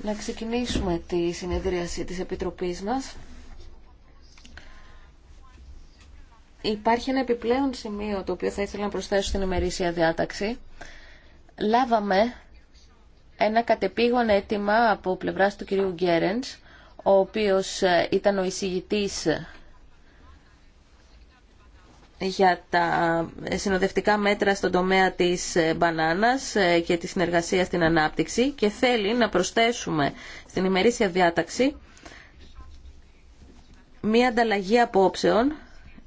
Να ξεκινήσουμε τη συνεδρίαση της Επιτροπής μας. Υπάρχει ένα επιπλέον σημείο το οποίο θα ήθελα να προσθέσω στην ημερήσια διάταξη. Λάβαμε ένα κατεπήγον αίτημα από πλευράς του κυρίου Γκέρενς, ο οποίος ε, ήταν ο εισηγητής για τα συνοδευτικά μέτρα στον τομέα της μπανάνας ε, και τη συνεργασία στην ανάπτυξη και θέλει να προσθέσουμε στην ημερήσια διάταξη μία ανταλλαγή απόψεων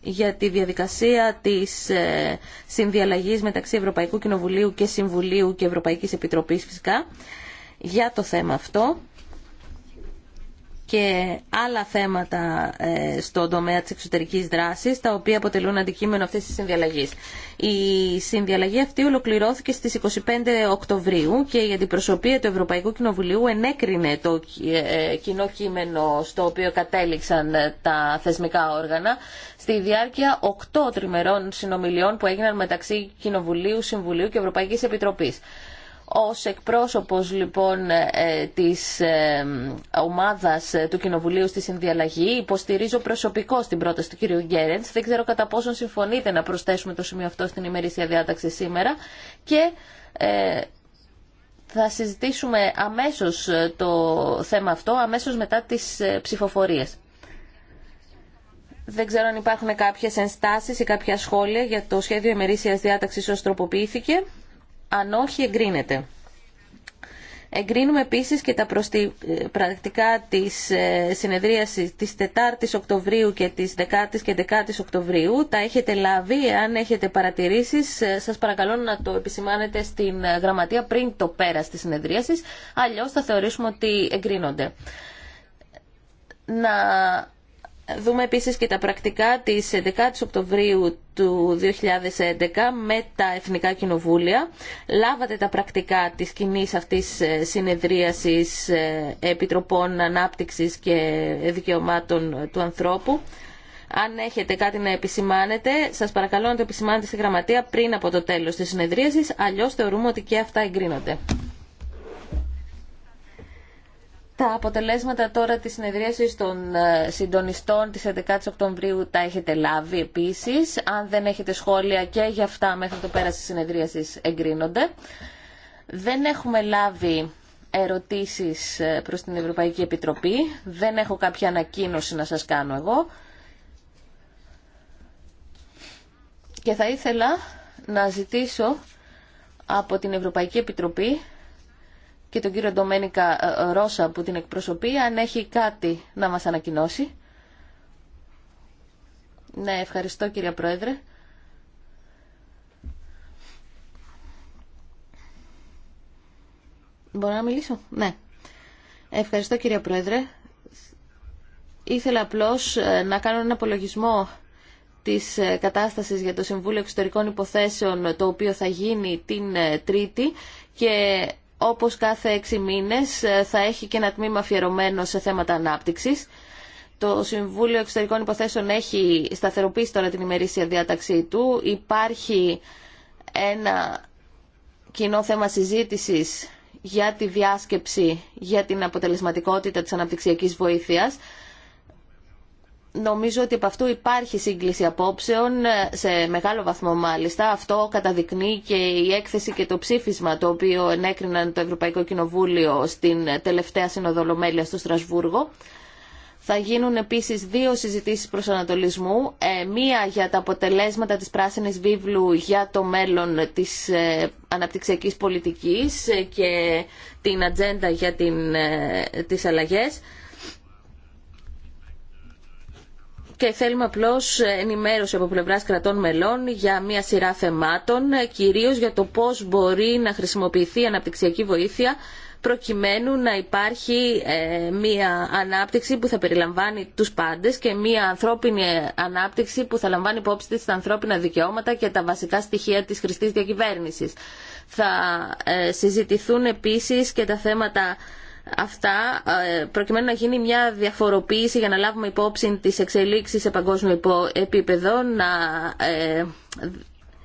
για τη διαδικασία της ε, συνδιαλλαγής μεταξύ Ευρωπαϊκού Κοινοβουλίου και Συμβουλίου και Ευρωπαϊκής Επιτροπής φυσικά για το θέμα αυτό και άλλα θέματα ε, στον τομέα της εξωτερικής δράσης, τα οποία αποτελούν αντικείμενο αυτής της συνδιαλλαγής. Η συνδιαλλαγή αυτή ολοκληρώθηκε στις 25 Οκτωβρίου και η αντιπροσωπεία του Ευρωπαϊκού Κοινοβουλίου ενέκρινε το ε, κοινό κείμενο στο οποίο κατέληξαν ε, τα θεσμικά όργανα στη διάρκεια 8 τριμερών συνομιλιών που έγιναν μεταξύ Κοινοβουλίου, Συμβουλίου και Ευρωπαϊκής Επιτροπής. Ως εκπρόσωπος λοιπόν ε, της ε, ομάδας του Κοινοβουλίου στη Συνδιαλλαγή υποστηρίζω προσωπικό στην πρόταση του κ. Γκέρεντς. Δεν ξέρω κατά πόσον συμφωνείτε να προσθέσουμε το σημείο αυτό στην ημερήσια διάταξη σήμερα και ε, θα συζητήσουμε αμέσως το θέμα αυτό, αμέσως μετά τις ψηφοφορίες. Δεν ξέρω αν υπάρχουν κάποιες ενστάσεις ή κάποια σχόλια για το σχέδιο ημερήσιας διάταξης ως τροποποιήθηκε αν όχι εγκρίνεται. Εγκρίνουμε επίσης και τα ε, πρακτικά της ε, συνεδρίασης της 4ης Οκτωβρίου και της 10ης και 11ης Οκτωβρίου. Τα έχετε λάβει, αν έχετε παρατηρήσεις, ε, σας παρακαλώ να το επισημάνετε στην γραμματεία πριν το πέρας της συνεδρίασης, αλλιώς θα θεωρήσουμε ότι εγκρίνονται. Να δούμε επίσης και τα πρακτικά της 11 Οκτωβρίου του 2011 με τα Εθνικά Κοινοβούλια. Λάβατε τα πρακτικά της κοινή αυτής ε, συνεδρίασης ε, Επιτροπών Ανάπτυξης και Δικαιωμάτων του Ανθρώπου. Αν έχετε κάτι να επισημάνετε, σας παρακαλώ να το επισημάνετε στη γραμματεία πριν από το τέλος της συνεδρίασης, αλλιώς θεωρούμε ότι και αυτά εγκρίνονται. Τα αποτελέσματα τώρα της συνεδρίασης των ε, συντονιστών της 11 η Οκτωβρίου τα έχετε λάβει επίσης. Αν δεν έχετε σχόλια και για αυτά μέχρι το πέρας της συνεδρίασης εγκρίνονται. Δεν έχουμε λάβει ερωτήσεις ε, προς την Ευρωπαϊκή Επιτροπή. Δεν έχω κάποια ανακοίνωση να σας κάνω εγώ. Και θα ήθελα να ζητήσω από την Ευρωπαϊκή Επιτροπή και τον κύριο Ντομένικα ε, ε, Ρώσα που την εκπροσωπεί, αν έχει κάτι να μας ανακοινώσει. Ναι, ευχαριστώ κύριε Πρόεδρε. Μπορώ να μιλήσω. Ναι. Ευχαριστώ κύριε Πρόεδρε. Ήθελα απλώς ε, να κάνω ένα απολογισμό της κατάστασης για το Συμβούλιο Εξωτερικών Υποθέσεων το οποίο θα γίνει την Τρίτη και όπως κάθε έξι μήνες ε, θα έχει και ένα τμήμα αφιερωμένο σε θέματα ανάπτυξης. Το Συμβούλιο Εξωτερικών Υποθέσεων έχει σταθεροποιήσει τώρα την ημερήσια διάταξή του. Υπάρχει ένα κοινό θέμα συζήτησης για τη διάσκεψη για την αποτελεσματικότητα της αναπτυξιακής βοήθειας νομίζω ότι από αυτού υπάρχει σύγκληση απόψεων, ε, σε μεγάλο βαθμό μάλιστα. Αυτό καταδεικνύει και η έκθεση και το ψήφισμα το οποίο ενέκριναν το Ευρωπαϊκό Κοινοβούλιο στην τελευταία συνοδολομέλεια στο Στρασβούργο. Θα γίνουν επίσης δύο συζητήσεις Ανατολισμού. Ε, μία για τα αποτελέσματα της Πράσινης Βίβλου για το μέλλον της ε, αναπτυξιακής πολιτικής και την ατζέντα για τις αλλαγές και θέλουμε απλώς ενημέρωση από πλευράς κρατών μελών για μια σειρά θεμάτων, κυρίως για το πώς μπορεί να χρησιμοποιηθεί η αναπτυξιακή βοήθεια προκειμένου να υπάρχει ε, μια ανάπτυξη που θα περιλαμβάνει τους πάντες και μια ανθρώπινη ανάπτυξη που θα λαμβάνει υπόψη της τα ανθρώπινα δικαιώματα και τα βασικά στοιχεία της χρηστής διακυβέρνησης. Θα ε, συζητηθούν επίσης και τα θέματα αυτά ε, προκειμένου να γίνει μια διαφοροποίηση για να λάβουμε υπόψη τις εξελίξεις σε παγκόσμιο επίπεδο, να ε,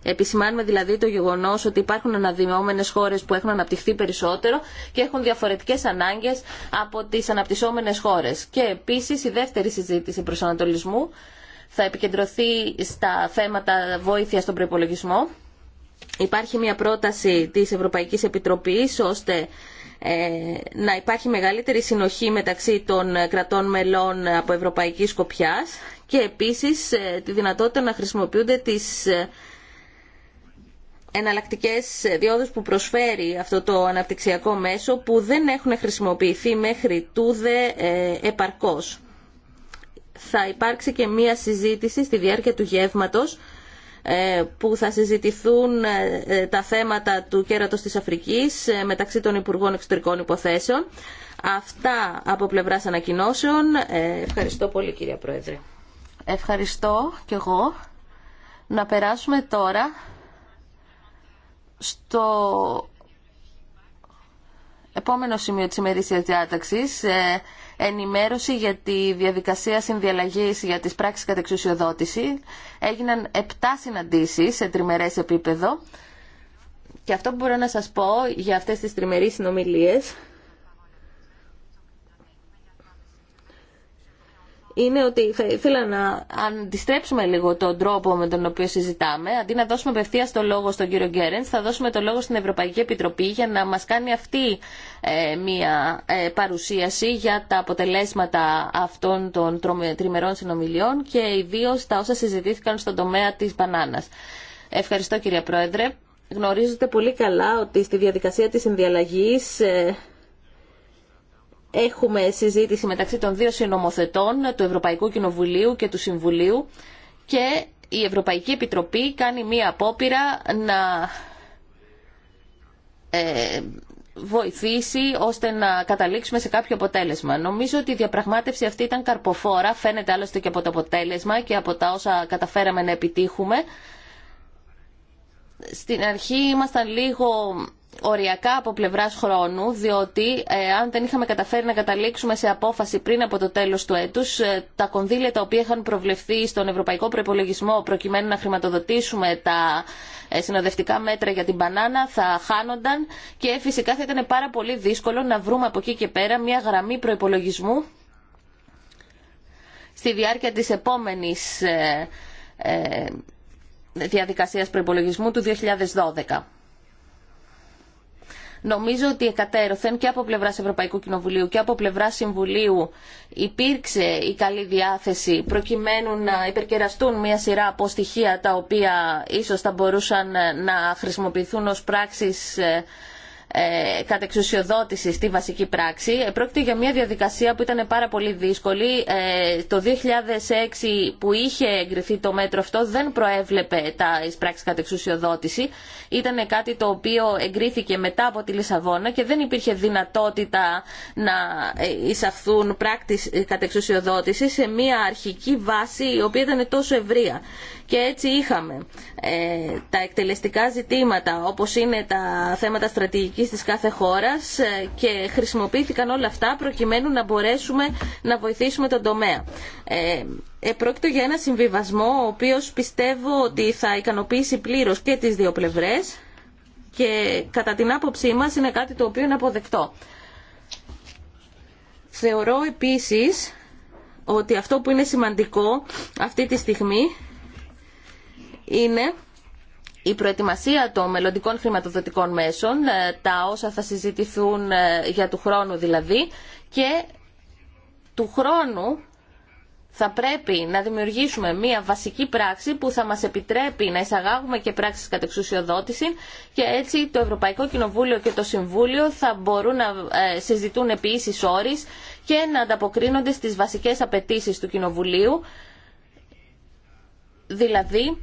Επισημάνουμε δηλαδή το γεγονός ότι υπάρχουν αναδιμεομένες χώρες που έχουν αναπτυχθεί περισσότερο και έχουν διαφορετικές ανάγκες από τις αναπτυσσόμενες χώρες. Και επίσης η δεύτερη συζήτηση προσανατολισμού θα επικεντρωθεί στα θέματα βοήθεια στον προπολογισμό. Υπάρχει μια πρόταση της Ευρωπαϊκής Επιτροπής ώστε ε, να υπάρχει μεγαλύτερη συνοχή μεταξύ των κρατών μελών από ευρωπαϊκή σκοπιά και επίσης ε, τη δυνατότητα να χρησιμοποιούνται τις ε, εναλλακτικές διόδους που προσφέρει αυτό το αναπτυξιακό μέσο που δεν έχουν χρησιμοποιηθεί μέχρι τούδε επαρκώς. Θα υπάρξει και μία συζήτηση στη διάρκεια του γεύματος ε, που θα συζητηθούν ε, ε, τα θέματα του κέρατος της Αφρικής μεταξύ των Υπουργών Εξωτερικών Υποθέσεων. Αυτά από πλευράς ανακοινώσεων. Ευχαριστώ πολύ κυρία Πρόεδρε. Ευχαριστώ και εγώ. Να περάσουμε τώρα στο επόμενο σημείο της ημερήσιας διάταξης ενημέρωση για τη διαδικασία συνδιαλλαγής για τις πράξεις κατεξουσιοδότηση. Έγιναν 7 συναντήσεις σε τριμερές επίπεδο. Και αυτό που μπορώ να σας πω για αυτές τις τριμερείς συνομιλίες είναι ότι θα ήθελα να αντιστρέψουμε λίγο τον τρόπο με τον οποίο συζητάμε. Αντί να δώσουμε απευθεία το λόγο στον κύριο Γκέρεντ, θα δώσουμε το λόγο στην Ευρωπαϊκή Επιτροπή για να μα κάνει αυτή ε, μία ε, παρουσίαση για τα αποτελέσματα αυτών των τριμερών συνομιλιών και ιδίω τα όσα συζητήθηκαν στον τομέα τη μπανάνα. Ευχαριστώ κύριε Πρόεδρε. Γνωρίζετε πολύ καλά ότι στη διαδικασία της συνδιαλλαγής ε, Έχουμε συζήτηση μεταξύ των δύο συνομοθετών, του Ευρωπαϊκού Κοινοβουλίου και του Συμβουλίου και η Ευρωπαϊκή Επιτροπή κάνει μία απόπειρα να ε, βοηθήσει ώστε να καταλήξουμε σε κάποιο αποτέλεσμα. Νομίζω ότι η διαπραγμάτευση αυτή ήταν καρποφόρα, φαίνεται άλλωστε και από το αποτέλεσμα και από τα όσα καταφέραμε να επιτύχουμε. Στην αρχή ήμασταν λίγο οριακά από πλευρά χρόνου, διότι ε, αν δεν είχαμε καταφέρει να καταλήξουμε σε απόφαση πριν από το τέλο του έτου, ε, τα κονδύλια τα οποία είχαν προβλεφθεί στον Ευρωπαϊκό Προπολογισμό προκειμένου να χρηματοδοτήσουμε τα ε, συνοδευτικά μέτρα για την μπανάνα θα χάνονταν και φυσικά θα ήταν πάρα πολύ δύσκολο να βρούμε από εκεί και πέρα μια γραμμή προπολογισμού στη διάρκεια της επόμενης ε, διαδικασίας προπολογισμού του 2012. Νομίζω ότι εκατέρωθεν και από πλευρά Ευρωπαϊκού Κοινοβουλίου και από πλευρά Συμβουλίου υπήρξε η καλή διάθεση προκειμένου να υπερκεραστούν μια σειρά από στοιχεία τα οποία ίσως θα μπορούσαν να χρησιμοποιηθούν ως πράξεις ε, ε, κατεξουσιοδότηση στη βασική πράξη. Ε, πρόκειται για μια διαδικασία που ήταν πάρα πολύ δύσκολη. Ε, το 2006 που είχε εγκριθεί το μέτρο αυτό δεν προέβλεπε τα πράξεις κατεξουσιοδότηση. Ήταν κάτι το οποίο εγκρίθηκε μετά από τη Λισαβόνα και δεν υπήρχε δυνατότητα να εισαχθούν πράξεις κατεξουσιοδότηση σε μια αρχική βάση η οποία ήταν τόσο ευρεία. Και έτσι είχαμε ε, τα εκτελεστικά ζητήματα όπως είναι τα θέματα στρατηγικής της κάθε χώρας ε, και χρησιμοποιήθηκαν όλα αυτά προκειμένου να μπορέσουμε να βοηθήσουμε τον τομέα. Ε, πρόκειται για ένα συμβιβασμό ο οποίος πιστεύω ότι θα ικανοποιήσει πλήρως και τις δύο πλευρές και κατά την άποψή μας είναι κάτι το οποίο είναι αποδεκτό. Θεωρώ επίσης ότι αυτό που είναι σημαντικό αυτή τη στιγμή είναι η προετοιμασία των μελλοντικών χρηματοδοτικών μέσων, ε, τα όσα θα συζητηθούν ε, για του χρόνου δηλαδή, και του χρόνου θα πρέπει να δημιουργήσουμε μία βασική πράξη που θα μας επιτρέπει να εισαγάγουμε και πράξεις κατεξουσιοδότηση και έτσι το Ευρωπαϊκό Κοινοβούλιο και το Συμβούλιο θα μπορούν να ε, συζητούν επίσης και να ανταποκρίνονται στις βασικές απαιτήσεις του Κοινοβουλίου, δηλαδή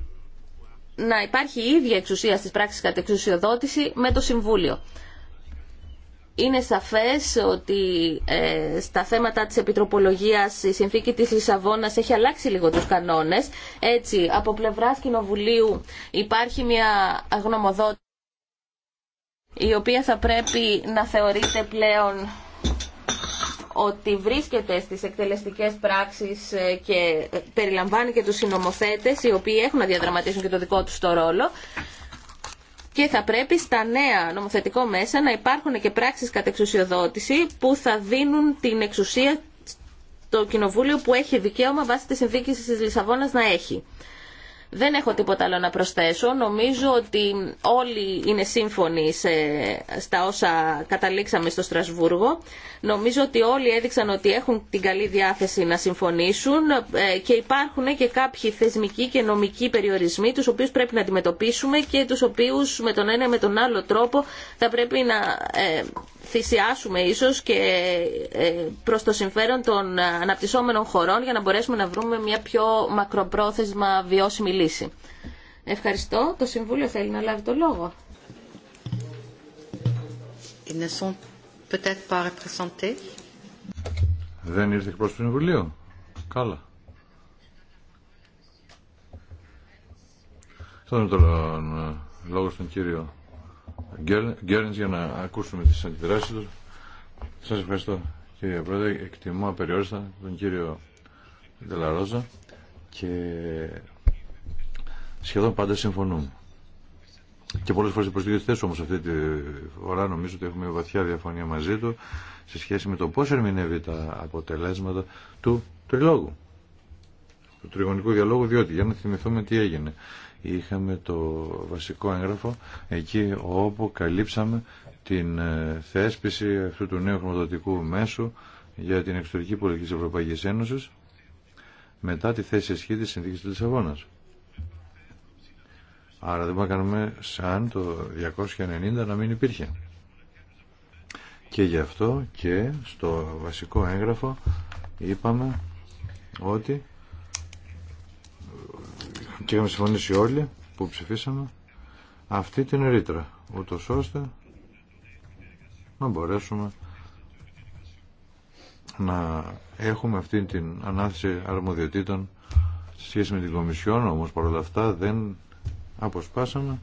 να υπάρχει η ίδια εξουσία στις πράξεις κατά εξουσιοδότηση με το Συμβούλιο. Είναι σαφές ότι ε, στα θέματα της επιτροπολογίας η συνθήκη της Λισαβόνας έχει αλλάξει λίγο τους κανόνες. Έτσι, από πλευράς Κοινοβουλίου υπάρχει μια γνωμοδότηση η οποία θα πρέπει να θεωρείται πλέον ότι βρίσκεται στις εκτελεστικές πράξεις ε, και ε, περιλαμβάνει και τους συνομοθέτες οι οποίοι έχουν να διαδραματίσουν και το δικό τους το ρόλο και θα πρέπει στα νέα νομοθετικό μέσα να υπάρχουν και πράξεις εξουσιοδότηση που θα δίνουν την εξουσία το κοινοβούλιο που έχει δικαίωμα βάσει της συνθήκη της Λισαβόνας να έχει. Δεν έχω τίποτα άλλο να προσθέσω. Νομίζω ότι όλοι είναι σύμφωνοι σε, στα όσα καταλήξαμε στο Στρασβούργο. Νομίζω ότι όλοι έδειξαν ότι έχουν την καλή διάθεση να συμφωνήσουν ε, και υπάρχουν και κάποιοι θεσμικοί και νομικοί περιορισμοί τους οποίους πρέπει να αντιμετωπίσουμε και τους οποίους με τον ένα ή με τον άλλο τρόπο θα πρέπει να ε, θυσιάσουμε ίσως και ε, προς το συμφέρον των αναπτυσσόμενων χωρών για να μπορέσουμε να βρούμε μια πιο μακροπρόθεσμα βιώσιμη λύση. Ευχαριστώ. Το Συμβούλιο θέλει να λάβει το λόγο. Δεν ήρθε προς το Συμβουλίου. Καλά. Θα δούμε ε, λόγο στον κύριο Γκέρντ, για να ακούσουμε τι αντιδράσει του. Σα ευχαριστώ κύριε Πρόεδρε. Εκτιμώ απεριόριστα τον κύριο Δελαρόζα και σχεδόν πάντα συμφωνούμε. Και πολλέ φορέ οι όμω όμως αυτή τη φορά νομίζω ότι έχουμε βαθιά διαφωνία μαζί του σε σχέση με το πώ ερμηνεύει τα αποτελέσματα του τριλόγου του τριγωνικού διαλόγου, διότι για να θυμηθούμε τι έγινε είχαμε το βασικό έγγραφο εκεί όπου καλύψαμε την ε, θέσπιση αυτού του νέου χρηματοδοτικού μέσου για την εξωτερική πολιτική της Ευρωπαϊκής Ένωσης μετά τη θέση ισχύ της συνθήκης της Λισαβόνας. Άρα δεν κάνουμε σαν το 290 να μην υπήρχε. Και γι' αυτό και στο βασικό έγγραφο είπαμε ότι και είχαμε συμφωνήσει όλοι που ψηφίσαμε αυτή την ρήτρα ούτω ώστε να μπορέσουμε να έχουμε αυτή την ανάθεση αρμοδιοτήτων σε σχέση με την Κομισιόν όμως παρόλα αυτά δεν αποσπάσαμε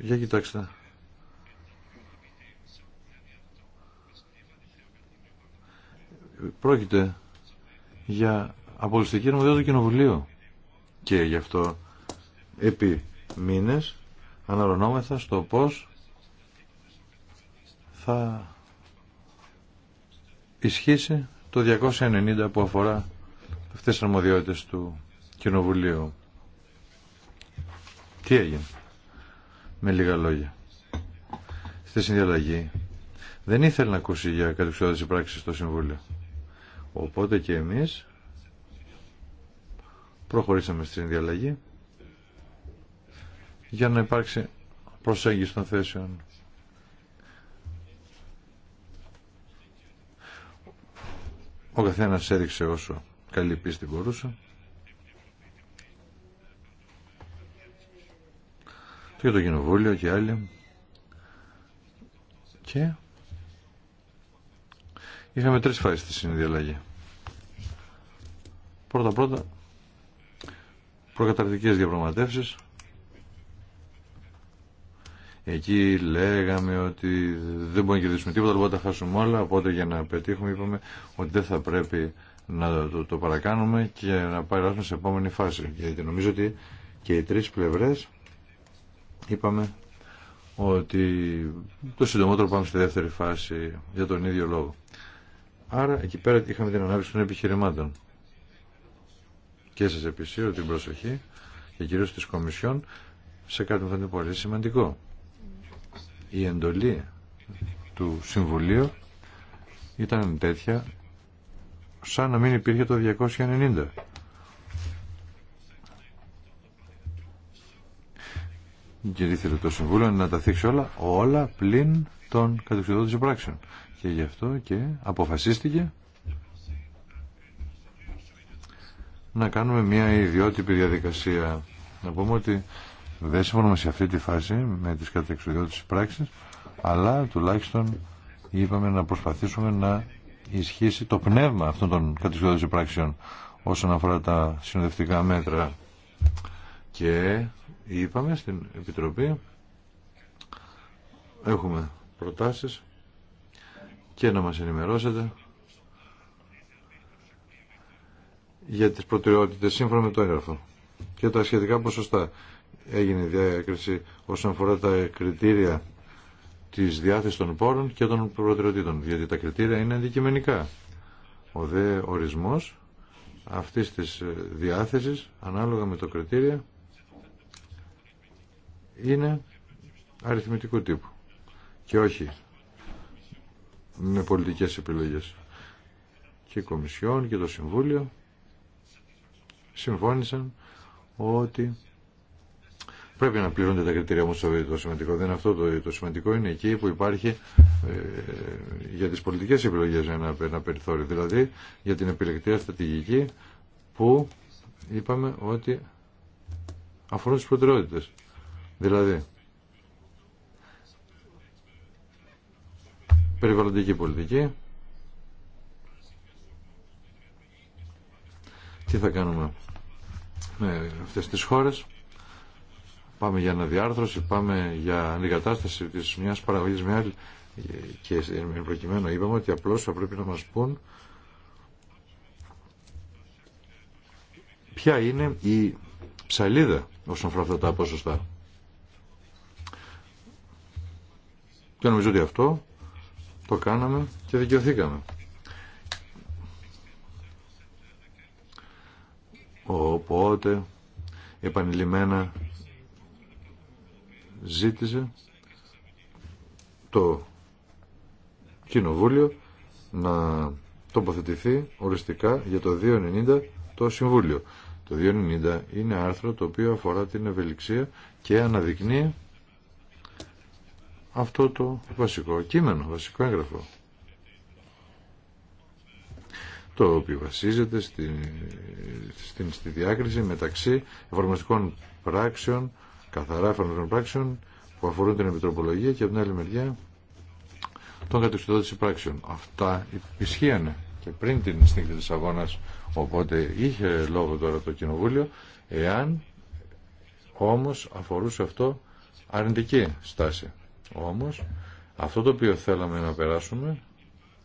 για κοιτάξτε πρόκειται για απολυστική αρμοδιότητα του Κοινοβουλίου. Και γι' αυτό επί μήνες αναρωνόμεθα στο πώς θα ισχύσει το 290 που αφορά αυτές τις αρμοδιότητες του Κοινοβουλίου. Τι έγινε, με λίγα λόγια. Στη συνδιαλλαγή δεν ήθελε να ακούσει για κατεξοδότηση πράξη στο Συμβούλιο. Οπότε και εμείς προχωρήσαμε στην διαλλαγή για να υπάρξει προσέγγιση των θέσεων. Ο καθένας έδειξε όσο καλή πίστη μπορούσε. Και το κοινοβούλιο και άλλοι. Και είχαμε τρεις φάσεις στη συνδιαλλαγή. Πρώτα-πρώτα προκαταρκτικές διαπραγματεύσεις Εκεί λέγαμε ότι δεν μπορούμε να κερδίσουμε τίποτα, λοιπόν τα χάσουμε όλα. Οπότε για να πετύχουμε είπαμε ότι δεν θα πρέπει να το, το, παρακάνουμε και να περάσουμε σε επόμενη φάση. Γιατί νομίζω ότι και οι τρεις πλευρές είπαμε ότι το συντομότερο πάμε στη δεύτερη φάση για τον ίδιο λόγο. Άρα εκεί πέρα είχαμε την ανάπτυξη των επιχειρημάτων και σας επισύρω την προσοχή και κυρίως της Κομισιόν σε κάτι που θα είναι πολύ σημαντικό. Η εντολή του Συμβουλίου ήταν τέτοια σαν να μην υπήρχε το 290. Και ήθελε το Συμβούλιο να τα θίξει όλα, όλα πλην των κατοξιδότητων πράξεων. Και γι' αυτό και αποφασίστηκε να κάνουμε μια ιδιότυπη διαδικασία. Να πούμε ότι δεν συμφωνούμε σε αυτή τη φάση με τις κατεξουδιώτες πράξεις, αλλά τουλάχιστον είπαμε να προσπαθήσουμε να ισχύσει το πνεύμα αυτών των κατεξουδιώτες πράξεων όσον αφορά τα συνοδευτικά μέτρα. Και είπαμε στην Επιτροπή έχουμε προτάσεις και να μας ενημερώσετε για τις προτεραιότητες σύμφωνα με το έγγραφο και τα σχετικά ποσοστά. Έγινε διάκριση όσον αφορά τα κριτήρια της διάθεσης των πόρων και των προτεραιοτήτων, γιατί τα κριτήρια είναι αντικειμενικά. Ο δε ορισμός αυτής της διάθεσης, ανάλογα με το κριτήριο, είναι αριθμητικού τύπου και όχι με πολιτικές επιλογές. Και η Κομισιόν και το Συμβούλιο συμφώνησαν ότι πρέπει να πληρούνται τα κριτήρια όμως το σημαντικό δεν είναι αυτό το, το σημαντικό είναι εκεί που υπάρχει ε, για τις πολιτικές επιλογές ένα, ένα περιθώριο δηλαδή για την επιλεκτή στρατηγική που είπαμε ότι αφορούν τις προτεραιότητες δηλαδή περιβαλλοντική πολιτική τι θα κάνουμε με ναι, αυτές τις χώρες. Πάμε για αναδιάρθρωση, πάμε για αντικατάσταση της μιας παραγωγής με άλλη και με προκειμένου είπαμε ότι απλώς θα πρέπει να μας πούν ποια είναι η ψαλίδα όσον αφορά αυτά τα ποσοστά. Και νομίζω ότι αυτό το κάναμε και δικαιωθήκαμε. Οπότε επανειλημμένα ζήτησε το Κοινοβούλιο να τοποθετηθεί οριστικά για το 290 το Συμβούλιο. Το 290 είναι άρθρο το οποίο αφορά την ευελιξία και αναδεικνύει αυτό το βασικό κείμενο, βασικό έγγραφο το οποίο βασίζεται στη, στη, στη διάκριση μεταξύ εφαρμοστικών πράξεων, καθαρά εφαρμοστικών πράξεων που αφορούν την επιτροπολογία και από την άλλη μεριά των κατευθυντώτηση πράξεων. Αυτά ισχύανε και πριν την συνήθεια της αγώνας, οπότε είχε λόγο τώρα το Κοινοβούλιο, εάν όμως αφορούσε αυτό αρνητική στάση. Όμως αυτό το οποίο θέλαμε να περάσουμε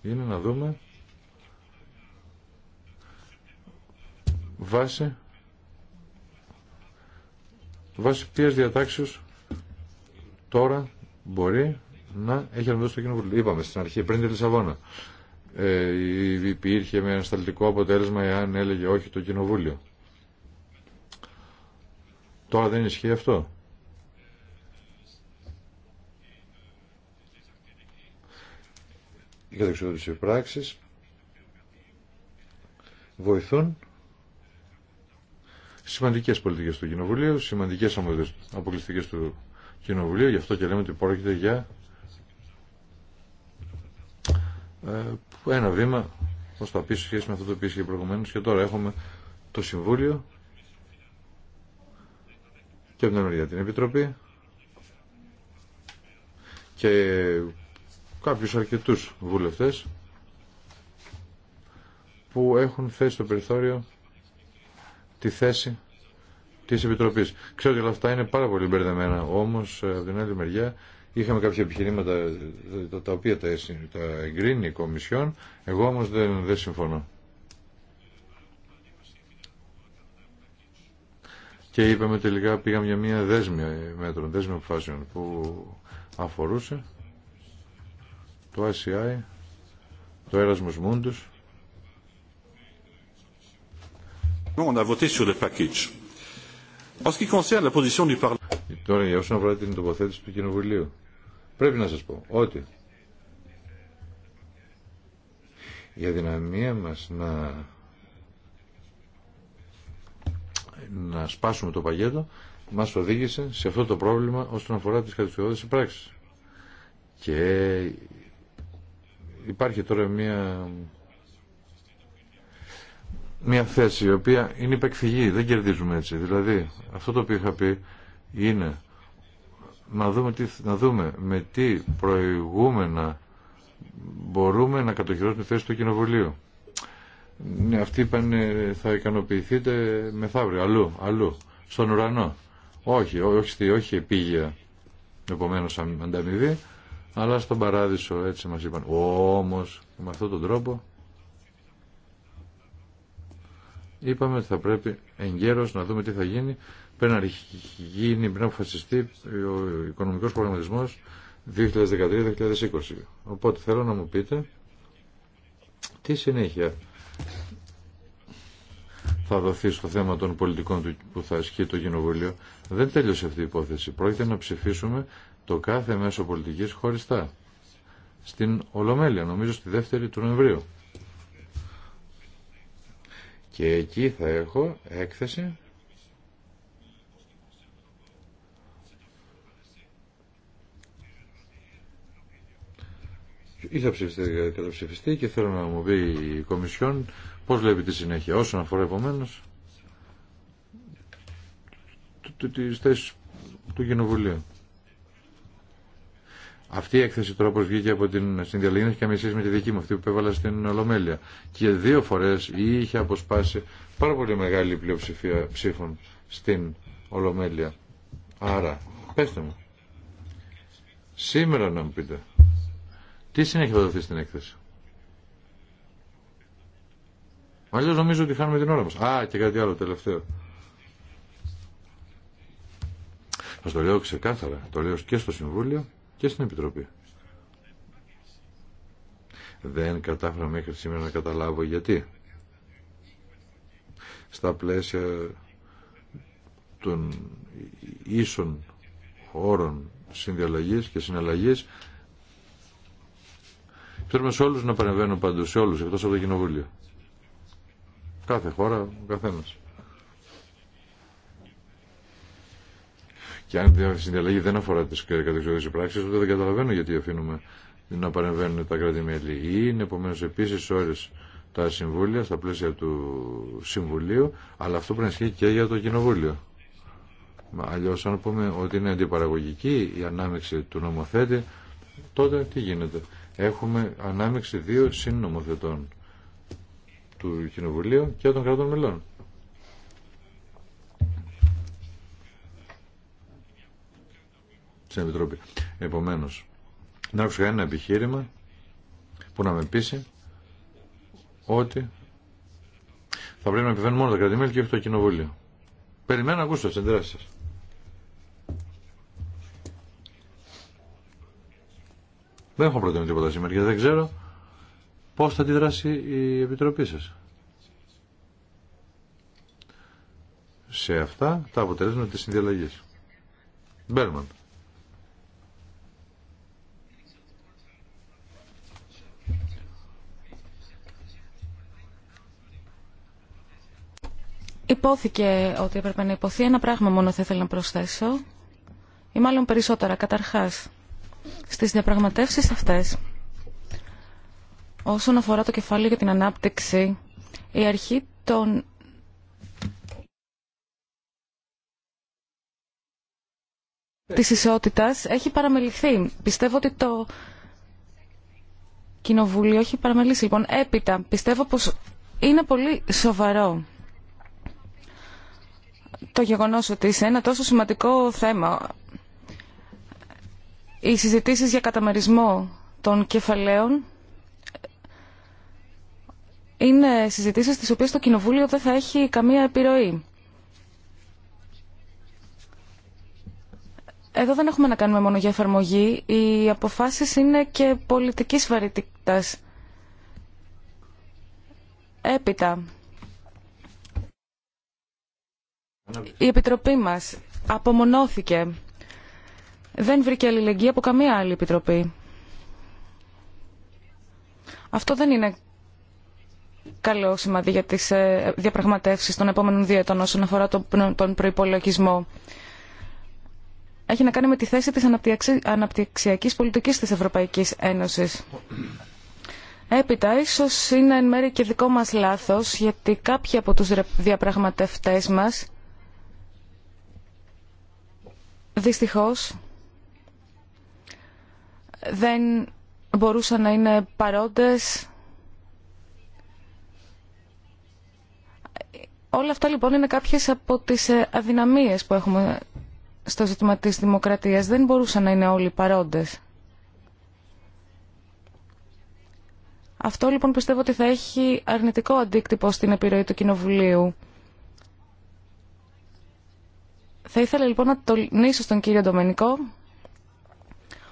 είναι να δούμε βάσει βάση ποιες διατάξεις τώρα μπορεί να έχει αρμοδίσει το κοινοβούλιο. Είπαμε στην αρχή, πριν τη Λισαβόνα. Ε, υπήρχε με ανασταλτικό αποτέλεσμα εάν έλεγε όχι το κοινοβούλιο. Τώρα δεν ισχύει αυτό. Οι κατεξοδότηση πράξεις βοηθούν σημαντικές πολιτικές του Κοινοβουλίου, σημαντικές αποκλειστικέ του Κοινοβουλίου, γι' αυτό και λέμε ότι πρόκειται για ε, ένα βήμα ω τα πίσω σχέση με αυτό το οποίο είχε προηγουμένω. και τώρα έχουμε το Συμβούλιο και από την την Επιτροπή και κάποιους αρκετούς βουλευτές που έχουν θέσει το περιθώριο τη θέση τη επιτροπή. Ξέρω ότι όλα αυτά είναι πάρα πολύ μπερδεμένα, όμως ε, από την άλλη μεριά είχαμε κάποια επιχειρήματα ε, τα, οποία τα, τα εγκρίνει η Κομισιόν, εγώ όμως δεν, δεν συμφωνώ. Και είπαμε τελικά πήγαμε για μια δέσμια μέτρων, δέσμια αποφάσεων που αφορούσε το ICI, το Erasmus Mundus on a voté sur le package. En ce qui concerne la position du Parlement. Τώρα, για όσον αφορά την τοποθέτηση του Κοινοβουλίου, πρέπει να σας πω ότι η αδυναμία μας να να σπάσουμε το παγέτο μας οδήγησε σε αυτό το πρόβλημα όσον αφορά τις κατηγοριότητες πράξεις. Και υπάρχει τώρα μια μια θέση η οποία είναι υπεκφυγή, δεν κερδίζουμε έτσι. Δηλαδή, αυτό το οποίο είχα πει είναι να δούμε, τι, να δούμε με τι προηγούμενα μπορούμε να κατοχυρώσουμε θέση του Κοινοβουλίου. Ναι, αυτοί είπαν θα ικανοποιηθείτε μεθαύριο, αλλού, αλλού, στον ουρανό. Όχι, όχι, όχι επίγεια, επομένως ανταμοιβή, αλλά στον παράδεισο, έτσι μας είπαν. Όμως, με αυτόν τον τρόπο, είπαμε ότι θα πρέπει εγκαίρως να δούμε τι θα γίνει πριν γίνει, πριν αποφασιστεί ο οικονομικός προγραμματισμός 2013-2020. Οπότε θέλω να μου πείτε τι συνέχεια θα δοθεί στο θέμα των πολιτικών που θα ασκεί το Κοινοβούλιο. Δεν τέλειωσε αυτή η υπόθεση. Πρόκειται να ψηφίσουμε το κάθε μέσο πολιτικής χωριστά. Στην Ολομέλεια, νομίζω στη δεύτερη του Νοεμβρίου και εκεί θα έχω έκθεση ή θα ψηφιστεί, καταψηφιστεί και θέλω να μου πει η Κομισιόν πώς βλέπει τη συνέχεια όσον αφορά επομένω τις θέσεις του Κοινοβουλίου. Αυτή η έκθεση τώρα βγήκε από την διαλήνη και αμεσής με τη δική μου, αυτή που έβαλα στην Ολομέλεια. Και δύο φορές είχε αποσπάσει πάρα πολύ μεγάλη πλειοψηφία ψήφων στην Ολομέλεια. Άρα, πέστε μου, σήμερα να μου πείτε, τι συνέχεια θα δοθεί στην έκθεση. Αλλιώ νομίζω ότι χάνουμε την ώρα μα. Α, και κάτι άλλο τελευταίο. Σα το λέω ξεκάθαρα, το λέω και στο Συμβούλιο και στην Επιτροπή. Δεν κατάφερα μέχρι σήμερα να καταλάβω γιατί. Στα πλαίσια των ίσων όρων συνδιαλλαγής και συναλλαγής θέλουμε σε όλους να παρεμβαίνουν παντού, σε όλους εκτός από το κοινοβούλιο. Κάθε χώρα, ο καθένας. Και αν η συνδιαλλαγή δεν αφορά τι κατεξοδοτήσει πράξει, τότε δεν καταλαβαίνω γιατί αφήνουμε να παρεμβαίνουν τα κράτη-μέλη. Είναι επομένω επίση όλε τα συμβούλια, στα πλαίσια του Συμβουλίου, αλλά αυτό πρέπει να ισχύει και για το Κοινοβούλιο. Αλλιώ, αν πούμε ότι είναι αντιπαραγωγική η ανάμειξη του νομοθέτη, τότε τι γίνεται. Έχουμε ανάμεξη δύο συνομοθετών του Κοινοβουλίου και των κρατών μελών. στην Επιτροπή. Επομένω, να έχω ένα επιχείρημα που να με πείσει ότι θα πρέπει να επιβαίνουν μόνο τα κρατημέλη και όχι το κοινοβούλιο. Περιμένω να ακούσω τι εντράσει σα. Δεν έχω προτείνει τίποτα σήμερα και δεν ξέρω πώ θα αντιδράσει η Επιτροπή σα. Σε αυτά τα αποτελέσματα τη συνδιαλλαγή. Μπέρμαντ. Υπόθηκε ότι έπρεπε να υποθεί. Ένα πράγμα μόνο θα ήθελα να προσθέσω. Ή μάλλον περισσότερα. Καταρχάς, στις διαπραγματεύσεις αυτές, όσον αφορά το κεφάλαιο για την ανάπτυξη, η αρχή των της ισότητας έχει παραμεληθεί. Πιστεύω ότι το Κοινοβούλιο έχει παραμελήσει. Λοιπόν, έπειτα, πιστεύω πως είναι πολύ σοβαρό το γεγονός ότι σε ένα τόσο σημαντικό θέμα οι συζητήσεις για καταμερισμό των κεφαλαίων είναι συζητήσεις τις οποίες το Κοινοβούλιο δεν θα έχει καμία επιρροή. Εδώ δεν έχουμε να κάνουμε μόνο για εφαρμογή. Οι αποφάσεις είναι και πολιτικής βαρύτητας. Έπειτα, η Επιτροπή μας απομονώθηκε. Δεν βρήκε αλληλεγγύη από καμία άλλη Επιτροπή. Αυτό δεν είναι καλό σημάδι για τις ε, διαπραγματεύσεις των επόμενων δύο ετών όσον αφορά τον προϋπολογισμό. Έχει να κάνει με τη θέση της αναπτυξιακής πολιτικής της Ευρωπαϊκής Ένωσης. Έπειτα, ίσως είναι εν μέρει και δικό μας λάθος, γιατί κάποιοι από τους διαπραγματευτές μας δυστυχώς δεν μπορούσαν να είναι παρόντες. Όλα αυτά λοιπόν είναι κάποιες από τις ε, αδυναμίες που έχουμε στο ζήτημα της δημοκρατίας. Δεν μπορούσαν να είναι όλοι παρόντες. Αυτό λοιπόν πιστεύω ότι θα έχει αρνητικό αντίκτυπο στην επιρροή του Κοινοβουλίου. Θα ήθελα λοιπόν να τονίσω στον κύριο Ντομενικό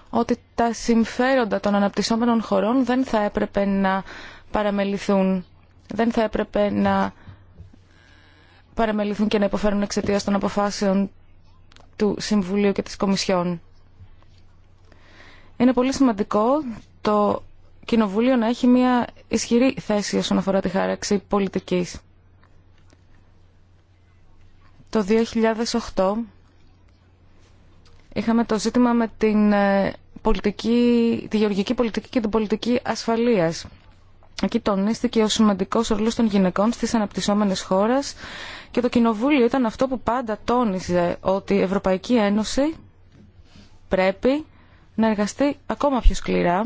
ότι τα συμφέροντα των αναπτυσσόμενων χωρών δεν θα έπρεπε να παραμεληθούν, δεν θα έπρεπε να παραμεληθούν και να υποφέρουν εξαιτία των αποφάσεων του Συμβουλίου και της Κομισιόν. Είναι πολύ σημαντικό το Κοινοβούλιο να έχει μια ισχυρή θέση όσον αφορά τη χάραξη πολιτικής το 2008 είχαμε το ζήτημα με την ε, πολιτική, τη γεωργική πολιτική και την πολιτική ασφαλείας. Εκεί τονίστηκε ο σημαντικό ρόλο των γυναικών στι αναπτυσσόμενε χώρε και το Κοινοβούλιο ήταν αυτό που πάντα τόνιζε ότι η Ευρωπαϊκή Ένωση πρέπει να εργαστεί ακόμα πιο σκληρά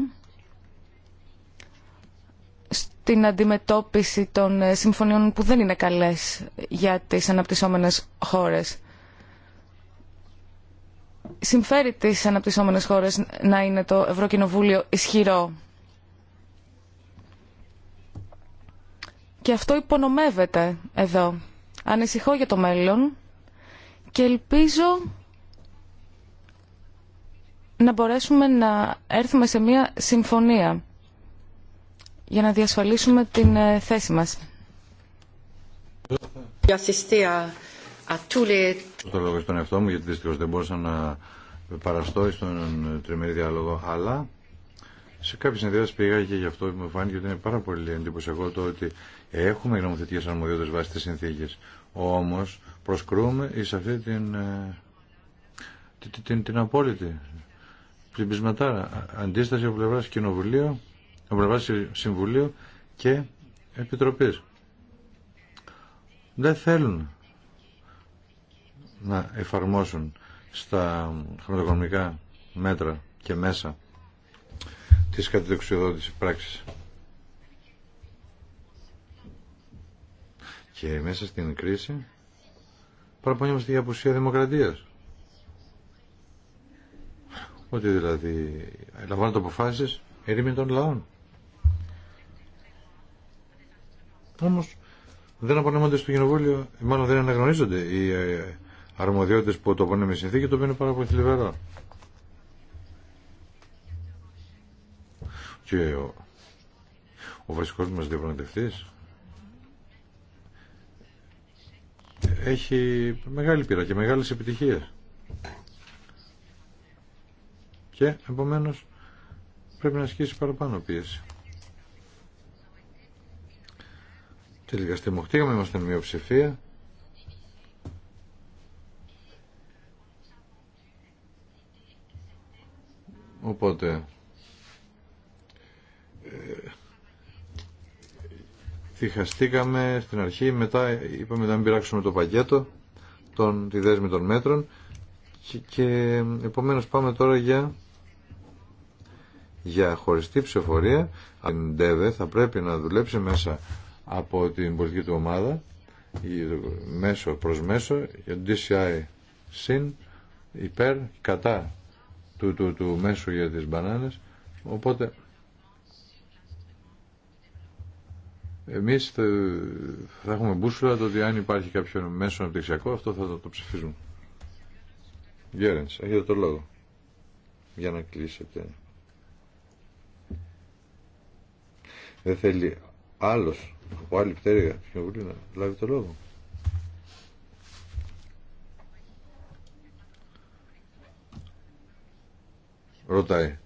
την αντιμετώπιση των ε, συμφωνιών που δεν είναι καλές για τις αναπτυσσόμενες χώρες. Συμφέρει τις αναπτυσσόμενες χώρες να είναι το Ευρωκοινοβούλιο ισχυρό. Και αυτό υπονομεύεται εδώ. Ανησυχώ για το μέλλον και ελπίζω να μπορέσουμε να έρθουμε σε μια συμφωνία για να διασφαλίσουμε την ε, θέση μας. Το λόγο στον εαυτό μου, γιατί δυστυχώς δεν μπορούσα να παραστώ στον ε, τριμερή διάλογο, αλλά σε κάποιε συνδέσει πήγα και γι' αυτό μου φάνηκε ότι είναι πάρα πολύ εντυπωσιακό το ότι έχουμε γνωμοθετικέ αρμοδιότητε βάσει τις συνθήκε. Όμω προσκρούμε ει αυτή την, ε, την, την, την απόλυτη την αντίσταση από πλευρά κοινοβουλίου από πλευρά Συμβουλίου και Επιτροπής. Δεν θέλουν να εφαρμόσουν στα χρηματοοικονομικά μέτρα και μέσα της κατεδοξιοδότησης πράξης. Και μέσα στην κρίση παραπονιόμαστε για απουσία δημοκρατίας. Ότι δηλαδή λαμβάνονται αποφάσεις ερήμην των λαών. Όμως δεν απονέμονται στο κοινοβούλιο, μάλλον δεν αναγνωρίζονται οι ε, αρμοδιότητες που το απονέμει συνθήκη, το οποίο είναι πάρα πολύ θλιβερό. Και ο, ο βασικός μας διαπραγματευτής έχει μεγάλη πείρα και μεγάλες επιτυχίες. Και επομένως πρέπει να ασκήσει παραπάνω πίεση. Τελικά στεμοχτήκαμε, είμαστε μειοψηφία. Οπότε, ε, διχαστήκαμε στην αρχή, μετά είπαμε να μην πειράξουμε το πακέτο, τον, τη δέσμη των μέτρων και, και πάμε τώρα για, για χωριστή ψηφορία. Αν θα πρέπει να δουλέψει μέσα από την πολιτική του ομάδα μέσο προς μέσο DCI συν υπέρ κατά του, του, του μέσου για τις μπανάνες οπότε εμείς θα, έχουμε μπούσουλα το ότι αν υπάρχει κάποιο μέσο αναπτυξιακό αυτό θα το, το ψηφίζουμε Γιώργης, έχετε το λόγο για να κλείσετε δεν θέλει άλλος από άλλη πτέρυγα του Κοινοβουλίου να λάβει το λόγο. Ρωτάει.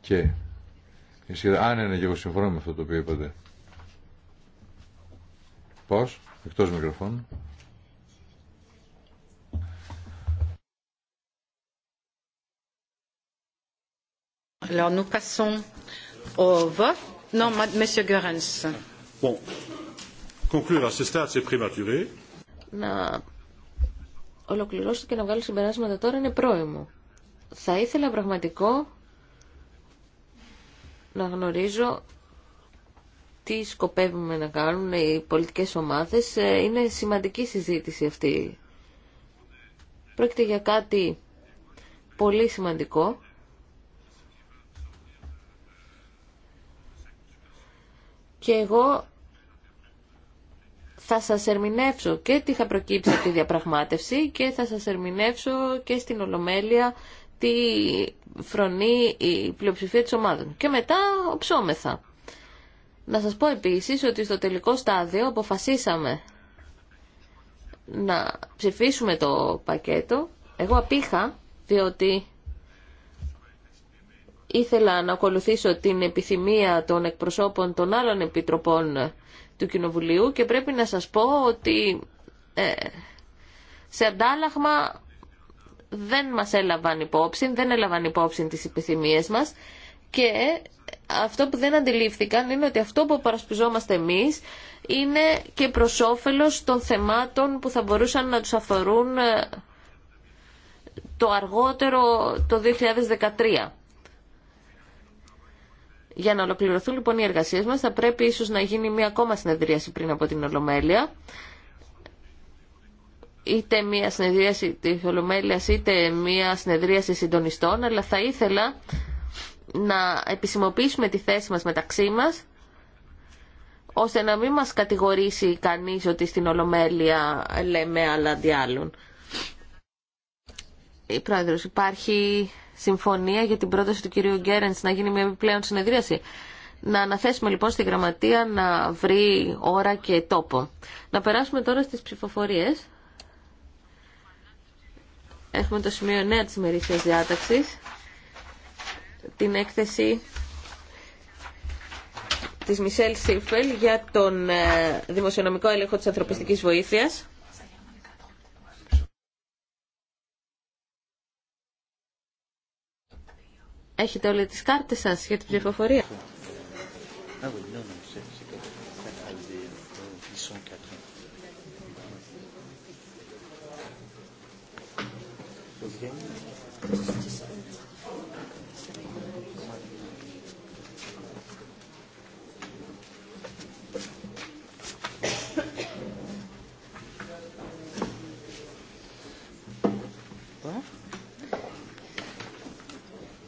Και. Αν είναι ναι, και εγώ συμφωνώ με αυτό το οποίο είπατε. Πώς, εκτός μικροφώνου. Alors nous passons au vote. Non, Monsieur Goerens. Να ολοκληρώσω και να βγάλω συμπεράσματα τώρα είναι πρόημο. Θα ήθελα πραγματικό να γνωρίζω τι σκοπεύουμε να κάνουν οι πολιτικές ομάδες. Ε, είναι σημαντική συζήτηση αυτή. Πρόκειται για κάτι πολύ σημαντικό και εγώ θα σας ερμηνεύσω και τι θα προκύψει από τη διαπραγμάτευση και θα σας ερμηνεύσω και στην Ολομέλεια τι φρονεί η πλειοψηφία της ομάδας. Και μετά ψώμεθα. Να σας πω επίσης ότι στο τελικό στάδιο αποφασίσαμε να ψηφίσουμε το πακέτο. Εγώ απήχα διότι ήθελα να ακολουθήσω την επιθυμία των εκπροσώπων των άλλων επιτροπών ε, του Κοινοβουλίου και πρέπει να σας πω ότι ε, σε αντάλλαγμα δεν μας έλαβαν υπόψη, δεν έλαβαν υπόψη τις επιθυμίες μας και αυτό που δεν αντιλήφθηκαν είναι ότι αυτό που παρασπιζόμαστε εμείς είναι και προς όφελος των θεμάτων που θα μπορούσαν να τους αφορούν ε, το αργότερο το 2013. Για να ολοκληρωθούν λοιπόν οι εργασίες μας θα πρέπει ίσως να γίνει μία ακόμα συνεδρίαση πριν από την Ολομέλεια είτε μία συνεδρίαση τη Ολομέλειας είτε μία συνεδρίαση συντονιστών αλλά θα ήθελα να επισημοποιήσουμε τη θέση μας μεταξύ μας ώστε να μην μας κατηγορήσει κανείς ότι στην Ολομέλεια λέμε άλλα αντί άλλων. Η Πρόεδρος, υπάρχει συμφωνία για την πρόταση του κυρίου Γκέρεντ να γίνει μια επιπλέον συνεδρίαση. Να αναθέσουμε λοιπόν στη γραμματεία να βρει ώρα και τόπο. Να περάσουμε τώρα στις ψηφοφορίες. Έχουμε το σημείο 9 της ημερήσιας διάταξης. Την έκθεση της Μισελ Σίφελ για τον ε, δημοσιονομικό έλεγχο της ανθρωπιστικής βοήθειας. Έχετε όλες τις κάρτες σας για την ψηφοφορία.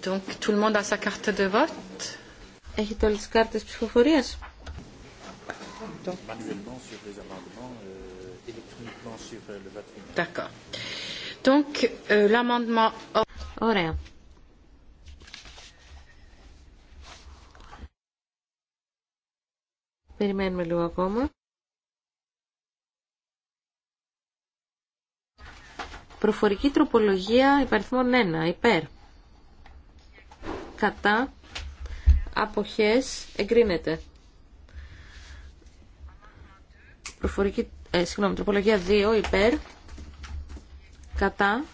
Donc, tout le monde a sa carte de vote. Έχετε όλες τις κάρτες ψηφοφορίας. Donc, l'amendement... Ωραία. Περιμένουμε λίγο ακόμα. Προφορική τροπολογία υπαριθμών 1. Υπέρ κατά, αποχές, εγκρίνεται. Προφορική, ε, συγγνώμη, τροπολογία 2, υπέρ, κατά,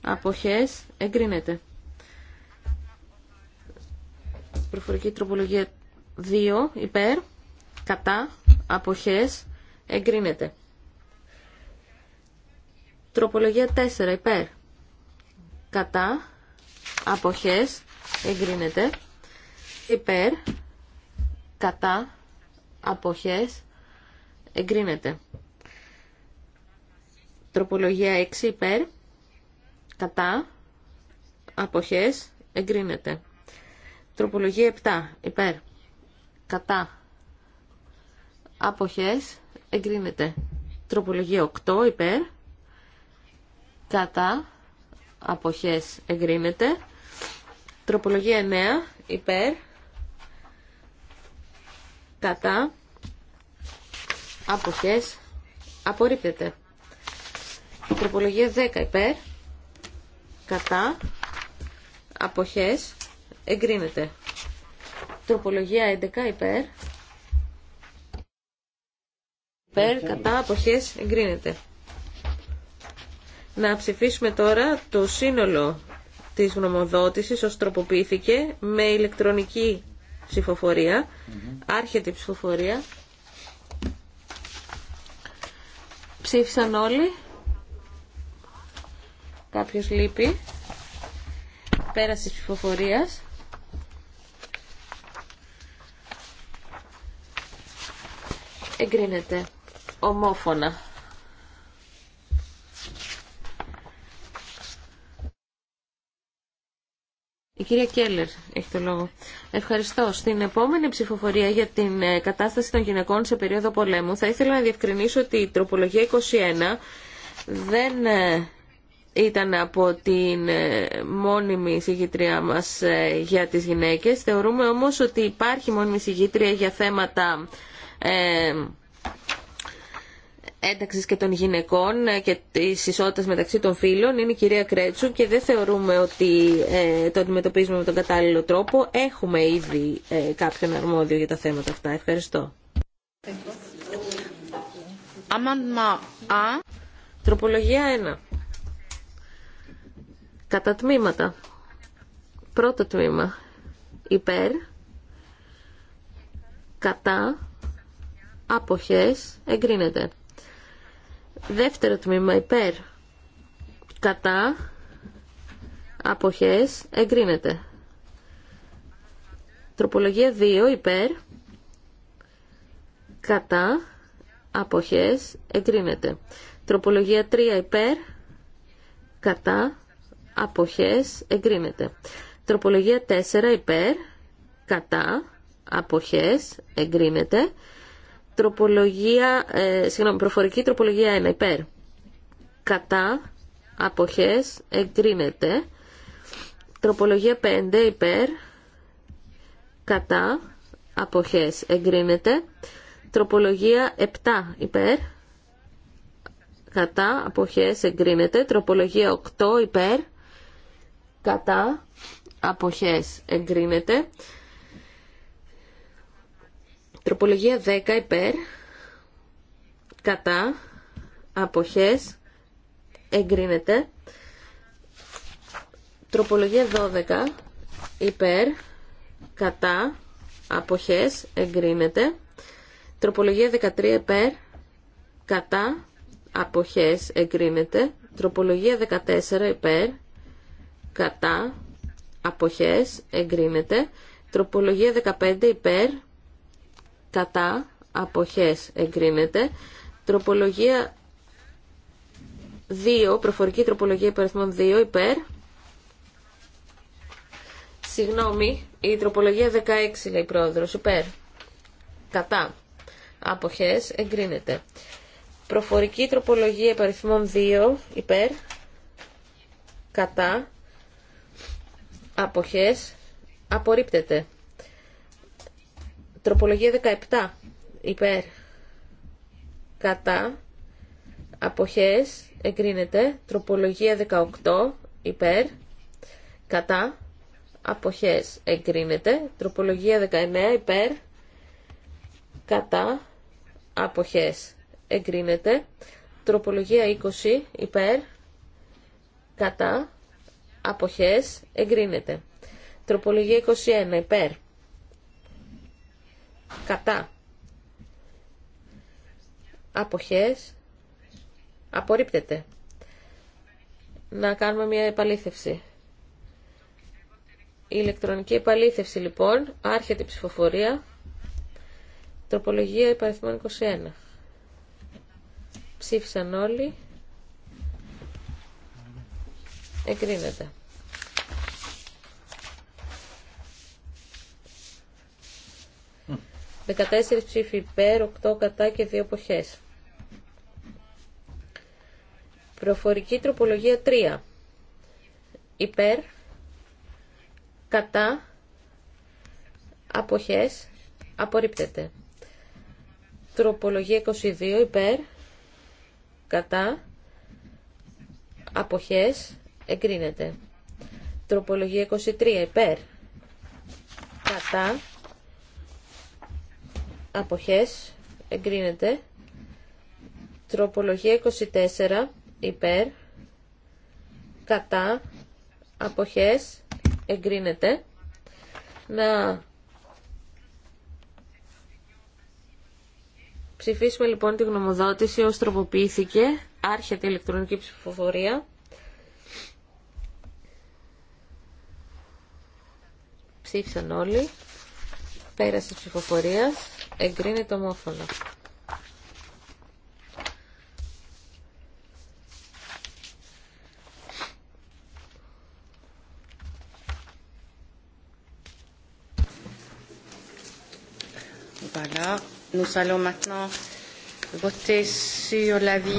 αποχές, εγκρίνεται. Προφορική τροπολογία 2, υπέρ, κατά, αποχές, εγκρίνεται. Τροπολογία 4, υπέρ, κατά, αποχές, εγκρίνεται υπέρ κατά αποχές εγκρίνεται τροπολογία 6 υπέρ κατά αποχές εγκρίνεται τροπολογία 7 υπέρ κατά αποχές εγκρίνεται τροπολογία 8 υπέρ κατά αποχές εγκρίνεται Τροπολογία 9 υπέρ κατά αποχές απορρίπτεται. Τροπολογία 10 υπέρ κατά αποχές εγκρίνεται. Τροπολογία 11 υπέρ υπέρ ναι, κατά αποχές εγκρίνεται. Να ψηφίσουμε τώρα το σύνολο της γνωμοδότησης ως τροποποιήθηκε με ηλεκτρονική ψηφοφορία, mm -hmm. άρχεται η ψηφοφορία. Ψήφισαν όλοι. Κάποιος λείπει. Πέραση ψηφοφορία. ψηφοφορίας. Εγκρίνεται ομόφωνα. Η κυρία Κέλλερ έχει το λόγο. Ευχαριστώ. Στην επόμενη ψηφοφορία για την ε, κατάσταση των γυναικών σε περίοδο πολέμου θα ήθελα να διευκρινίσω ότι η τροπολογία 21 δεν ε, ήταν από την ε, μόνιμη συγκητρία μας για τις γυναίκες. Θεωρούμε όμως ότι υπάρχει μόνιμη συγκήτρια για θέματα Ένταξη και των γυναικών ε, και τη ισότητα μεταξύ των φίλων είναι η κυρία Κρέτσου και δεν θεωρούμε ότι ε, το αντιμετωπίζουμε με τον κατάλληλο τρόπο. Έχουμε ήδη ε, κάποιον αρμόδιο για τα θέματα αυτά. Ευχαριστώ. Α. Τροπολογία 1. Κατά τμήματα. Πρώτο τμήμα. Υπέρ. Κατά. Αποχές. Εγκρίνεται. Δεύτερο τμήμα υπέρ κατά αποχές εγκρίνεται. Τροπολογία 2 υπέρ κατά αποχές εγκρίνεται. Τροπολογία 3 υπέρ κατά αποχές εγκρίνεται. Τροπολογία 4 υπέρ κατά αποχές εγκρίνεται τροπολογία, ε, συγγνώμη, προφορική τροπολογία 1 υπέρ. Κατά, αποχές, εγκρίνεται. Τροπολογία 5 υπέρ. Κατά, αποχές, εγκρίνεται. Τροπολογία 7 υπέρ. Κατά, αποχές, εγκρίνεται. Τροπολογία 8 υπέρ. Κατά, αποχές, εγκρίνεται. Τροπολογία 10 υπέρ, κατά, αποχές, εγκρίνεται. Τροπολογία 12 υπέρ, κατά, αποχές, εγκρίνεται. Τροπολογία 13 υπέρ, κατά, αποχές, εγκρίνεται. Τροπολογία 14 υπέρ, κατά, αποχές, εγκρίνεται. Τροπολογία 15 υπέρ, κατά αποχές εγκρίνεται τροπολογία 2 προφορική τροπολογία υπ. 2 υπέρ συγγνώμη η τροπολογία 16 λέει πρόεδρος υπέρ κατά αποχές εγκρίνεται προφορική τροπολογία υπ. 2 υπέρ κατά αποχές απορρίπτεται Τροπολογία 17 υπέρ κατά αποχές εγκρίνεται. Τροπολογία 18 υπέρ κατά αποχές εγκρίνεται. Τροπολογία 19 υπέρ κατά αποχές εγκρίνεται. Τροπολογία 20 υπέρ κατά αποχές εγκρίνεται. Τροπολογία 21 υπέρ κατά αποχές απορρίπτεται. Να κάνουμε μια επαλήθευση. Η ηλεκτρονική επαλήθευση λοιπόν, άρχεται η ψηφοφορία, τροπολογία υπαριθμών 21. Ψήφισαν όλοι. Εγκρίνεται. 14 ψήφοι υπέρ, 8 κατά και 2 εποχές. Προφορική τροπολογία 3. Υπέρ, κατά, αποχές, απορρίπτεται. Τροπολογία 22 υπέρ, κατά, αποχές, εγκρίνεται. Τροπολογία 23 υπέρ, κατά, αποχές εγκρίνεται τροπολογία 24 υπέρ κατά αποχές εγκρίνεται να ψηφίσουμε λοιπόν τη γνωμοδότηση ως τροποποιήθηκε άρχεται η ηλεκτρονική ψηφοφορία ψήφισαν όλοι πέρασε ψηφοφορία εγκρίνεται ομόφωνα.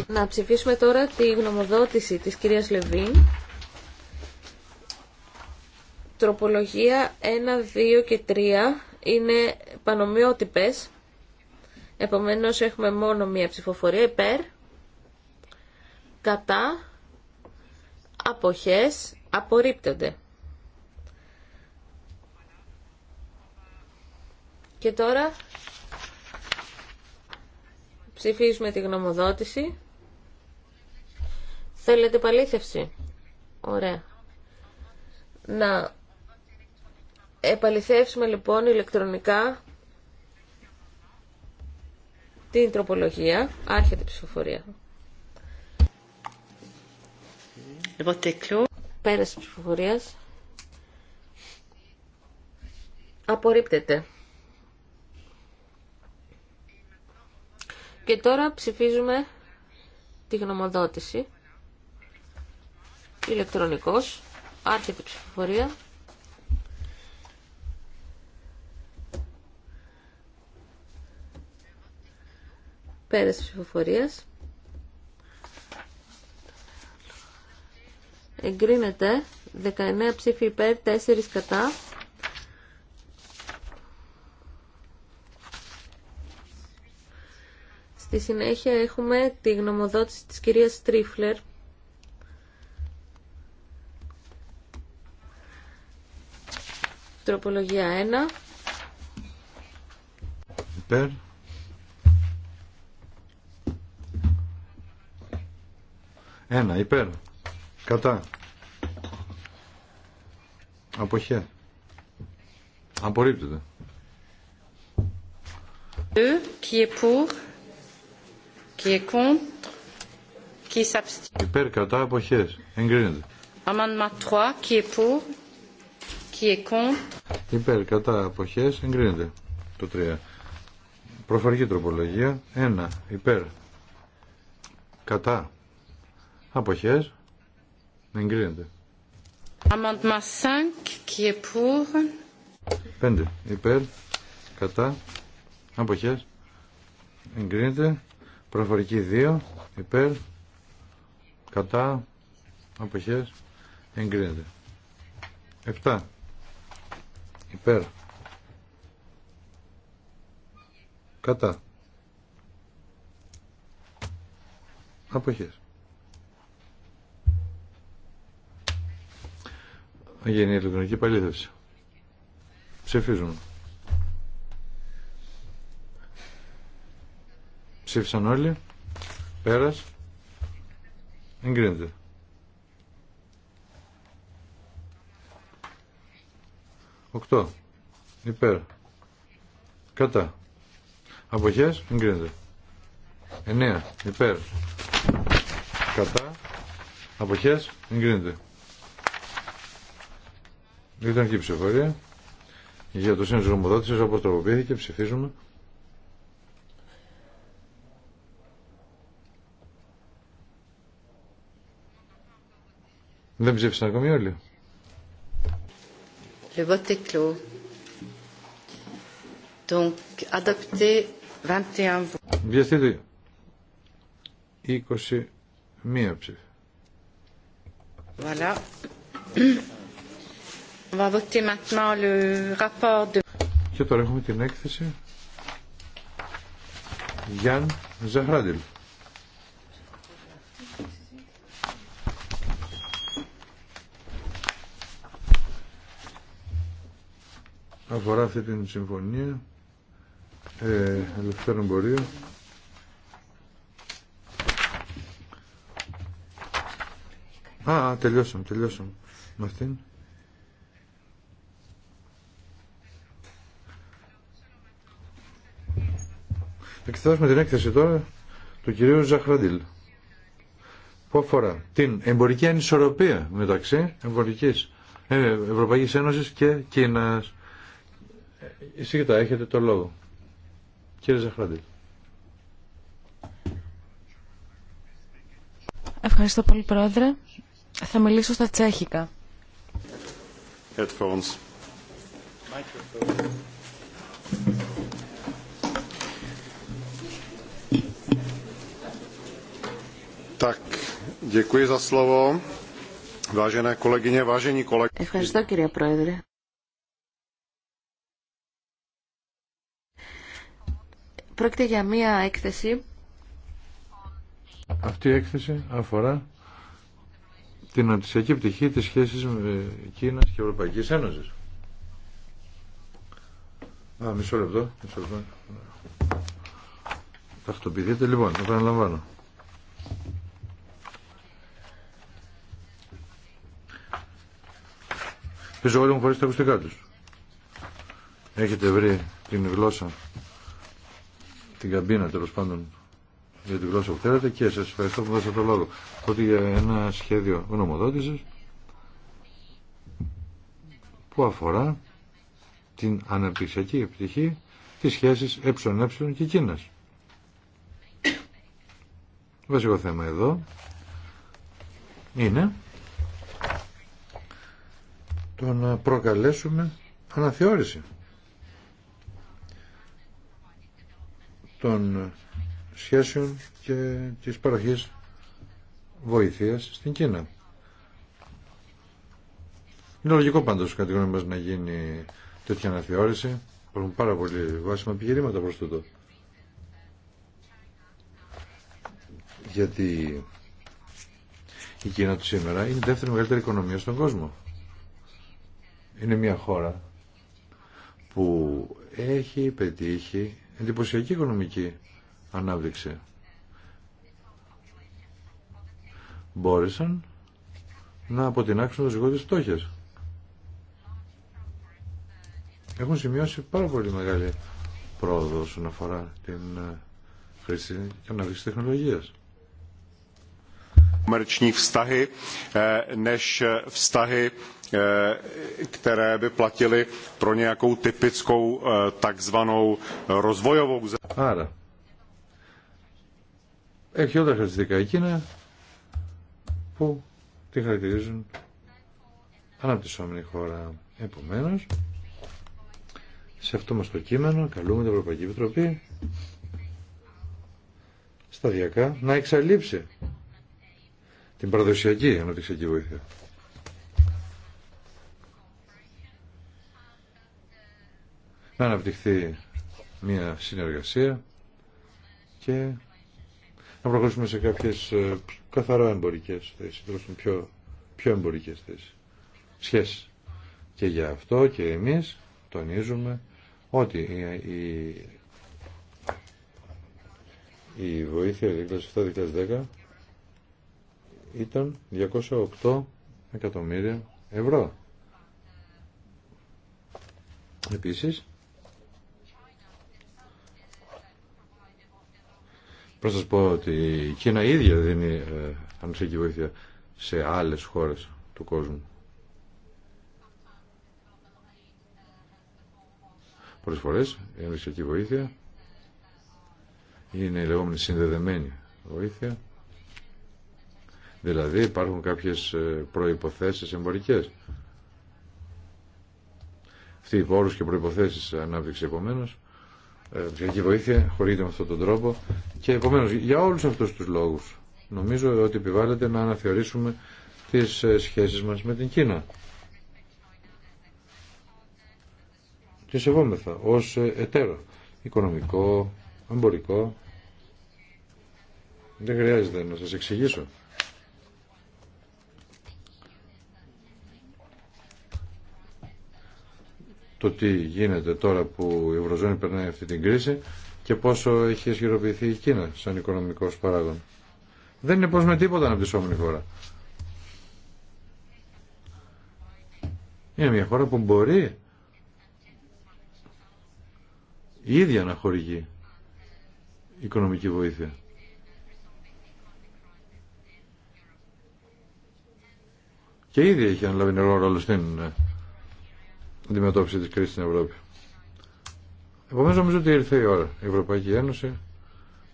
Να ψηφίσουμε τώρα τη γνωμοδότηση της κυρίας Λεβίν. Τροπολογία 1, 2 και 3 είναι πανομοιότυπες. Επομένως έχουμε μόνο μία ψηφοφορία υπέρ, κατά, αποχές, απορρίπτονται. Και τώρα ψηφίζουμε τη γνωμοδότηση. Θέλετε παλήθευση. Ωραία. Να επαληθεύσουμε λοιπόν ηλεκτρονικά την τροπολογία. Άρχεται η ψηφοφορία. Πέρασε τη ψηφοφορία. Απορρίπτεται. Και τώρα ψηφίζουμε τη γνωμοδότηση ηλεκτρονικός. Άρχεται η ψηφοφορία. Πέρας ψηφοφορίας. Εγκρίνεται 19 ψήφοι υπέρ, 4 κατά. Στη συνέχεια έχουμε τη γνωμοδότηση της κυρίας Τρίφλερ. Τροπολογία 1. Υπέρ. 1 υπέρ κατά αποχέ απορρίπτεται 2 qui est pour qui est contre qui s'abstient υπέρ κατά αποχές εγκρίνεται amendement 3 qui est pour qui est contre υπέρ κατά αποχές εγκρίνεται το 3 προφορική τροπολογία 1 υπέρ κατά Αποχές. Εγκρίνεται. Amendement 5, qui est pour. 5. Υπέρ. Κατά. Αποχές. Εγκρίνεται. Προφορική 2. Υπέρ. Κατά. Αποχές. Εγκρίνεται. 7. Υπέρ. Κατά. Αποχές. γίνει η ηλεκτρονική παλήθευση. Ψηφίζουμε. Ψήφισαν όλοι. Πέρας. Εγκρίνεται. Οκτώ. Υπέρ. Κατά. Αποχές. Εγκρίνεται. Εννέα. Υπέρ. Κατά. Αποχές. Εγκρίνεται. Ήταν και η ψηφορία για το σύνολο νομοδότησης όπως τροποποιήθηκε ψηφίζουμε. Δεν ψήφισαν ακόμη όλοι. Le vote est clos. Donc, adopté 21 voix. sûr. 21 ψήφι. Voilà. Και τώρα έχουμε την έκθεση Γιάν Ζαχράντιλ. Αφορά αυτή την συμφωνία ε, ελευθέρων Α, α, τελειώσαμε, τελειώσαμε με αυτήν. Εξετάσουμε την έκθεση τώρα του κυρίου Ζαχραντήλ που αφορά την εμπορική ανισορροπία μεταξύ εμπορικής, ε, Ευρωπαϊκής Ένωσης και Κίνας. Εισηγητά, έχετε το λόγο. Κύριε Ζαχραντήλ. Ευχαριστώ πολύ, Πρόεδρε. Θα μιλήσω στα τσέχικα. Headphones. Ευχαριστώ κύριε Πρόεδρε. Πρόκειται για μία έκθεση. Αυτή η έκθεση αφορά την ανατησιακή πτυχή της σχέσης με Κίνας και Ευρωπαϊκής Ένωσης. Α, μισό λεπτό, μισό λεπτό. Ταυτοποιηθείτε λοιπόν, επαναλαμβάνω. Ελπίζω ζωγόλοι μου τα ακουστικά τους. Έχετε βρει την γλώσσα, την καμπίνα τέλο πάντων για την γλώσσα που θέλετε και σας ευχαριστώ που δώσατε το λόγο. Ότι για ένα σχέδιο γνωμοδότησης που αφορά την αναπτυξιακή επιτυχή της σχέσης ε και Κίνας. Βασικό θέμα εδώ είναι το να ε, προκαλέσουμε αναθεώρηση των ε, σχέσεων και της παροχής βοηθείας στην Κίνα. Είναι λογικό πάντως κατά τη γνώμη μας να γίνει τέτοια αναθεώρηση. Υπάρχουν πάρα πολύ βάσιμα επιχειρήματα προς τούτο. Γιατί η Κίνα του σήμερα είναι η δεύτερη μεγαλύτερη οικονομία στον κόσμο είναι μια χώρα που έχει πετύχει εντυπωσιακή οικονομική ανάπτυξη. Μπόρεσαν να αποτινάξουν το ζυγό της Έχουν σημειώσει πάρα πολύ μεγάλη πρόοδο όσον αφορά την ε, χρήση και ανάπτυξη τεχνολογίας komerční vztahy eh, než vztahy eh, které by platily pro nějakou typickou eh, takzvanou rozvojovou zemi. Άρα, έχει όλα τα χαρακτηριστικά εκείνα που τη χαρακτηρίζουν αναπτυσσόμενη χώρα. Επομένως, σε αυτό μας το κείμενο καλούμε την Ευρωπαϊκή Επιτροπή σταδιακά να εξαλείψει την παραδοσιακή αναπτυξιακή βοήθεια. Να αναπτυχθεί μια συνεργασία και να προχωρήσουμε σε κάποιες ε, καθαρά εμπορικές θέσεις, πιο, πιο εμπορικές θέσεις, σχέσεις. Και για αυτό και εμείς τονίζουμε ότι η, η βοήθεια 2007-2010 ήταν 208 εκατομμύρια ευρώ. Επίσης, Πρέπει να σας πω ότι η Κίνα ίδια δίνει ε, βοήθεια σε άλλες χώρες του κόσμου. Πολλές φορές η ανοσιακή βοήθεια είναι η λεγόμενη συνδεδεμένη βοήθεια Δηλαδή υπάρχουν κάποιες ε, προϋποθέσεις εμπορικές. Αυτοί οι πόρους και προϋποθέσεις ανάπτυξη επομένω. Ε, ψυχική βοήθεια χωρίζεται με αυτόν τον τρόπο και επομένως για όλους αυτούς τους λόγους νομίζω ότι επιβάλλεται να αναθεωρήσουμε τις ε, σχέσεις μας με την Κίνα. Και σεβόμεθα ως εταίρο οικονομικό, εμπορικό. Δεν χρειάζεται να σας εξηγήσω το τι γίνεται τώρα που η Ευρωζώνη περνάει αυτή την κρίση και πόσο έχει ισχυροποιηθεί η Κίνα σαν οικονομικός παράγον. Δεν είναι πως με τίποτα αναπτυσσόμενη χώρα. Είναι μια χώρα που μπορεί η ίδια να χορηγεί οικονομική βοήθεια. Και ήδη έχει αναλάβει νερό ρόλο στην αντιμετώπιση της κρίσης στην Ευρώπη. Επομένως νομίζω ότι ήρθε η ώρα η Ευρωπαϊκή Ένωση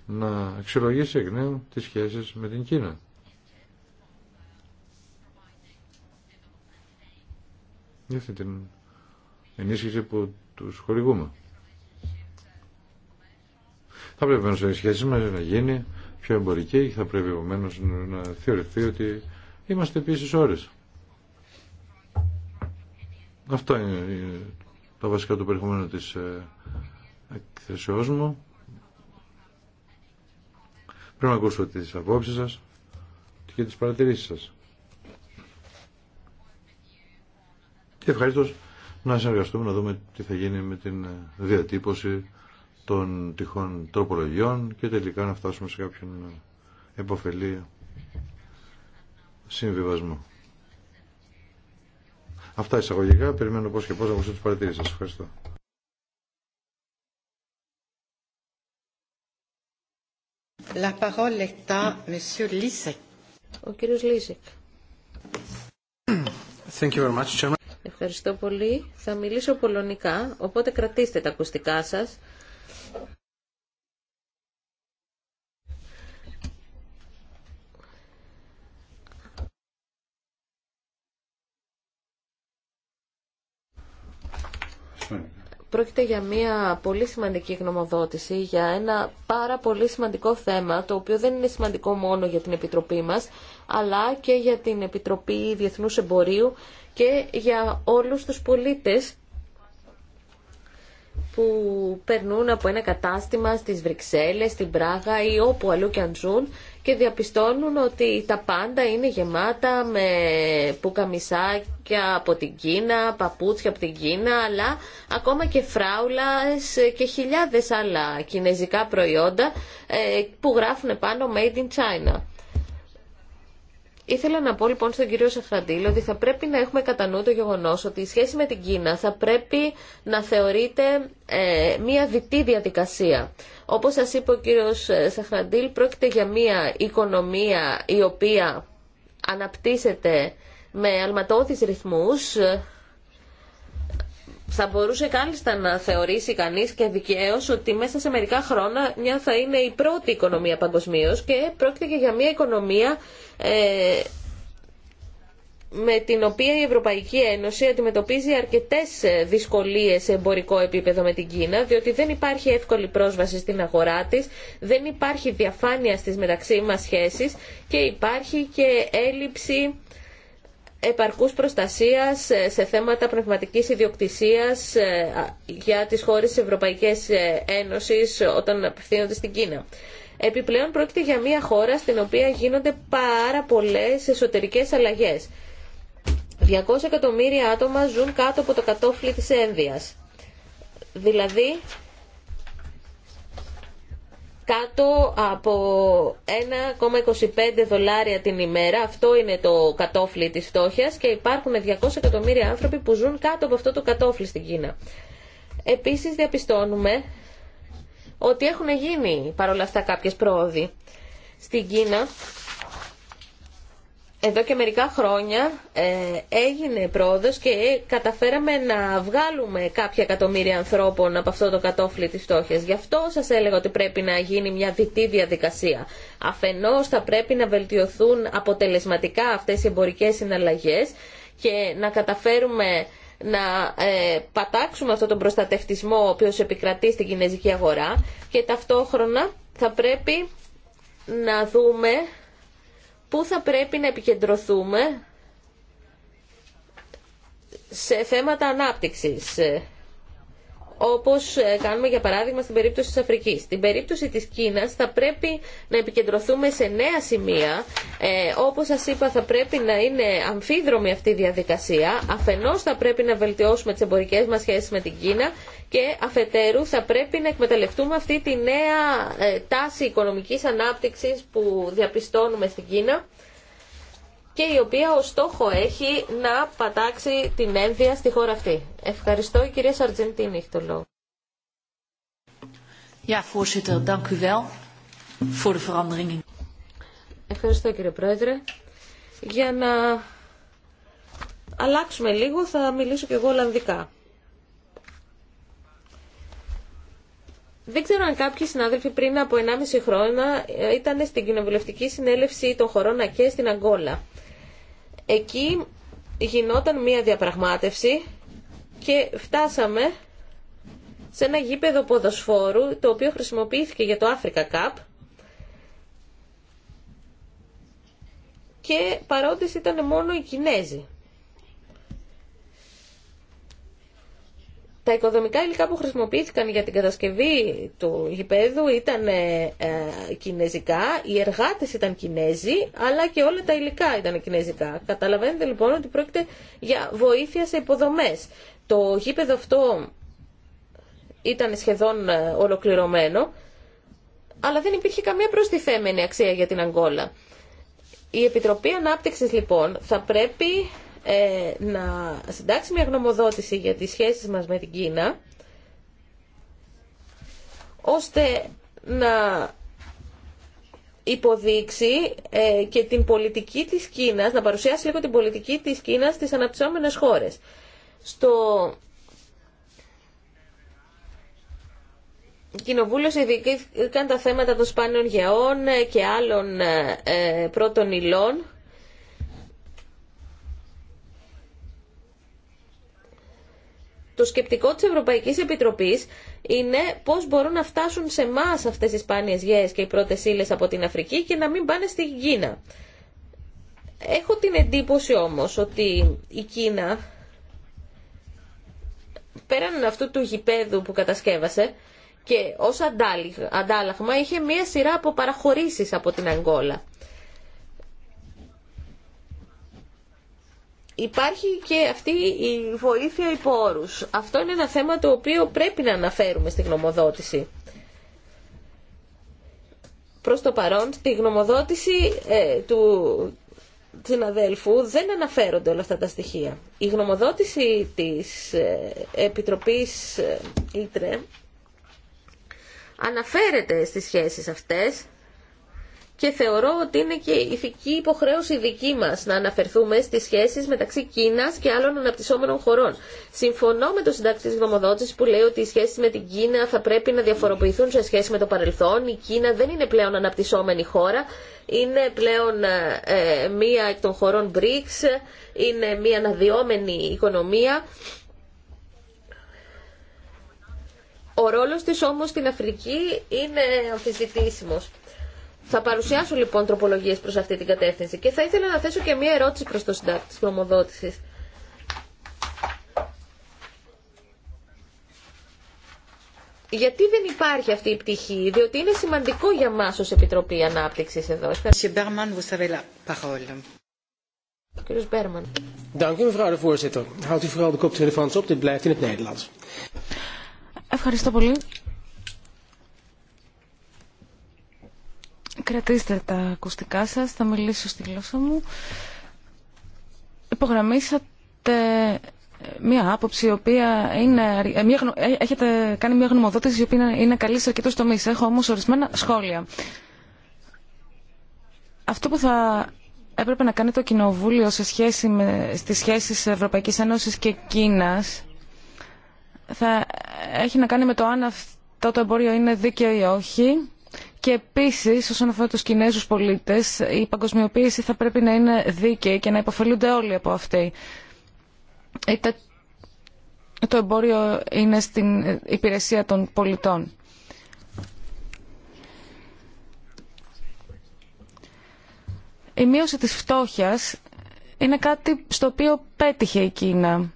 να αξιολογήσει εκ νέου τις σχέσεις με την Κίνα. Για αυτή την ενίσχυση που τους χορηγούμε. Θα πρέπει να οι σχέσεις μας να γίνει πιο εμπορική, θα πρέπει επομένως να θεωρηθεί ότι είμαστε επίσης ώρες. Αυτά είναι τα βασικά του περιεχομένου της ε, εκθεσεώς μου. Πρέπει να ακούσω τις απόψεις σας και τις παρατηρήσεις σας. Και ευχαριστώ να συνεργαστούμε, να δούμε τι θα γίνει με την ε, διατύπωση των τυχών τροπολογιών και τελικά να φτάσουμε σε κάποιον ε, επωφελή συμβιβασμό. Αυτά εισαγωγικά. Περιμένω πώς και πώς να ακούσω τις παρατηρήσει σα. Ευχαριστώ. La parole est à Monsieur Lisek. Ο κύριος Λίσεκ. Thank you very much, Chairman. Ευχαριστώ πολύ. Θα μιλήσω πολωνικά, οπότε κρατήστε τα ακουστικά σας. Πρόκειται για μια πολύ σημαντική γνωμοδότηση, για ένα πάρα πολύ σημαντικό θέμα, το οποίο δεν είναι σημαντικό μόνο για την Επιτροπή μας, αλλά και για την Επιτροπή Διεθνούς Εμπορίου και για όλους τους πολίτες που περνούν από ένα κατάστημα στις Βρυξέλλες, στην Πράγα ή όπου αλλού και αν ζουν και διαπιστώνουν ότι τα πάντα είναι γεμάτα με πουκαμισάκια από την Κίνα, παπούτσια από την Κίνα, αλλά ακόμα και φράουλες και χιλιάδες άλλα κινέζικα προϊόντα ε, που γράφουν πάνω Made in China. Ήθελα να πω λοιπόν στον κύριο Σαχραντήλ ότι θα πρέπει να έχουμε κατά νου το γεγονός ότι η σχέση με την Κίνα θα πρέπει να θεωρείται ε, μια διτή διαδικασία. Όπως σα είπε ο κύριο ε, Σαχραντήλ πρόκειται για μια οικονομία η οποία αναπτύσσεται με αλματώδεις ρυθμούς θα μπορούσε κάλλιστα να θεωρήσει κανείς και δικαίω ότι μέσα σε μερικά χρόνια μια θα είναι η πρώτη οικονομία παγκοσμίω και πρόκειται και για μια οικονομία ε, με την οποία η Ευρωπαϊκή Ένωση αντιμετωπίζει αρκετές δυσκολίες σε εμπορικό επίπεδο με την Κίνα, διότι δεν υπάρχει εύκολη πρόσβαση στην αγορά της, δεν υπάρχει διαφάνεια στις μεταξύ μας σχέσεις και υπάρχει και έλλειψη επαρκούς προστασίας σε θέματα πνευματικής ιδιοκτησίας ε, για τις χώρες της Ευρωπαϊκής ε, Ένωσης όταν απευθύνονται στην Κίνα. Επιπλέον πρόκειται για μια χώρα στην οποία γίνονται πάρα πολλές εσωτερικές αλλαγές. 200 εκατομμύρια άτομα ζουν κάτω από το κατόφλι της ένδυας. Δηλαδή, κάτω από 1,25 δολάρια την ημέρα. Αυτό είναι το κατόφλι της φτώχειας και υπάρχουν 200 εκατομμύρια άνθρωποι που ζουν κάτω από αυτό το κατόφλι στην Κίνα. Επίσης διαπιστώνουμε ότι έχουν γίνει παρόλα αυτά κάποιες πρόοδοι. Στην Κίνα εδώ και μερικά χρόνια ε, έγινε πρόοδος και καταφέραμε να βγάλουμε κάποια εκατομμύρια ανθρώπων από αυτό το κατόφλι της φτώχειας. Γι' αυτό σας έλεγα ότι πρέπει να γίνει μια διτή διαδικασία. Αφενός θα πρέπει να βελτιωθούν αποτελεσματικά αυτές οι εμπορικές συναλλαγές και να καταφέρουμε να ε, πατάξουμε αυτόν τον προστατευτισμό ο οποίος επικρατεί στην κινέζικη αγορά και ταυτόχρονα θα πρέπει να δούμε πού θα πρέπει να επικεντρωθούμε σε θέματα ανάπτυξης όπως ε, κάνουμε για παράδειγμα στην περίπτωση της Αφρικής. Στην περίπτωση της Κίνας θα πρέπει να επικεντρωθούμε σε νέα σημεία. Ε, όπως σας είπα θα πρέπει να είναι αμφίδρομη αυτή η διαδικασία. Αφενός θα πρέπει να βελτιώσουμε τις εμπορικές μας σχέσεις με την Κίνα και αφετέρου θα πρέπει να εκμεταλλευτούμε αυτή τη νέα ε, τάση οικονομικής ανάπτυξης που διαπιστώνουμε στην Κίνα και η οποία ο στόχο έχει να πατάξει την ένδυα στη χώρα αυτή. Ευχαριστώ. Η κυρία Σαρτζεντίνη έχει το λόγο. Ευχαριστώ κύριε Πρόεδρε. Για να αλλάξουμε λίγο θα μιλήσω και εγώ Ολλανδικά. Δεν ξέρω αν κάποιοι συνάδελφοι πριν από 1,5 χρόνια ε, ήταν στην κοινοβουλευτική συνέλευση των χωρών ΑΚΕ στην Αγκόλα. Εκεί γινόταν μία διαπραγμάτευση και φτάσαμε σε ένα γήπεδο ποδοσφόρου το οποίο χρησιμοποιήθηκε για το Africa Cup και παρόντες ήταν μόνο οι Κινέζοι. Τα οικοδομικά υλικά που χρησιμοποιήθηκαν για την κατασκευή του γηπέδου ήταν ε, ε, κινέζικα, οι εργάτες ήταν κινέζοι, αλλά και όλα τα υλικά ήταν κινέζικα. Καταλαβαίνετε λοιπόν ότι πρόκειται για βοήθεια σε υποδομές. Το γήπεδο αυτό ήταν σχεδόν ε, ολοκληρωμένο, αλλά δεν υπήρχε καμία προστιθέμενη αξία για την Αγγόλα. Η Επιτροπή Ανάπτυξης λοιπόν θα πρέπει ε, να συντάξει μια γνωμοδότηση για τις σχέσεις μας με την Κίνα ώστε να υποδείξει ε, και την πολιτική της Κίνας, να παρουσιάσει λίγο την πολιτική της Κίνας στις αναπτυσσόμενες χώρες. Στο Κοινοβούλιο ειδικήθηκαν τα θέματα των σπάνιων γεών και άλλων ε, πρώτων υλών το σκεπτικό της Ευρωπαϊκής Επιτροπής είναι πώς μπορούν να φτάσουν σε εμά αυτές οι σπάνιες γέες και οι πρώτες ύλες από την Αφρική και να μην πάνε στη Κίνα. Έχω την εντύπωση όμως ότι η Κίνα, πέραν αυτού του γηπέδου που κατασκεύασε, και ως αντάλλαγμα είχε μία σειρά από παραχωρήσεις από την Αγγόλα. υπάρχει και αυτή η βοήθεια υπό όρους. Αυτό είναι ένα θέμα το οποίο πρέπει να αναφέρουμε στη γνωμοδότηση. Προς το παρόν, στη γνωμοδότηση ε, του συναδέλφου δεν αναφέρονται όλα αυτά τα στοιχεία. Η γνωμοδότηση της ε, Επιτροπής ε, Ήτρε αναφέρεται στις σχέσεις αυτές και θεωρώ ότι είναι και ηθική υποχρέωση δική μας να αναφερθούμε στις σχέσεις μεταξύ Κίνας και άλλων αναπτυσσόμενων χωρών. Συμφωνώ με το συντάκτη της γνωμοδότησης που λέει ότι οι σχέσεις με την Κίνα θα πρέπει να διαφοροποιηθούν σε σχέση με το παρελθόν. Η Κίνα δεν είναι πλέον αναπτυσσόμενη χώρα, είναι πλέον ε, ε, μία εκ των χωρών BRICS, είναι μία αναδυόμενη οικονομία. Ο ρόλος της όμως στην Αφρική είναι αμφισβητήσιμος. Θα παρουσιάσω λοιπόν τροπολογίες προς αυτή την κατεύθυνση και θα ήθελα να θέσω και μία ερώτηση προς το συντάκτη της προμοδότησης. Γιατί δεν υπάρχει αυτή η πτυχή, διότι είναι σημαντικό για μας ως Επιτροπή Ανάπτυξης εδώ. Ευχαριστώ πολύ. Κρατήστε τα ακουστικά σας, θα μιλήσω στη γλώσσα μου. Υπογραμμίσατε μια άποψη, η οποία είναι, ε, μια, ε, έχετε κάνει μια γνωμοδότηση η οποία είναι καλή σε αρκετούς τομείς. Έχω όμως ορισμένα σχόλια. Αυτό που θα έπρεπε να κάνει το Κοινοβούλιο σε σχέση με, στις σχέσεις Ευρωπαϊκής Ένωσης και Κίνας θα έχει να κάνει με το αν αυτό το εμπόριο είναι δίκαιο ή όχι και επίση, όσον αφορά τους Κινέζους πολίτε, η παγκοσμιοποίηση θα πρέπει να είναι δίκαιη και να υποφελούνται όλοι από αυτή. Το εμπόριο είναι στην υπηρεσία των πολιτών. Η μείωση της φτώχειας είναι κάτι στο οποίο πέτυχε η Κίνα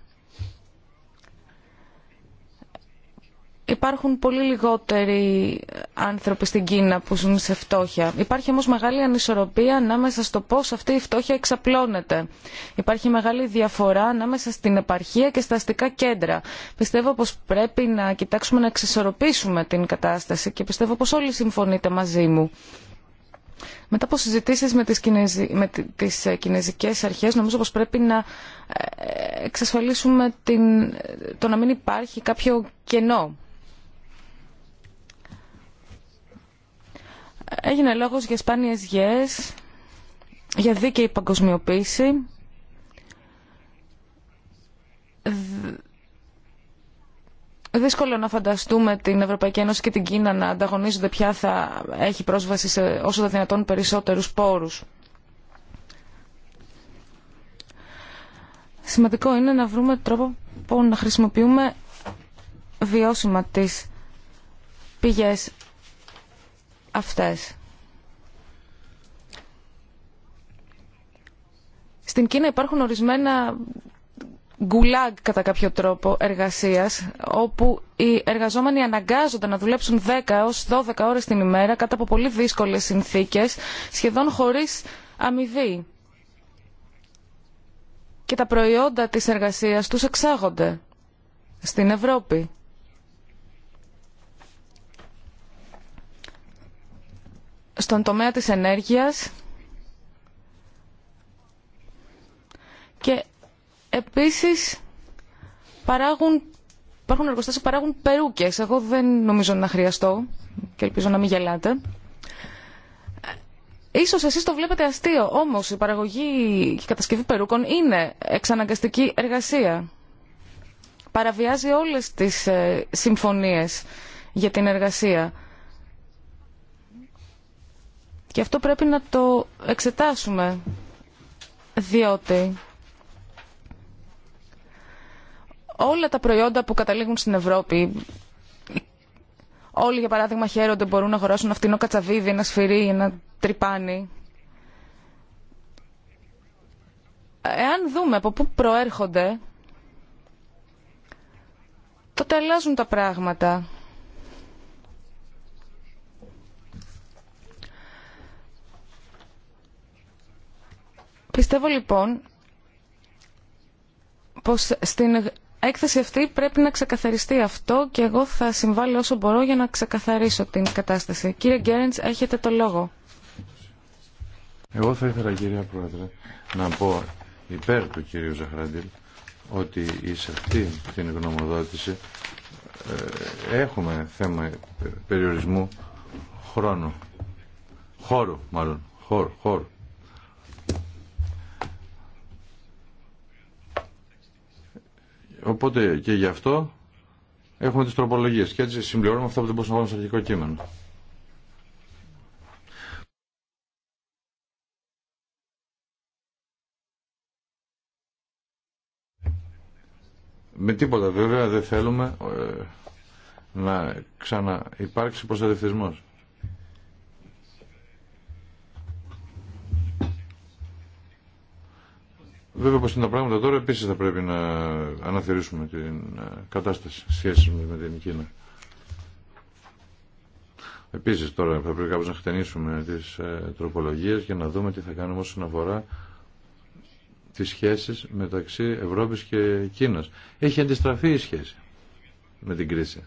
υπάρχουν πολύ λιγότεροι άνθρωποι στην Κίνα που ζουν σε φτώχεια. Υπάρχει όμως μεγάλη ανισορροπία ανάμεσα στο πώς αυτή η φτώχεια εξαπλώνεται. Υπάρχει μεγάλη διαφορά ανάμεσα στην επαρχία και στα αστικά κέντρα. Πιστεύω πως πρέπει να κοιτάξουμε να εξισορροπήσουμε την κατάσταση και πιστεύω πως όλοι συμφωνείτε μαζί μου. Μετά από συζητήσεις με τις, κινεζι... με τις ε, κινέζικες αρχές νομίζω πως πρέπει να ε, εξασφαλίσουμε την... το να μην υπάρχει κάποιο κενό Έγινε λόγος για σπάνιες γιές, για δίκαιη παγκοσμιοποίηση. Δύσκολο να φανταστούμε την Ευρωπαϊκή Ένωση και την Κίνα να ανταγωνίζονται ποια θα έχει πρόσβαση σε όσο τα δυνατόν περισσότερους πόρους. Σημαντικό είναι να βρούμε τρόπο που να χρησιμοποιούμε βιώσιμα τις πηγές αυτές. Στην Κίνα υπάρχουν ορισμένα γκουλάγ κατά κάποιο τρόπο εργασίας όπου οι εργαζόμενοι αναγκάζονται να δουλέψουν 10 έως 12 ώρες την ημέρα κατά από πολύ δύσκολες συνθήκες σχεδόν χωρίς αμοιβή και τα προϊόντα της εργασίας τους εξάγονται στην Ευρώπη. στον τομέα της ενέργειας και επίσης παράγουν, υπάρχουν εργοστάσεις που παράγουν περούκες. Εγώ δεν νομίζω να χρειαστώ και ελπίζω να μην γελάτε. Ε, ίσως εσείς το βλέπετε αστείο, όμως η παραγωγή και η κατασκευή περούκων είναι εξαναγκαστική εργασία. Παραβιάζει όλες τις ε, συμφωνίες για την εργασία. Και αυτό πρέπει να το εξετάσουμε, διότι όλα τα προϊόντα που καταλήγουν στην Ευρώπη, όλοι για παράδειγμα χαίρονται, μπορούν να αγοράσουν ένα φτηνό κατσαβίδι, ένα σφυρί, ένα τρυπάνι. Εάν δούμε από πού προέρχονται, τότε αλλάζουν τα πράγματα. Πιστεύω λοιπόν πως στην έκθεση αυτή πρέπει να ξεκαθαριστεί αυτό και εγώ θα συμβάλλω όσο μπορώ για να ξεκαθαρίσω την κατάσταση. Κύριε Γκέρεντς, έχετε το λόγο. Εγώ θα ήθελα κυρία Πρόεδρε να πω υπέρ του κυρίου Ζαχραντήλ ότι σε αυτή την γνωμοδότηση ε, έχουμε θέμα περιορισμού χρόνου, χώρου μάλλον, χώρου, χώρου. Οπότε και γι' αυτό έχουμε τις τροπολογίες και έτσι συμπληρώνουμε αυτά που δεν μπορούσαμε να βάλουμε στο αρχικό κείμενο. Με τίποτα βέβαια δεν θέλουμε ε, να ξαναυπάρξει προστατευτισμός. Βέβαια όπως είναι τα πράγματα τώρα επίσης θα πρέπει να αναθεωρήσουμε την ε, κατάσταση σχέση με την Κίνα. Επίσης τώρα θα πρέπει κάπως να χτενίσουμε τις ε, τροπολογίες για να δούμε τι θα κάνουμε όσον αφορά τις σχέσεις μεταξύ Ευρώπης και Κίνας. Έχει αντιστραφεί η σχέση με την κρίση.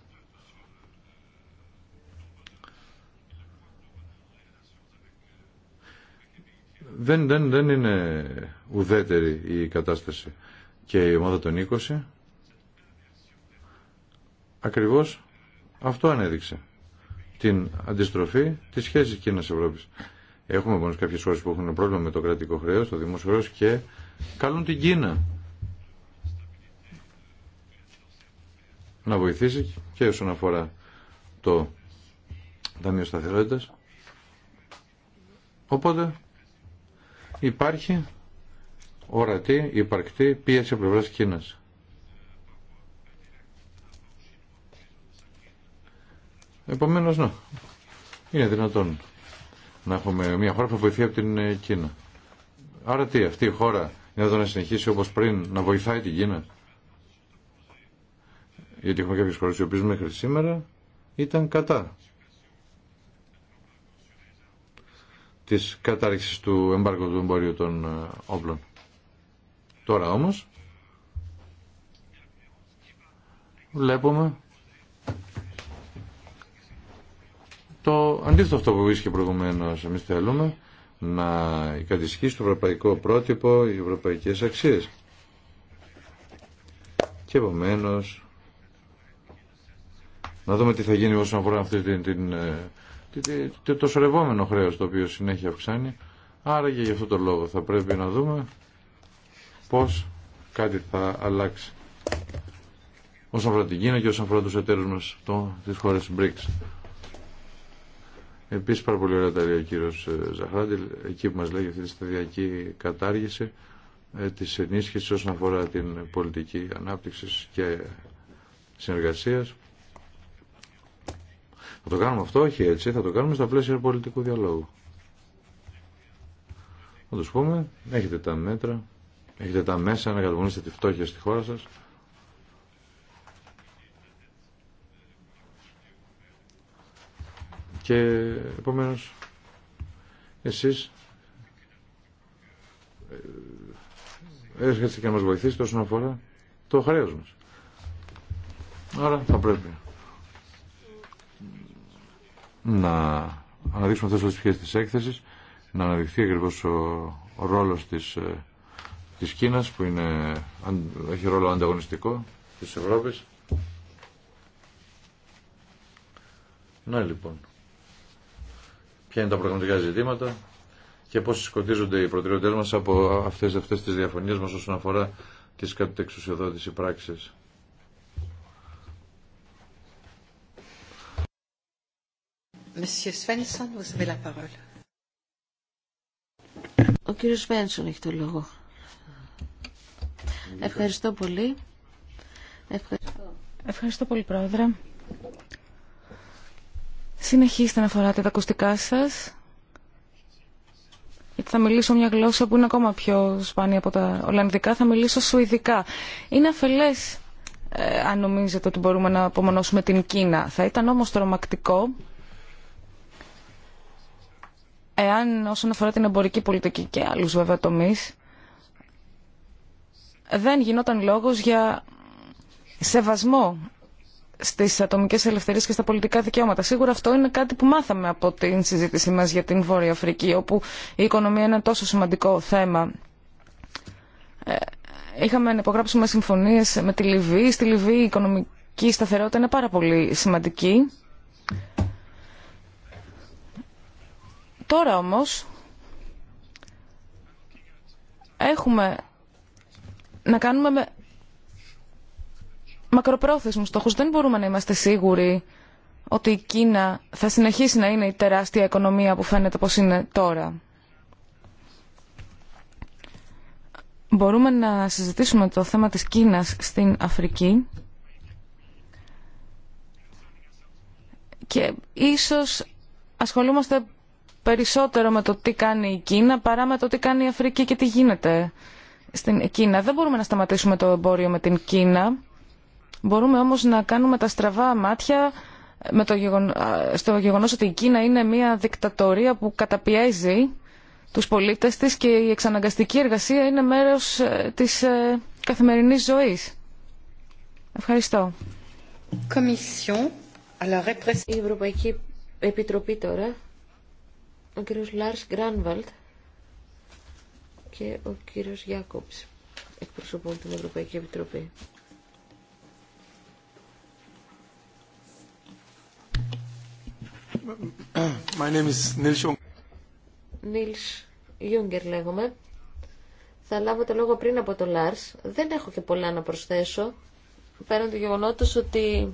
δεν, δεν, δεν είναι ουδέτερη η κατάσταση. Και η ομάδα των 20 ακριβώς αυτό ανέδειξε. Την αντιστροφή της σχέσης Κίνας-Ευρώπης. Έχουμε μόνο κάποιες χώρες που έχουν πρόβλημα με το κρατικό χρέος, το δημόσιο χρέος και καλούν την Κίνα να βοηθήσει και όσον αφορά το Ταμείο Σταθερότητας. Οπότε υπάρχει ορατή, υπαρκτή πίεση από πλευρά Κίνα. Επομένως, ναι, είναι δυνατόν να έχουμε μια χώρα που βοηθεί από την ε, Κίνα. Άρα τι, αυτή η χώρα είναι δυνατόν να συνεχίσει όπως πριν να βοηθάει την Κίνα. Γιατί έχουμε κάποιες χώρες οι οποίες μέχρι σήμερα ήταν κατά της κατάρριξης του εμπάρκου του εμπορίου των ε, όπλων. Τώρα όμως βλέπουμε το αντίθετο αυτό που βρίσκεται προηγουμένως εμείς θέλουμε να κατησχύσει το ευρωπαϊκό πρότυπο οι ευρωπαϊκές αξίες. Και επομένω να δούμε τι θα γίνει όσον αφορά αυτή την ε, το σορευόμενο χρέος το οποίο συνέχεια αυξάνει. Άρα και γι' αυτό το λόγο θα πρέπει να δούμε πώς κάτι θα αλλάξει όσον αφορά την Κίνα και όσον αφορά τους εταίρους μας το, τις χώρες BRICS. Επίσης πάρα πολύ ωραία τα λέει ο κύριος ε, Ζαχράντη, εκεί που μας λέει αυτή τη σταδιακή κατάργηση ε, της ενίσχυσης όσον αφορά την πολιτική ανάπτυξης και συνεργασίας. Θα το κάνουμε αυτό, όχι έτσι, θα το κάνουμε στα πλαίσια πολιτικού διαλόγου. Να του πούμε, έχετε τα μέτρα, έχετε τα μέσα να καταπονήσετε τη φτώχεια στη χώρα σας. Και επομένως, εσείς ε, έρχεστε και να μας βοηθήσετε όσον αφορά το χρέος μας. Άρα θα πρέπει να αναδείξουμε αυτές τις πτυχές της έκθεσης, να αναδειχθεί ακριβώς ο, ο ρόλος της, ε, της Κίνας που είναι, έχει ρόλο ανταγωνιστικό της Ευρώπης. Να λοιπόν, ποια είναι τα πραγματικά ζητήματα και πώς σκοτίζονται οι προτεραιότητες μας από αυτές, αυτές τις διαφωνίες μας όσον αφορά τις εξουσιοδότηση πράξεις. Ο κύριος έχει το λόγο. Ευχαριστώ πολύ. Ευχαριστώ. Ευχαριστώ πολύ, Πρόεδρε. Συνεχίστε να φοράτε τα ακουστικά σας. Γιατί θα μιλήσω μια γλώσσα που είναι ακόμα πιο σπάνια από τα Ολλανδικά. Θα μιλήσω Σουηδικά. Είναι αφελές ε, αν νομίζετε ότι μπορούμε να απομονώσουμε την Κίνα. Θα ήταν όμως τρομακτικό εάν όσον αφορά την εμπορική πολιτική και άλλους βέβαια τομείς, δεν γινόταν λόγος για σεβασμό στις ατομικές ελευθερίες και στα πολιτικά δικαιώματα. Σίγουρα αυτό είναι κάτι που μάθαμε από την συζήτησή μας για την Βόρεια Αφρική, όπου η οικονομία είναι ένα τόσο σημαντικό θέμα. Ε, είχαμε να υπογράψουμε συμφωνίες με τη Λιβύη. Στη Λιβύη η οικονομική σταθερότητα είναι πάρα πολύ σημαντική Τώρα όμως έχουμε να κάνουμε με μακροπρόθεσμους στόχους. Δεν μπορούμε να είμαστε σίγουροι ότι η Κίνα θα συνεχίσει να είναι η τεράστια οικονομία που φαίνεται πως είναι τώρα. Μπορούμε να συζητήσουμε το θέμα της Κίνας στην Αφρική και ίσως ασχολούμαστε περισσότερο με το τι κάνει η Κίνα παρά με το τι κάνει η Αφρική και τι γίνεται στην Κίνα. Δεν μπορούμε να σταματήσουμε το εμπόριο με την Κίνα. Μπορούμε όμως να κάνουμε τα στραβά μάτια με το στο γεγονός ότι η Κίνα είναι μια δικτατορία που καταπιέζει τους πολίτες της και η εξαναγκαστική εργασία είναι μέρος ε, της ε, καθημερινής ζωής. Ευχαριστώ. Η Ευρωπαϊκή Επιτροπή τώρα ο κύριος Λάρς Γκράνβαλτ και ο κύριος Γιάκοψ εκπροσωπούν την Ευρωπαϊκή Επιτροπή. My name is Nils Nils Junger λέγομαι. Θα λάβω το λόγο πριν από το Λάρς. Δεν έχω και πολλά να προσθέσω. Πέραν του γεγονότος ότι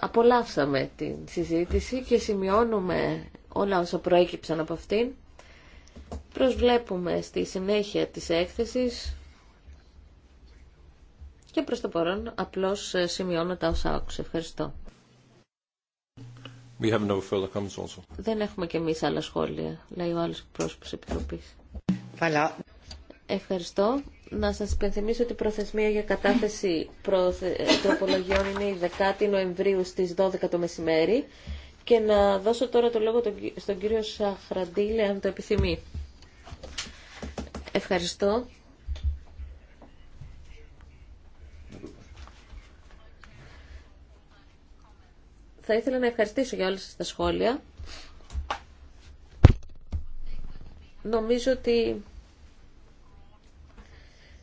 απολαύσαμε την συζήτηση και σημειώνουμε όλα όσα προέκυψαν από αυτήν. Προσβλέπουμε στη συνέχεια της έκθεσης και προς το παρόν απλώς σημειώνω τα όσα άκουσα. Ευχαριστώ. We have no further comments also. Δεν έχουμε και εμείς άλλα σχόλια, λέει ο άλλος πρόσωπος Επιτροπής. Ευχαριστώ. Να σας υπενθυμίσω ότι η προθεσμία για κατάθεση προθε... τροπολογιών είναι η 10η Νοεμβρίου στις 12 το μεσημέρι και να δώσω τώρα το λόγο στον κύριο Σαχραντήλε, αν το επιθυμεί. Ευχαριστώ. Θα ήθελα να ευχαριστήσω για όλες τα σχόλια. Νομίζω ότι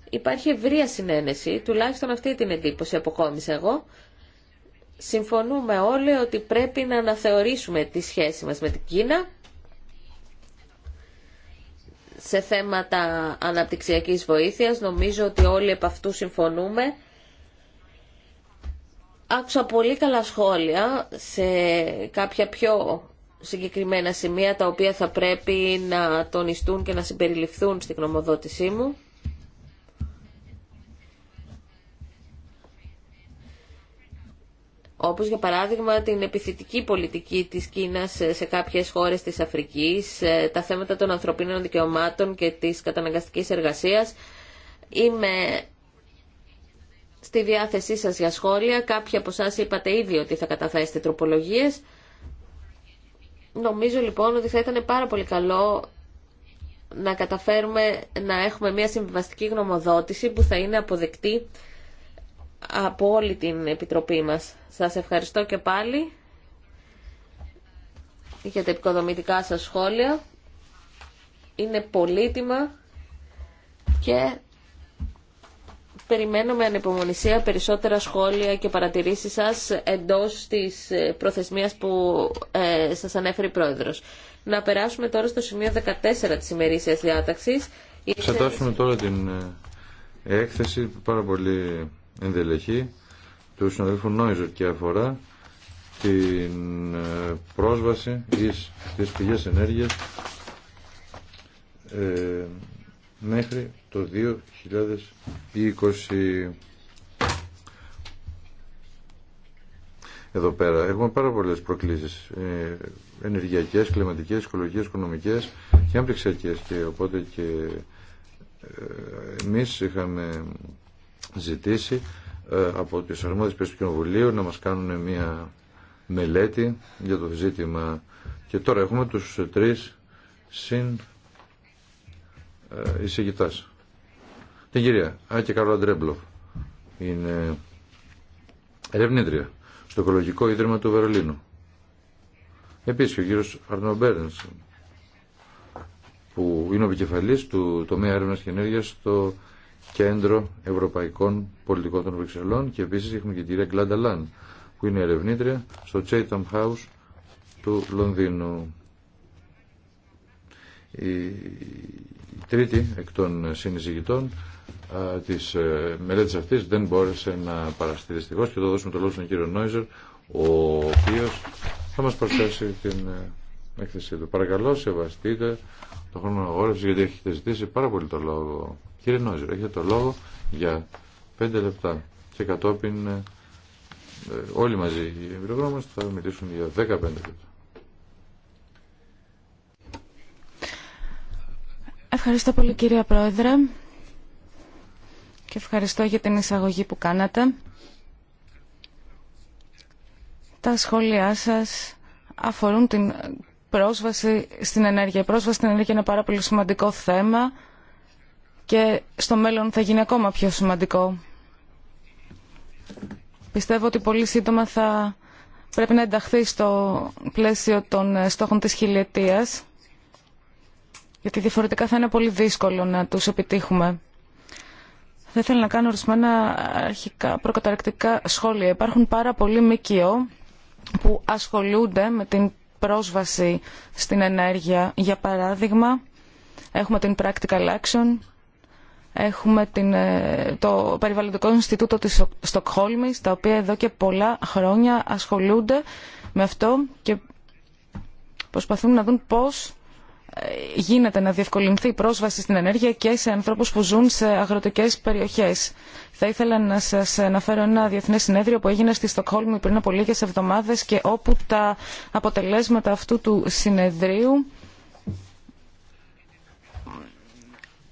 υπάρχει ευρεία συνένεση, τουλάχιστον αυτή την εντύπωση αποκόμισα εγώ, συμφωνούμε όλοι ότι πρέπει να αναθεωρήσουμε τη σχέση μας με την Κίνα σε θέματα αναπτυξιακής βοήθειας. Νομίζω ότι όλοι επ' αυτού συμφωνούμε. Άκουσα πολύ καλά σχόλια σε κάποια πιο συγκεκριμένα σημεία τα οποία θα πρέπει να τονιστούν και να συμπεριληφθούν στην γνωμοδότησή μου. όπως για παράδειγμα την επιθετική πολιτική της Κίνας σε κάποιες χώρες της Αφρικής, ε, τα θέματα των ανθρωπίνων δικαιωμάτων και της καταναγκαστικής εργασίας. Είμαι στη διάθεσή σας για σχόλια. Κάποιοι από εσά είπατε ήδη ότι θα καταθέσετε τροπολογίες. Νομίζω λοιπόν ότι θα ήταν πάρα πολύ καλό να καταφέρουμε να έχουμε μια συμβιβαστική γνωμοδότηση που θα είναι αποδεκτή από όλη την Επιτροπή μας. Σας ευχαριστώ και πάλι για τα επικοδομητικά σας σχόλια. Είναι πολύτιμα και περιμένω με ανεπομονησία περισσότερα σχόλια και παρατηρήσεις σας εντός της ε, προθεσμίας που ε, σας ανέφερε η Πρόεδρος. Να περάσουμε τώρα στο σημείο 14 της ημερήσιας διάταξης. Θα τώρα την ε, έκθεση πάρα πολύ ενδελεχή του συναδέλφου Νόιζερ και αφορά την ε, πρόσβαση εις τις πηγές ενέργειας ε, μέχρι το 2020. Εδώ πέρα έχουμε πάρα πολλές προκλήσεις ε, ενεργειακές, κλιματικές, οικολογικές, οικονομικές και αμπληξιακές και οπότε και ε, εμείς είχαμε ζητήσει ε, από τις αρμόδιες πέσεις του Κοινοβουλίου να μας κάνουν μια μελέτη για το ζήτημα. Και τώρα έχουμε τους τρεις συν ε, εισηγητάς. Την κυρία Άκη Καρόλα Ντρέμπλοφ είναι ερευνήτρια στο Οικολογικό Ίδρυμα του Βερολίνου. Επίσης ο κύριος Αρνό που είναι ο επικεφαλής του τομέα έρευνας και ενέργειας στο Κέντρο Ευρωπαϊκών Πολιτικών των Βρυξελών και επίσης έχουμε και την κυρία Γκλάντα Λάν που είναι ερευνήτρια στο Chatham House του Λονδίνου. Η τρίτη εκ των συνεισηγητών της ε, μελέτη αυτή δεν μπόρεσε να παραστεί δυστυχώ και το δώσουμε το λόγο στον κύριο Νόιζερ ο οποίος θα μας προσθέσει την ε, έκθεσή του. Παρακαλώ σεβαστείτε το χρόνο αγόρευση γιατί έχετε ζητήσει πάρα πολύ το λόγο. Κύριε Νόζηρο, έχετε το λόγο για πέντε λεπτά και κατόπιν ε, όλοι μαζί οι εμπειρογνώμες θα μιλήσουν για 15 λεπτά. Ευχαριστώ πολύ κύριε Πρόεδρε και ευχαριστώ για την εισαγωγή που κάνατε. Τα σχόλιά σας αφορούν την πρόσβαση στην ενέργεια. Η πρόσβαση στην ενέργεια είναι ένα πάρα πολύ σημαντικό θέμα και στο μέλλον θα γίνει ακόμα πιο σημαντικό. Πιστεύω ότι πολύ σύντομα θα πρέπει να ενταχθεί στο πλαίσιο των ε, στόχων της χιλιετίας γιατί διαφορετικά θα είναι πολύ δύσκολο να τους επιτύχουμε. Θα ήθελα να κάνω ορισμένα αρχικά προκαταρκτικά σχόλια. Υπάρχουν πάρα πολλοί ΜΚΟ που ασχολούνται με την πρόσβαση στην ενέργεια. Για παράδειγμα, έχουμε την Practical Action, Έχουμε την, ε, το Περιβαλλοντικό Ινστιτούτο της Στοκχόλμης, τα οποία εδώ και πολλά χρόνια ασχολούνται με αυτό και προσπαθούν να δουν πώς ε, γίνεται να διευκολυνθεί η πρόσβαση στην ενέργεια και σε ανθρώπους που ζουν σε αγροτικές περιοχές. Θα ήθελα να σας αναφέρω ένα διεθνές συνέδριο που έγινε στη Στοκχόλμη πριν από λίγες εβδομάδες και όπου τα αποτελέσματα αυτού του συνεδρίου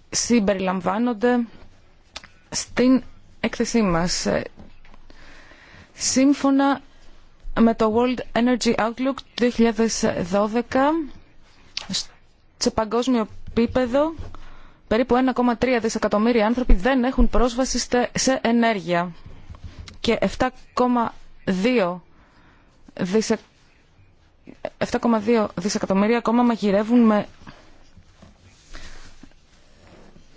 συμπεριλαμβάνονται στην έκθεσή μας. Σύμφωνα με το World Energy Outlook 2012, σε παγκόσμιο επίπεδο, περίπου 1,3 δισεκατομμύρια άνθρωποι δεν έχουν πρόσβαση σε ενέργεια και 7,2 δισεκατομμύρια ακόμα μαγειρεύουν με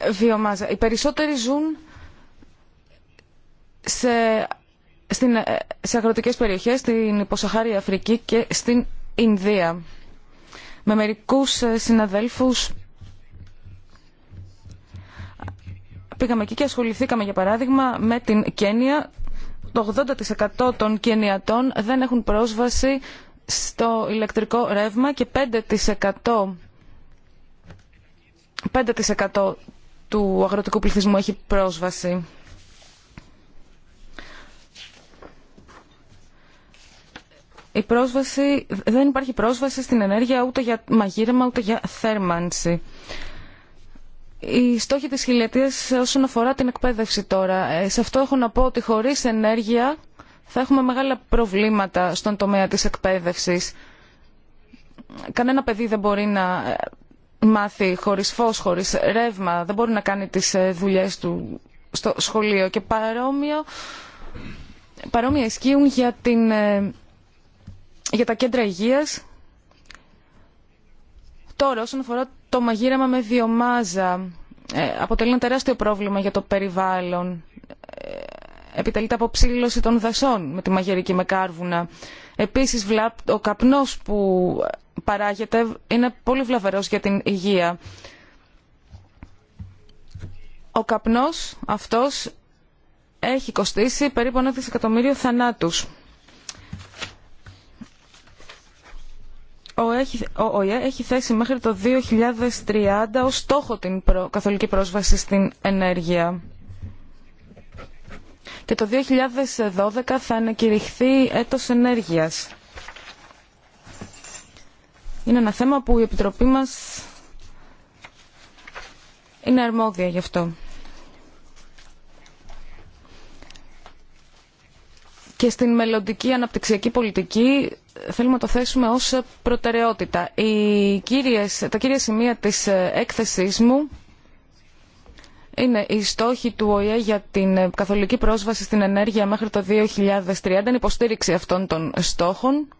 βιομάζα. Οι περισσότεροι ζουν σε, στην, ε, σε αγροτικές περιοχές, στην υποσαχάρια Αφρική και στην Ινδία. Με μερικούς ε, συναδέλφους πήγαμε εκεί και ασχοληθήκαμε για παράδειγμα με την Κένια. Το 80% των Κενιατών δεν έχουν πρόσβαση στο ηλεκτρικό ρεύμα και 5%, 5 του αγροτικού πληθυσμού έχει πρόσβαση. Η πρόσβαση, δεν υπάρχει πρόσβαση στην ενέργεια ούτε για μαγείρεμα ούτε για θέρμανση. Οι στόχοι της χιλιετίας όσον αφορά την εκπαίδευση τώρα. Ε, σε αυτό έχω να πω ότι χωρίς ενέργεια θα έχουμε μεγάλα προβλήματα στον τομέα της εκπαίδευσης. Κανένα παιδί δεν μπορεί να ε, μάθει χωρίς φως, χωρίς ρεύμα, δεν μπορεί να κάνει τις ε, δουλειές του στο σχολείο και παρόμοιο, παρόμοια ισχύουν για, την, ε, για τα κέντρα υγείας. Τώρα όσον αφορά το μαγείρεμα με βιομάζα, ε, αποτελεί ένα τεράστιο πρόβλημα για το περιβάλλον επιτελείται από ψήλωση των δασών με τη μαγειρική με κάρβουνα. Επίση, ο καπνός που παράγεται είναι πολύ βλαβερός για την υγεία. Ο καπνός αυτός έχει κοστίσει περίπου ένα δισεκατομμύριο θανάτους. Ο ΟΗΕ έχει θέσει μέχρι το 2030 ως στόχο την καθολική πρόσβαση στην ενέργεια και το 2012 θα ανακηρυχθεί έτος ενέργειας. Είναι ένα θέμα που η Επιτροπή μας είναι αρμόδια γι' αυτό. Και στην μελλοντική αναπτυξιακή πολιτική θέλουμε να το θέσουμε ως προτεραιότητα. Οι κύριες, τα κύρια σημεία της έκθεσής μου είναι οι στόχοι του ΟΗΕ για την ε, καθολική πρόσβαση στην ενέργεια μέχρι το 2030, η υποστήριξη αυτών των στόχων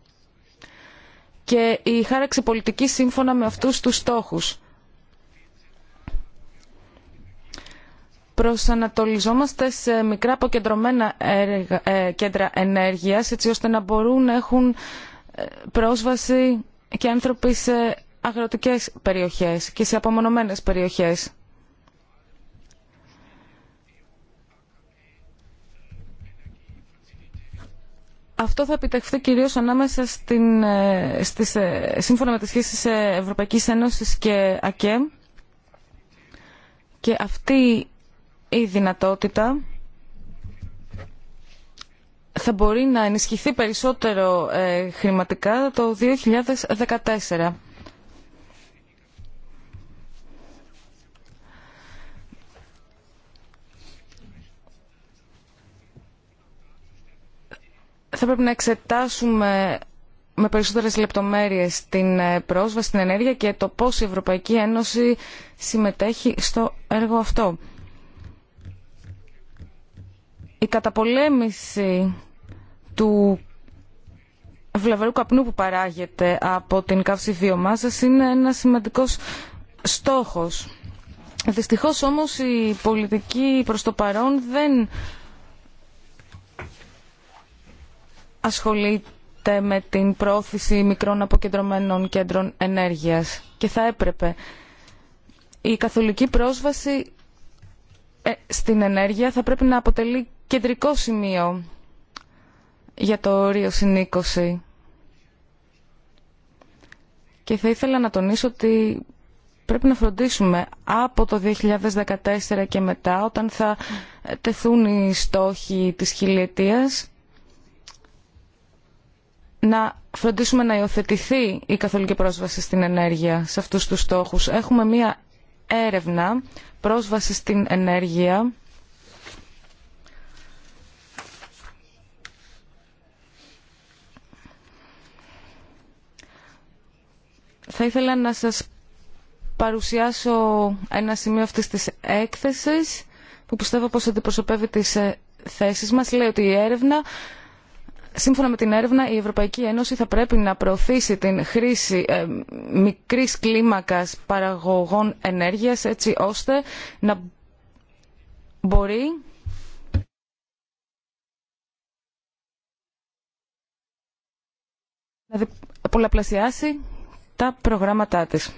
και η χάραξη πολιτικής σύμφωνα με αυτούς τους στόχους. προσανατολιζόμαστε σε μικρά αποκεντρωμένα ε, κέντρα ενέργειας έτσι ώστε να μπορούν να έχουν ε, πρόσβαση και άνθρωποι σε αγροτικές περιοχές και σε απομονωμένες περιοχές. Αυτό θα επιτευχθεί κυρίω ανάμεσα στην, ε, ε, σύμφωνα με τις σχέσεις ε, Ευρωπαϊκής Ένωση και ΑΚΕ και αυτή η δυνατότητα θα μπορεί να ενισχυθεί περισσότερο χρηματικά το 2014. θα πρέπει να εξετάσουμε με περισσότερες λεπτομέρειες την ε, πρόσβαση στην ενέργεια και το πώς η Ευρωπαϊκή Ένωση συμμετέχει στο έργο αυτό. Η καταπολέμηση του βλαβερού καπνού που παράγεται από την καύση βιομάζας είναι ένα σημαντικός στόχος. Δυστυχώς όμως η πολιτική προς το παρόν δεν ασχολείται με την πρόθεση μικρών αποκεντρωμένων κέντρων ενέργειας και θα έπρεπε η καθολική πρόσβαση ε, στην ενέργεια θα πρέπει να αποτελεί κεντρικό σημείο για το όριο συνήκωση. Και θα ήθελα να τονίσω ότι πρέπει να φροντίσουμε από το 2014 και μετά όταν θα τεθούν οι στόχοι της χιλιετίας να φροντίσουμε να υιοθετηθεί η καθολική πρόσβαση στην ενέργεια σε αυτούς τους στόχους. Έχουμε μία έρευνα πρόσβαση στην ενέργεια Θα ήθελα να σας παρουσιάσω ένα σημείο αυτής της έκθεσης που πιστεύω πως αντιπροσωπεύει τις ε, θέσεις μας. Λέει ότι η έρευνα Σύμφωνα με την έρευνα, η Ευρωπαϊκή Ένωση θα πρέπει να προωθήσει την χρήση ε, μικρής κλίμακας παραγωγών ενέργειας έτσι ώστε να μπορεί να πολλαπλασιάσει τα προγράμματά της.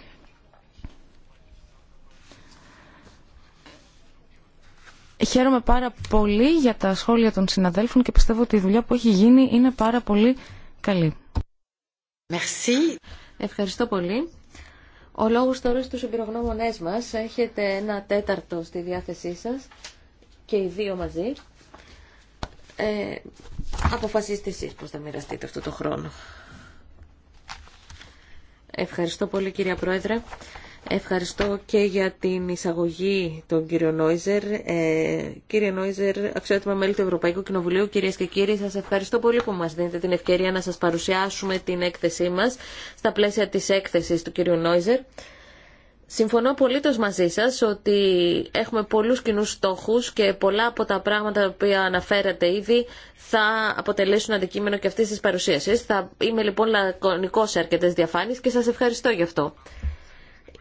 Χαίρομαι πάρα πολύ για τα σχόλια των συναδέλφων και πιστεύω ότι η δουλειά που έχει γίνει είναι πάρα πολύ καλή. Merci. Ευχαριστώ πολύ. Ο λόγος τώρα στους εμπειρογνώμονές μας. Έχετε ένα τέταρτο στη διάθεσή σας και οι δύο μαζί. Ε, αποφασίστε εσείς πώς θα μοιραστείτε αυτό το χρόνο. Ευχαριστώ πολύ κυρία Πρόεδρε. Ευχαριστώ και για την εισαγωγή τον κύριο Νόιζερ. Ε, κύριε Νόιζερ, αξιότιμα μέλη του Ευρωπαϊκού Κοινοβουλίου, κυρίες και κύριοι, σας ευχαριστώ πολύ που μας δίνετε την ευκαιρία να σας παρουσιάσουμε την έκθεσή μας στα πλαίσια της έκθεσης του κύριου Νόιζερ. Συμφωνώ απολύτω μαζί σα ότι έχουμε πολλού κοινού στόχου και πολλά από τα πράγματα τα οποία αναφέρατε ήδη θα αποτελέσουν αντικείμενο και αυτή τη παρουσίαση. Θα είμαι λοιπόν λακωνικό σε αρκετέ διαφάνειε και σα ευχαριστώ γι' αυτό.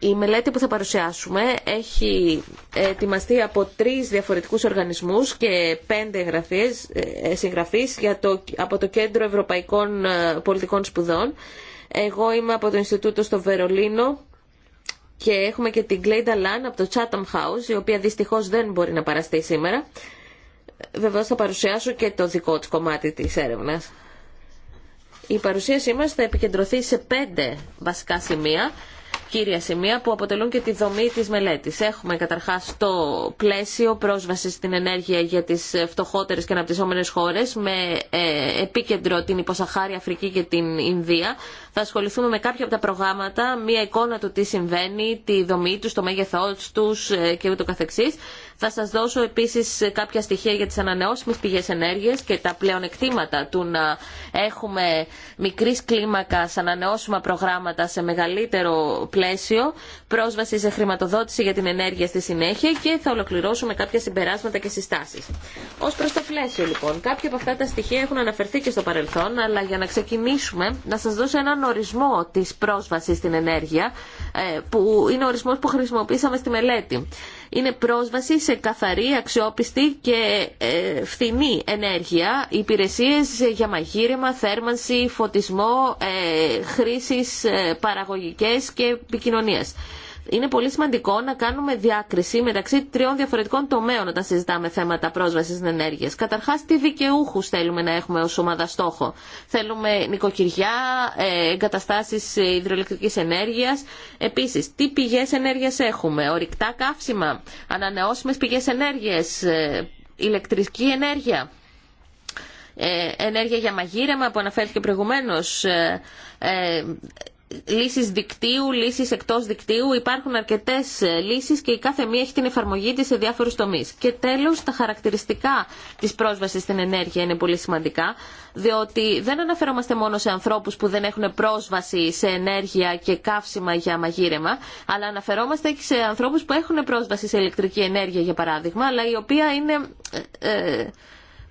Η μελέτη που θα παρουσιάσουμε έχει ετοιμαστεί από τρεις διαφορετικούς οργανισμούς και πέντε συγγραφεί ε, συγγραφείς το, από το Κέντρο Ευρωπαϊκών ε, Πολιτικών Σπουδών. Εγώ είμαι από το Ινστιτούτο στο Βερολίνο και έχουμε και την Κλέιντα Λάν από το Chatham House, η οποία δυστυχώς δεν μπορεί να παραστεί σήμερα. Βεβαίως θα παρουσιάσω και το δικό της κομμάτι της έρευνας. Η παρουσίασή μας θα επικεντρωθεί σε πέντε βασικά σημεία κύρια σημεία που αποτελούν και τη δομή της μελέτης. Έχουμε καταρχάς το πλαίσιο πρόσβαση στην ενέργεια για τις φτωχότερες και αναπτυσσόμενες χώρες με ε, επίκεντρο την Υποσαχάρη Αφρική και την Ινδία. Θα ασχοληθούμε με κάποια από τα προγράμματα, μία εικόνα του τι συμβαίνει, τη δομή τους, το μέγεθός τους ε, και ούτω καθεξής. Θα σας δώσω επίσης κάποια στοιχεία για τις ανανεώσιμες πηγές ενέργειας και τα πλεονεκτήματα του να έχουμε μικρής κλίμακας ανανεώσιμα προγράμματα σε μεγαλύτερο πλαίσιο, πρόσβαση σε χρηματοδότηση για την ενέργεια στη συνέχεια και θα ολοκληρώσουμε κάποια συμπεράσματα και συστάσεις. Ως προς το πλαίσιο λοιπόν, κάποια από αυτά τα στοιχεία έχουν αναφερθεί και στο παρελθόν, αλλά για να ξεκινήσουμε να σας δώσω έναν ορισμό της πρόσβασης στην ενέργεια, ε, που είναι ο ορισμός που χρησιμοποίησαμε στη μελέτη είναι πρόσβαση σε καθαρή, αξιόπιστη και ε, φθηνή ενέργεια, υπηρεσίες για μαγείρεμα, θέρμανση, φωτισμό, ε, χρήσεις ε, παραγωγικές και επικοινωνίας είναι πολύ σημαντικό να κάνουμε διάκριση μεταξύ τριών διαφορετικών τομέων όταν συζητάμε θέματα πρόσβαση στην ενέργεια. Καταρχά, τι δικαιούχου θέλουμε να έχουμε ω ομάδα στόχο. Θέλουμε νοικοκυριά, ε, εγκαταστάσει υδροελεκτρική ενέργεια. Επίση, τι πηγέ ενέργεια έχουμε. Ορυκτά καύσιμα, ανανεώσιμε πηγέ ενέργεια, ε, ηλεκτρική ενέργεια. Ε, ενέργεια για μαγείρεμα που αναφέρθηκε προηγουμένως, ε, ε λύσεις δικτύου, λύσεις εκτός δικτύου. Υπάρχουν αρκετές λύσεις και η κάθε μία έχει την εφαρμογή της σε διάφορους τομείς. Και τέλος, τα χαρακτηριστικά της πρόσβασης στην ενέργεια είναι πολύ σημαντικά, διότι δεν αναφερόμαστε μόνο σε ανθρώπους που δεν έχουν πρόσβαση σε ενέργεια και καύσιμα για μαγείρεμα, αλλά αναφερόμαστε και σε ανθρώπους που έχουν πρόσβαση σε ηλεκτρική ενέργεια, για παράδειγμα, αλλά η οποία είναι... Ε, ε,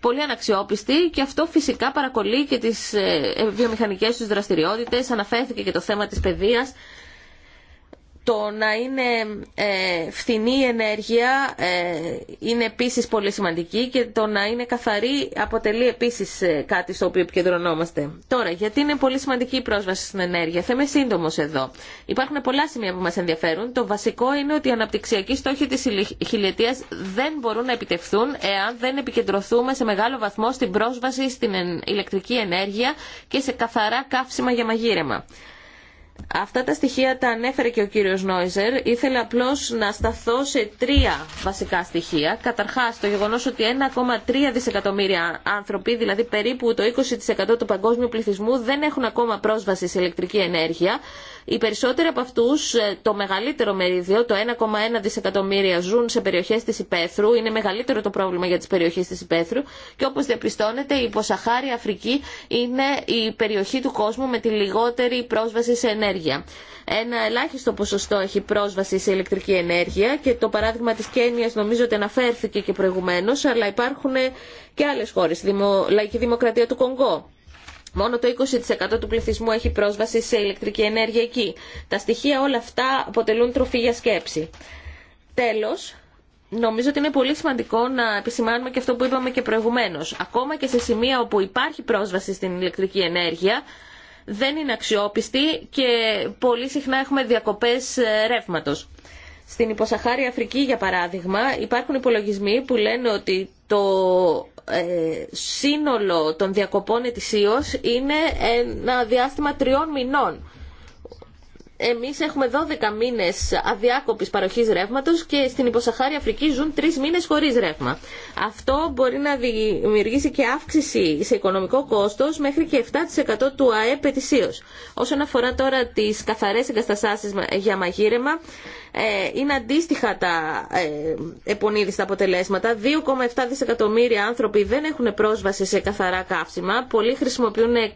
πολύ αναξιόπιστη και αυτό φυσικά παρακολεί και τις ε, βιομηχανικές τους δραστηριότητες. Αναφέρθηκε και το θέμα της παιδείας το να είναι ε, φθηνή η ενέργεια ε, είναι επίσης πολύ σημαντική και το να είναι καθαρή αποτελεί επίσης ε, κάτι στο οποίο επικεντρωνόμαστε. Τώρα, γιατί είναι πολύ σημαντική η πρόσβαση στην ενέργεια. Θα είμαι σύντομο εδώ. Υπάρχουν πολλά σημεία που μας ενδιαφέρουν. Το βασικό είναι ότι οι αναπτυξιακοί στόχοι της χιλιετίας δεν μπορούν να επιτευχθούν εάν δεν επικεντρωθούμε σε μεγάλο βαθμό στην πρόσβαση στην ηλεκτρική ενέργεια και σε καθαρά καύσιμα για μαγείρεμα. Αυτά τα στοιχεία τα ανέφερε και ο κύριος Νόιζερ. Ήθελα απλώς να σταθώ σε τρία βασικά στοιχεία. Καταρχάς, το γεγονός ότι 1,3 δισεκατομμύρια άνθρωποι, δηλαδή περίπου το 20% του παγκόσμιου πληθυσμού, δεν έχουν ακόμα πρόσβαση σε ηλεκτρική ενέργεια. Οι περισσότεροι από αυτού, ε, το μεγαλύτερο μερίδιο, το 1,1 δισεκατομμύρια ζουν σε περιοχέ τη υπαίθρου, είναι μεγαλύτερο το πρόβλημα για τι περιοχέ τη υπαίθρου και όπω διαπιστώνεται η υποσαχάρη Αφρική είναι η περιοχή του κόσμου με τη λιγότερη πρόσβαση σε ενέργεια. Ένα ελάχιστο ποσοστό έχει πρόσβαση σε ηλεκτρική ενέργεια και το παράδειγμα τη Κένια νομίζω ότι αναφέρθηκε και προηγουμένω, αλλά υπάρχουν και άλλες χώρες, η Λαϊκή Δημοκρατία του Κονγκό Μόνο το 20% του πληθυσμού έχει πρόσβαση σε ηλεκτρική ενέργεια εκεί. Τα στοιχεία όλα αυτά αποτελούν τροφή για σκέψη. Τέλος, νομίζω ότι είναι πολύ σημαντικό να επισημάνουμε και αυτό που είπαμε και προηγουμένως. Ακόμα και σε σημεία όπου υπάρχει πρόσβαση στην ηλεκτρική ενέργεια, δεν είναι αξιόπιστη και πολύ συχνά έχουμε διακοπές ε, ρεύματος. Στην υποσαχάρη Αφρική, για παράδειγμα, υπάρχουν υπολογισμοί που λένε ότι το ε, σύνολο των διακοπών ετησίως είναι ένα διάστημα τριών μηνών εμείς έχουμε 12 μήνες αδιάκοπης παροχής ρεύματος και στην υποσαχάρια Αφρική ζουν 3 μήνες χωρίς ρεύμα. Αυτό μπορεί να δημιουργήσει και αύξηση σε οικονομικό κόστος μέχρι και 7% του ΑΕΠ ετησίως. Όσον αφορά τώρα τις καθαρές εγκαταστάσεις για μαγείρεμα, ε, είναι αντίστοιχα τα ε, στα αποτελέσματα. 2,7 δισεκατομμύρια άνθρωποι δεν έχουν πρόσβαση σε καθαρά καύσιμα. Πολλοί χρησιμοποιούν ε,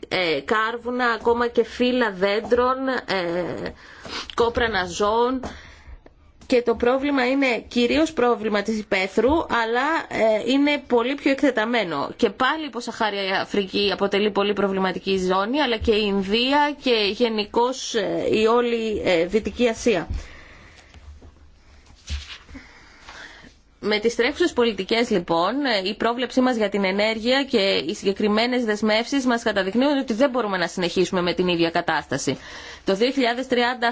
κάρβουνα, ακόμα και φύλλα δέντρων, ε, κόπρανα ζώων και το πρόβλημα είναι κυρίως πρόβλημα της υπαίθρου, αλλά ε, είναι πολύ πιο εκτεταμένο. Και πάλι η Αφρική αποτελεί πολύ προβληματική ζώνη, αλλά και η Ινδία και γενικώ ε, η όλη ε, Δυτική Ασία. Με τις τρέχουσες πολιτικές λοιπόν, η πρόβλεψή μας για την ενέργεια και οι συγκεκριμένες δεσμεύσεις μας καταδεικνύουν ότι δεν μπορούμε να συνεχίσουμε με την ίδια κατάσταση. Το 2030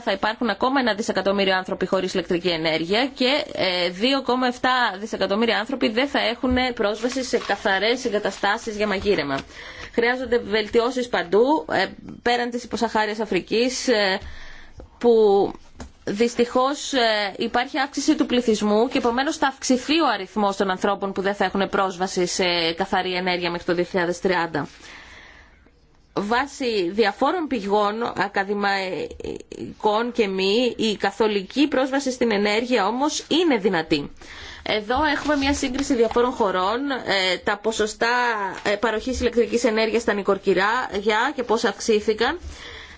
θα υπάρχουν ακόμα ένα δισεκατομμύριο άνθρωποι χωρίς ηλεκτρική ενέργεια και 2,7 ε, δισεκατομμύρια άνθρωποι δεν θα έχουν πρόσβαση σε καθαρές εγκαταστάσεις για μαγείρεμα. Χρειάζονται βελτιώσεις παντού, ε, πέραν της υποσαχάριας Αφρικής ε, που δυστυχώς ε, υπάρχει αύξηση του πληθυσμού και επομένω θα αυξηθεί ο αριθμό των ανθρώπων που δεν θα έχουν πρόσβαση σε καθαρή ενέργεια μέχρι το 2030. Βάσει διαφόρων πηγών, ακαδημαϊκών και μη, η καθολική πρόσβαση στην ενέργεια όμως είναι δυνατή. Εδώ έχουμε μια σύγκριση διαφόρων χωρών, ε, τα ποσοστά ε, παροχής ηλεκτρικής ενέργειας στα για και πώς αυξήθηκαν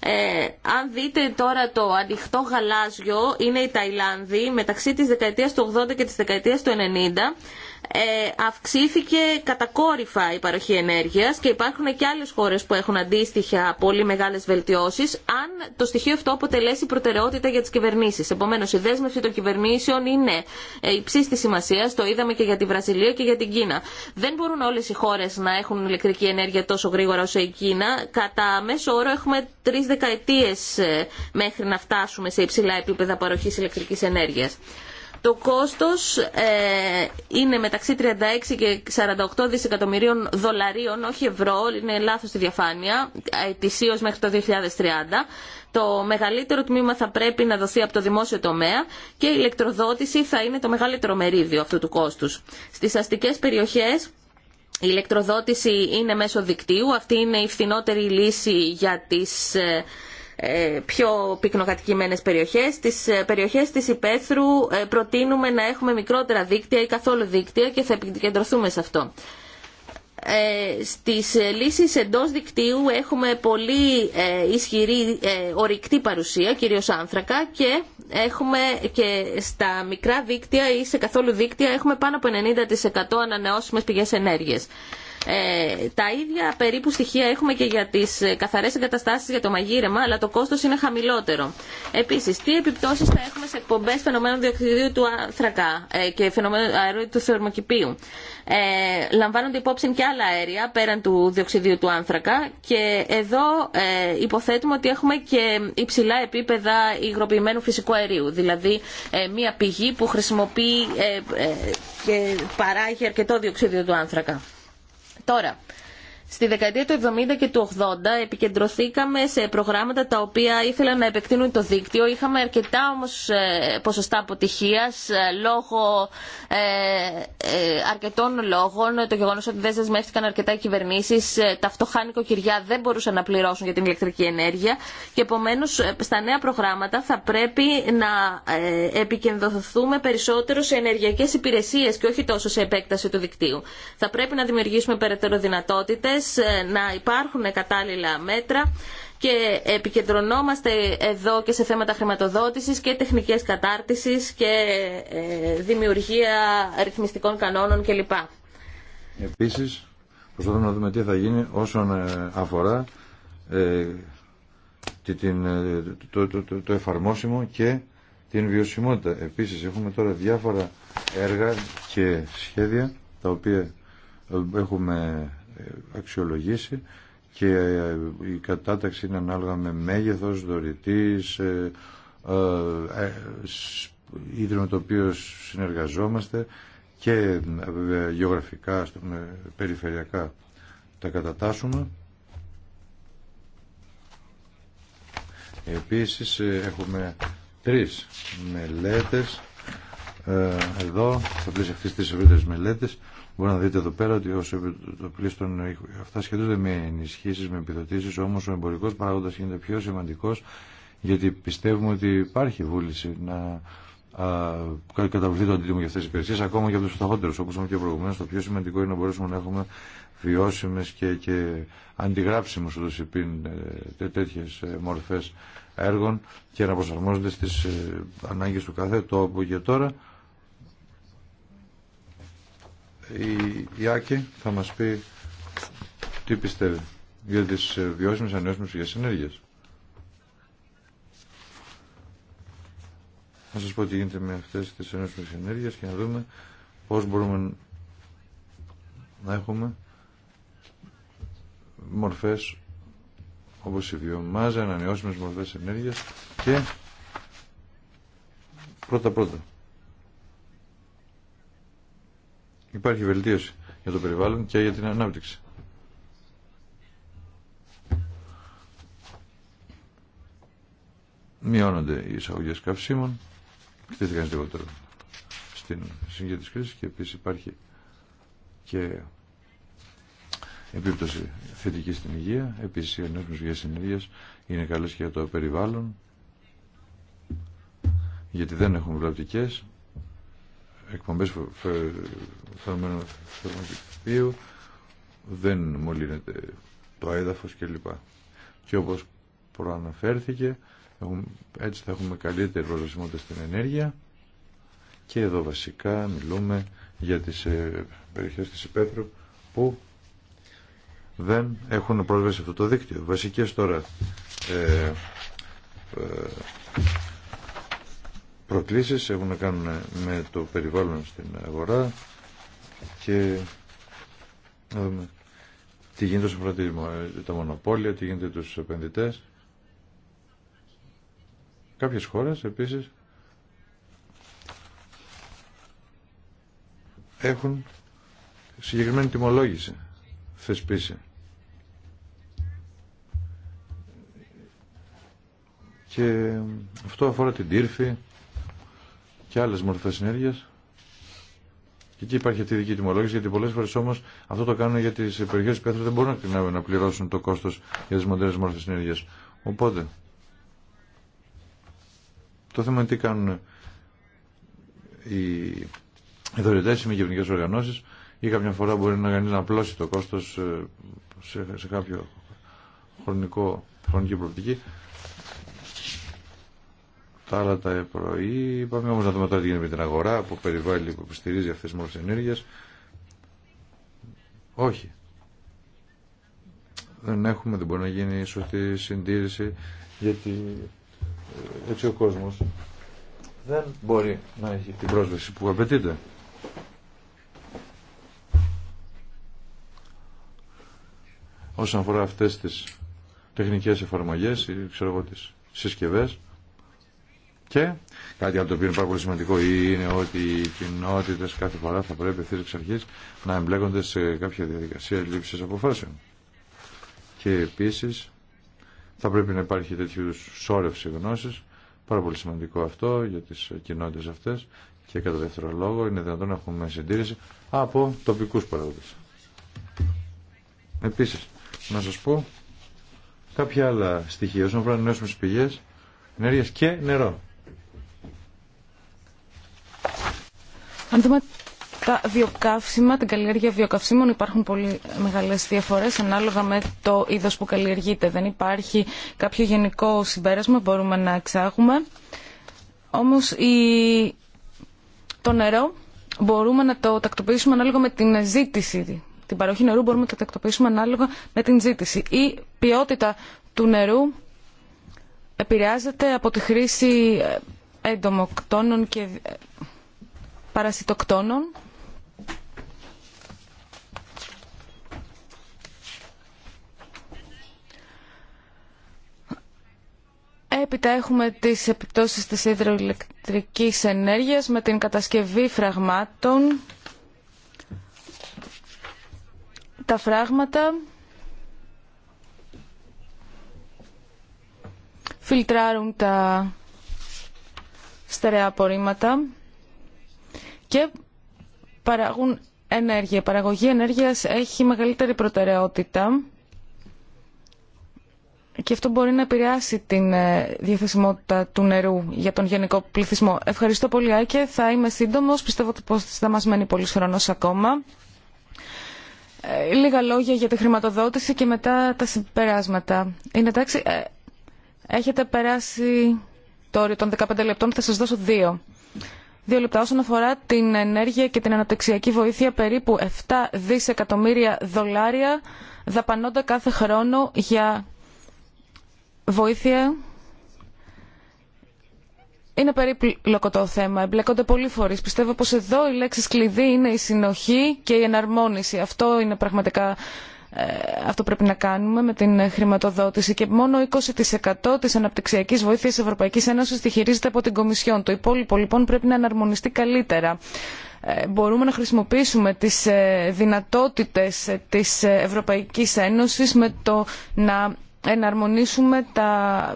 ε, αν δείτε τώρα το ανοιχτό γαλάζιο, είναι η Ταϊλάνδη μεταξύ της δεκαετίας του 80 και της δεκαετίας του 90 ε, αυξήθηκε κατακόρυφα η παροχή ενέργειας και υπάρχουν και άλλες χώρες που έχουν αντίστοιχα πολύ μεγάλες βελτιώσεις αν το στοιχείο αυτό αποτελέσει προτεραιότητα για τις κυβερνήσεις. Επομένως η δέσμευση των κυβερνήσεων είναι ε, υψής της σημασία, το είδαμε και για τη Βραζιλία και για την Κίνα. Δεν μπορούν όλες οι χώρες να έχουν ηλεκτρική ενέργεια τόσο γρήγορα όσο η Κίνα. Κατά μέσο όρο έχουμε τρει δεκαετίες ε, μέχρι να φτάσουμε σε υψηλά επίπεδα παροχή ηλεκτρικής ενέργειας. Το κόστος ε, είναι μεταξύ 36 και 48 δισεκατομμυρίων δολαρίων, όχι ευρώ, είναι λάθος στη διαφάνεια, ετησίως μέχρι το 2030. Το μεγαλύτερο τμήμα θα πρέπει να δοθεί από το δημόσιο τομέα και η ηλεκτροδότηση θα είναι το μεγαλύτερο μερίδιο αυτού του κόστους. Στις αστικές περιοχές η ηλεκτροδότηση είναι μέσω δικτύου, αυτή είναι η φθηνότερη λύση για τις ε, ε, πιο πυκνοκατοικημένες περιοχές. Στις ε, περιοχές της Υπέθρου ε, προτείνουμε να έχουμε μικρότερα δίκτυα ή καθόλου δίκτυα και θα επικεντρωθούμε σε αυτό. Στις λύσεις εντός δικτύου έχουμε πολύ ισχυρή ορυκτή παρουσία, κυρίως άνθρακα, και έχουμε και στα μικρά δίκτυα ή σε καθόλου δίκτυα έχουμε πάνω από 90% ανανεώσιμες πηγές ενέργειας. Ε, τα ίδια περίπου στοιχεία έχουμε και για τι ε, καθαρέ εγκαταστάσει για το μαγείρεμα, αλλά το κόστο είναι χαμηλότερο. Επίση, τι επιπτώσει θα έχουμε σε εκπομπέ φαινομένων διοξιδίου του άνθρακα ε, και φαινομένων αερίου του θερμοκηπίου. Ε, λαμβάνονται υπόψη και άλλα αέρια πέραν του διοξιδίου του άνθρακα και εδώ υποθέτουμε ότι έχουμε και υψηλά επίπεδα υγροποιημένου φυσικού αερίου, δηλαδή μια πηγή που χρησιμοποιεί και παράγει αρκετό διοξίδιο του άνθρακα. Τώρα, Στη δεκαετία του 70 και του 80 επικεντρωθήκαμε σε προγράμματα τα οποία ήθελαν να επεκτείνουν το δίκτυο. Είχαμε αρκετά όμως ε, ποσοστά αποτυχίας ε, λόγω ε, αρκετών λόγων. Το γεγονός ότι δεν ζεσμεύτηκαν αρκετά οι κυβερνήσεις, τα φτωχά νοικοκυριά δεν μπορούσαν να πληρώσουν για την ηλεκτρική ενέργεια και επομένως στα νέα προγράμματα θα πρέπει να επικεντρωθούμε περισσότερο σε ενεργειακές υπηρεσίες και όχι τόσο σε επέκταση του δικτύου. Θα πρέπει να δημιουργήσουμε περαιτέρω δυνατότητε. Ε, να υπάρχουν κατάλληλα μέτρα και επικεντρωνόμαστε εδώ και σε θέματα χρηματοδότησης και τεχνικές κατάρτισης και ε, δημιουργία ρυθμιστικών κανόνων κλπ. Επίσης, προσπαθούμε να δούμε τι θα γίνει όσον ε, αφορά το, το, το, εφαρμόσιμο και την βιωσιμότητα. Επίσης έχουμε τώρα διάφορα έργα και σχέδια τα οποία έχουμε αξιολογήσει και ε, η κατάταξη είναι ανάλογα με μέγεθος, δωρητής, ε, ε, ίδρυμα το οποίο συνεργαζόμαστε και βέβαια γεωγραφικά, περιφερειακά τα κατατάσσουμε. Επίσης έχουμε τρεις μελέτες ε, εδώ, στα πλαίσια αυτή τη ευρύτερη μελέτη, μπορεί να δείτε εδώ πέρα ότι όσο το πλήστον αυτά σχετίζονται με ενισχύσει, με επιδοτήσει, όμω ο εμπορικό παράγοντα γίνεται πιο σημαντικό γιατί πιστεύουμε ότι υπάρχει βούληση να καταβληθεί το αντίτιμο για αυτέ τι υπηρεσίε, ακόμα και από του φτωχότερου. Όπω είπαμε και προηγουμένω, το πιο σημαντικό είναι να μπορέσουμε να έχουμε βιώσιμε και, και αντιγράψιμες ούτως υπήν ε, τέτοιες ε, μορφές έργων και να προσαρμόζονται στις ανάγκες του κάθε τόπου και τώρα η Ιάκη θα μας πει τι πιστεύει για τις ε, βιώσιμες ανανεώσιμες φυγές ενέργειας. Να σας πω τι γίνεται με αυτές τις ενώσιμες ενέργειες και να δούμε πώς μπορούμε να έχουμε μορφές όπως η βιομάζα, ανανεώσιμες μορφές ενέργειας και πρώτα πρώτα υπάρχει βελτίωση για το περιβάλλον και για την ανάπτυξη. Μειώνονται οι εισαγωγέ καυσίμων, κτίθηκαν λιγότερο στην συγκέντρηση της κρίσης και επίσης υπάρχει και επίπτωση θετική στην υγεία. Επίσης οι ενέργειες για είναι καλές και για το περιβάλλον γιατί δεν έχουν βλαπτικές εκπομπές φαινομένου θερμοκηπίου δεν μολύνεται το έδαφος κλπ. Και όπως προαναφέρθηκε έτσι θα έχουμε καλύτερη προσβασιμότητα στην ενέργεια και εδώ βασικά μιλούμε για τις ε, περιοχές της υπαίθρου που δεν έχουν πρόσβαση σε αυτό το δίκτυο. Βασικές τώρα ε, ε προκλήσεις έχουν να κάνουν με το περιβάλλον στην αγορά και να δούμε τι γίνεται στο πρατήριμο, τα μονοπόλια, τι γίνεται τους επενδυτές. Κάποιες χώρες επίσης έχουν συγκεκριμένη τιμολόγηση θεσπίσει. Και αυτό αφορά την τύρφη, και άλλες μορφές ενέργειας. Και εκεί υπάρχει αυτή η δική τιμολόγηση, γιατί πολλέ φορέ όμω αυτό το κάνουν για τις περιοχέ που δεν μπορούν να, να πληρώσουν το κόστο για τι μοντέρες μόρφε ενέργεια. Οπότε, το θέμα είναι τι κάνουν οι δωρητέ, οι μη κυβερνικές οργανώσει ή κάποια φορά μπορεί να κανεί να απλώσει το κόστο ε, σε, σε κάποιο χρονικό, χρονική προοπτική τα άλλα τα πρωί. Είπαμε όμως να δούμε τώρα τι γίνεται με την αγορά που περιβάλλει, που στηρίζει αυτές τι μορφέ ενέργειας. Όχι. Δεν έχουμε, δεν μπορεί να γίνει σωστή συντήρηση γιατί ε, έτσι ο κόσμος δεν μπορεί να έχει την πρόσβαση που απαιτείται. Όσον αφορά αυτές τις τεχνικές εφαρμογές, ξέρω εγώ τις συσκευές, και κάτι άλλο το οποίο είναι πάρα πολύ σημαντικό είναι ότι οι κοινότητε κάθε φορά θα πρέπει ευθύ εξ αρχή να εμπλέκονται σε κάποια διαδικασία λήψη αποφάσεων. Και επίση θα πρέπει να υπάρχει τέτοιου σώρευση γνώση. Πάρα πολύ σημαντικό αυτό για τι κοινότητε αυτέ και κατά δεύτερο λόγο είναι δυνατόν να έχουμε συντήρηση από τοπικού παραγωγού. Επίση, να σα πω κάποια άλλα στοιχεία όσον αφορά νέες πηγέ ενέργειας και νερό. Αν δούμε τα βιοκαύσιμα, την καλλιέργεια βιοκαυσίμων υπάρχουν πολύ μεγάλες διαφορές ανάλογα με το είδος που καλλιεργείται. Δεν υπάρχει κάποιο γενικό συμπέρασμα, μπορούμε να εξάγουμε. Όμως η... το νερό μπορούμε να το τακτοποιήσουμε ανάλογα με την ζήτηση. Την παροχή νερού μπορούμε να το τακτοποιήσουμε ανάλογα με την ζήτηση. Η ποιότητα του νερού επηρεάζεται από τη χρήση ε, εντομοκτώνων και ε, παρασιτοκτόνων Έπειτα έχουμε τις επιπτώσεις της υδροηλεκτρικής ενέργειας με την κατασκευή φραγμάτων. Τα φράγματα φιλτράρουν τα στερεά απορρίμματα και παράγουν ενέργεια. Η παραγωγή ενέργειας έχει μεγαλύτερη προτεραιότητα και αυτό μπορεί να επηρεάσει την ε, διαθεσιμότητα του νερού για τον γενικό πληθυσμό. Ευχαριστώ πολύ, Άκε. Θα είμαι σύντομος. Πιστεύω ότι θα μας μένει πολύς χρόνος ακόμα. Ε, λίγα λόγια για τη χρηματοδότηση και μετά τα συμπεράσματα. Είναι εντάξει. Ε, έχετε περάσει το όριο των 15 λεπτών. Θα σας δώσω δύο. Δύο λεπτά όσον αφορά την ενέργεια και την αναπτυξιακή βοήθεια, περίπου 7 δισεκατομμύρια δολάρια δαπανώνται κάθε χρόνο για βοήθεια. Είναι περίπλοκο το θέμα, εμπλέκονται πολλοί φορεί. Πιστεύω πως εδώ η λέξη κλειδί είναι η συνοχή και η εναρμόνιση. Αυτό είναι πραγματικά ε, αυτό πρέπει να κάνουμε με την χρηματοδότηση και μόνο 20% της αναπτυξιακής βοήθειας της Ευρωπαϊκής Ένωσης τη χειρίζεται από την Κομισιόν. Το υπόλοιπο λοιπόν πρέπει να εναρμονιστεί καλύτερα. Ε, μπορούμε να χρησιμοποιήσουμε τις ε, δυνατότητες της Ευρωπαϊκής Ένωσης με το να εναρμονίσουμε τα,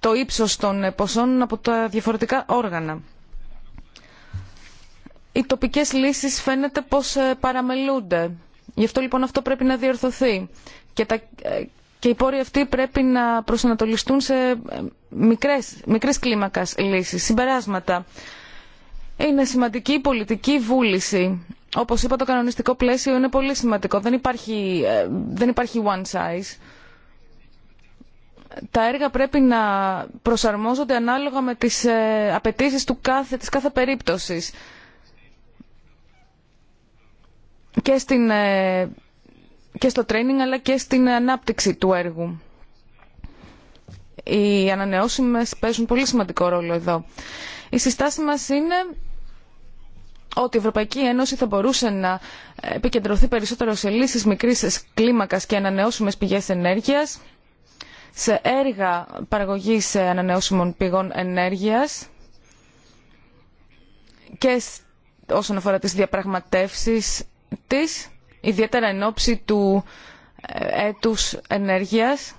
το ύψος των ποσών από τα διαφορετικά όργανα. Οι τοπικές λύσεις φαίνεται πως παραμελούνται Γι' αυτό λοιπόν αυτό πρέπει να διορθωθεί και, τα, ε, και οι πόροι αυτοί πρέπει να προσανατολιστούν σε ε, μικρές, μικρές κλίμακας λύσεις, συμπεράσματα. Είναι σημαντική η πολιτική βούληση. Όπως είπα το κανονιστικό πλαίσιο είναι πολύ σημαντικό. Δεν υπάρχει, ε, δεν υπάρχει one size. Τα έργα πρέπει να προσαρμόζονται ανάλογα με τις απαιτήσεις του κάθε, της κάθε περίπτωσης. Ε, και, στο τρέινινγκ αλλά και στην ανάπτυξη του έργου. Οι ανανεώσιμες παίζουν πολύ σημαντικό ρόλο εδώ. Η συστάση μας είναι ότι η Ευρωπαϊκή Ένωση θα μπορούσε να επικεντρωθεί περισσότερο σε λύσεις μικρής κλίμακας και ανανεώσιμες πηγές ενέργειας, σε έργα παραγωγής ανανεώσιμων πηγών ενέργειας και όσον αφορά τις διαπραγματεύσεις της, ιδιαίτερα εν ώψη του ε, έτους ενέργειας.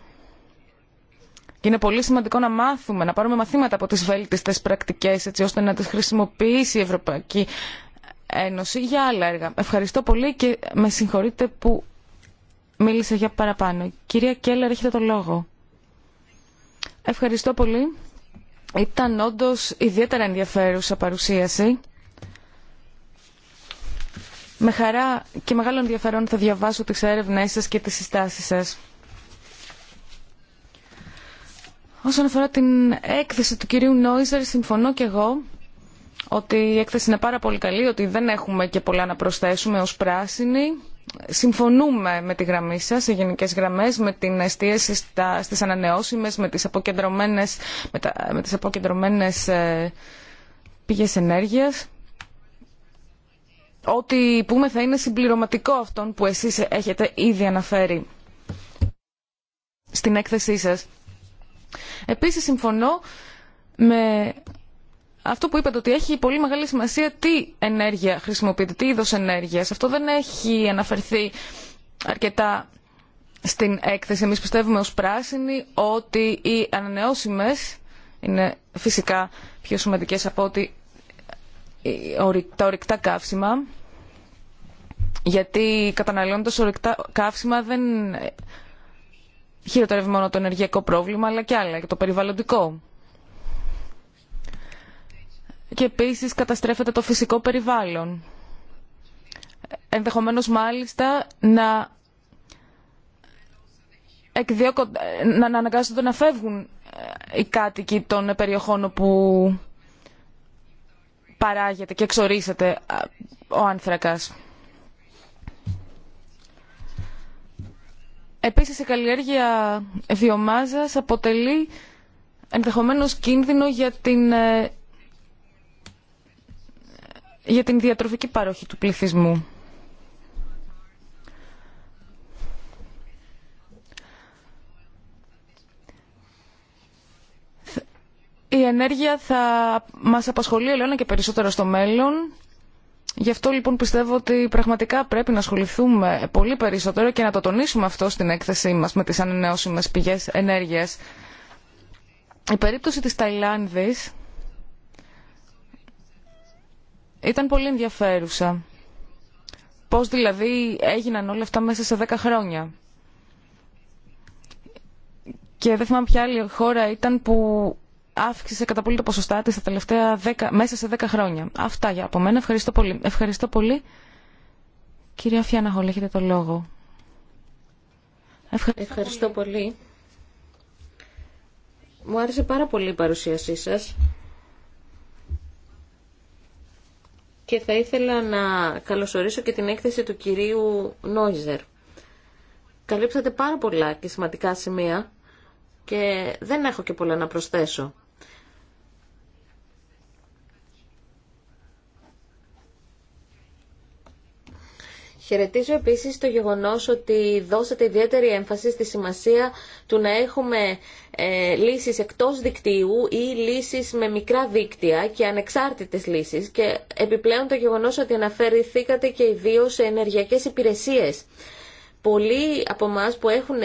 Και είναι πολύ σημαντικό να μάθουμε, να πάρουμε μαθήματα από τις βέλτιστες πρακτικές, έτσι ώστε να τις χρησιμοποιήσει η Ευρωπαϊκή Ένωση για άλλα έργα. Ευχαριστώ πολύ και με συγχωρείτε που μίλησα για παραπάνω. Κυρία Κέλλερ, έχετε το λόγο. Ευχαριστώ πολύ. Ήταν όντως ιδιαίτερα ενδιαφέρουσα παρουσίαση. Με χαρά και μεγάλο ενδιαφέρον θα διαβάσω τις έρευνές σας και τις συστάσεις σας. Όσον αφορά την έκθεση του κυρίου Νόιζερ, συμφωνώ και εγώ ότι η έκθεση είναι πάρα πολύ καλή, ότι δεν έχουμε και πολλά να προσθέσουμε ως πράσινοι. Συμφωνούμε με τη γραμμή σας, σε γενικές γραμμές, με την εστίαση στα, στις ανανεώσιμες, με τις αποκεντρωμένες, με τα, τις αποκεντρωμένες ε, πηγές ενέργειας ό,τι πούμε θα είναι συμπληρωματικό αυτόν που εσείς έχετε ήδη αναφέρει στην έκθεσή σας. Επίσης συμφωνώ με αυτό που είπατε ότι έχει πολύ μεγάλη σημασία τι ενέργεια χρησιμοποιείται, τι είδος ενέργειας. Αυτό δεν έχει αναφερθεί αρκετά στην έκθεση. Εμείς πιστεύουμε ως πράσινοι ότι οι ανανεώσιμες είναι φυσικά πιο σημαντικές από ότι τα ορυκτά καύσιμα γιατί καταναλώνοντα ορυκτά καύσιμα δεν χειροτερεύει μόνο το ενεργειακό πρόβλημα, αλλά και άλλα, και το περιβαλλοντικό. Και επίση καταστρέφεται το φυσικό περιβάλλον. Ενδεχομένως μάλιστα να, να αναγκάζονται να φεύγουν ε, οι κάτοικοι των περιοχών όπου παράγεται και εξορίζεται ο άνθρακας. Επίσης η καλλιέργεια βιομάζας αποτελεί ενδεχομένως κίνδυνο για την, ε, για την διατροφική παροχή του πληθυσμού. Η ενέργεια θα μας απασχολεί, ελαιόνα και περισσότερο στο μέλλον Γι' αυτό λοιπόν πιστεύω ότι πραγματικά πρέπει να ασχοληθούμε πολύ περισσότερο και να το τονίσουμε αυτό στην έκθεσή μας με τις ανανεώσιμες πηγές ενέργειας. Η περίπτωση της Ταϊλάνδης ήταν πολύ ενδιαφέρουσα. Πώς δηλαδή έγιναν όλα αυτά μέσα σε 10 χρόνια. Και δεν θυμάμαι ποια άλλη χώρα ήταν που αύξησε κατά πολύ το ποσοστά της τελευταία 10, μέσα σε 10 χρόνια. Αυτά για από μένα. Ευχαριστώ πολύ. Ευχαριστώ πολύ. Κυρία Φιάναχολ, έχετε το λόγο. Ευχαριστώ, πολύ. πολύ. Μου άρεσε πάρα πολύ η παρουσίασή σας. Και θα ήθελα να καλωσορίσω και την έκθεση του κυρίου Νόιζερ. Καλύψατε πάρα πολλά και σημαντικά σημεία και δεν έχω και πολλά να προσθέσω. Χαιρετίζω επίσης το γεγονός ότι δώσατε ιδιαίτερη έμφαση στη σημασία του να έχουμε ε, λύσεις εκτός δικτύου ή λύσεις με μικρά δίκτυα και ανεξάρτητες λύσεις και επιπλέον το γεγονός ότι αναφερθήκατε και δύο σε ενεργειακές υπηρεσίες πολλοί από εμά που έχουν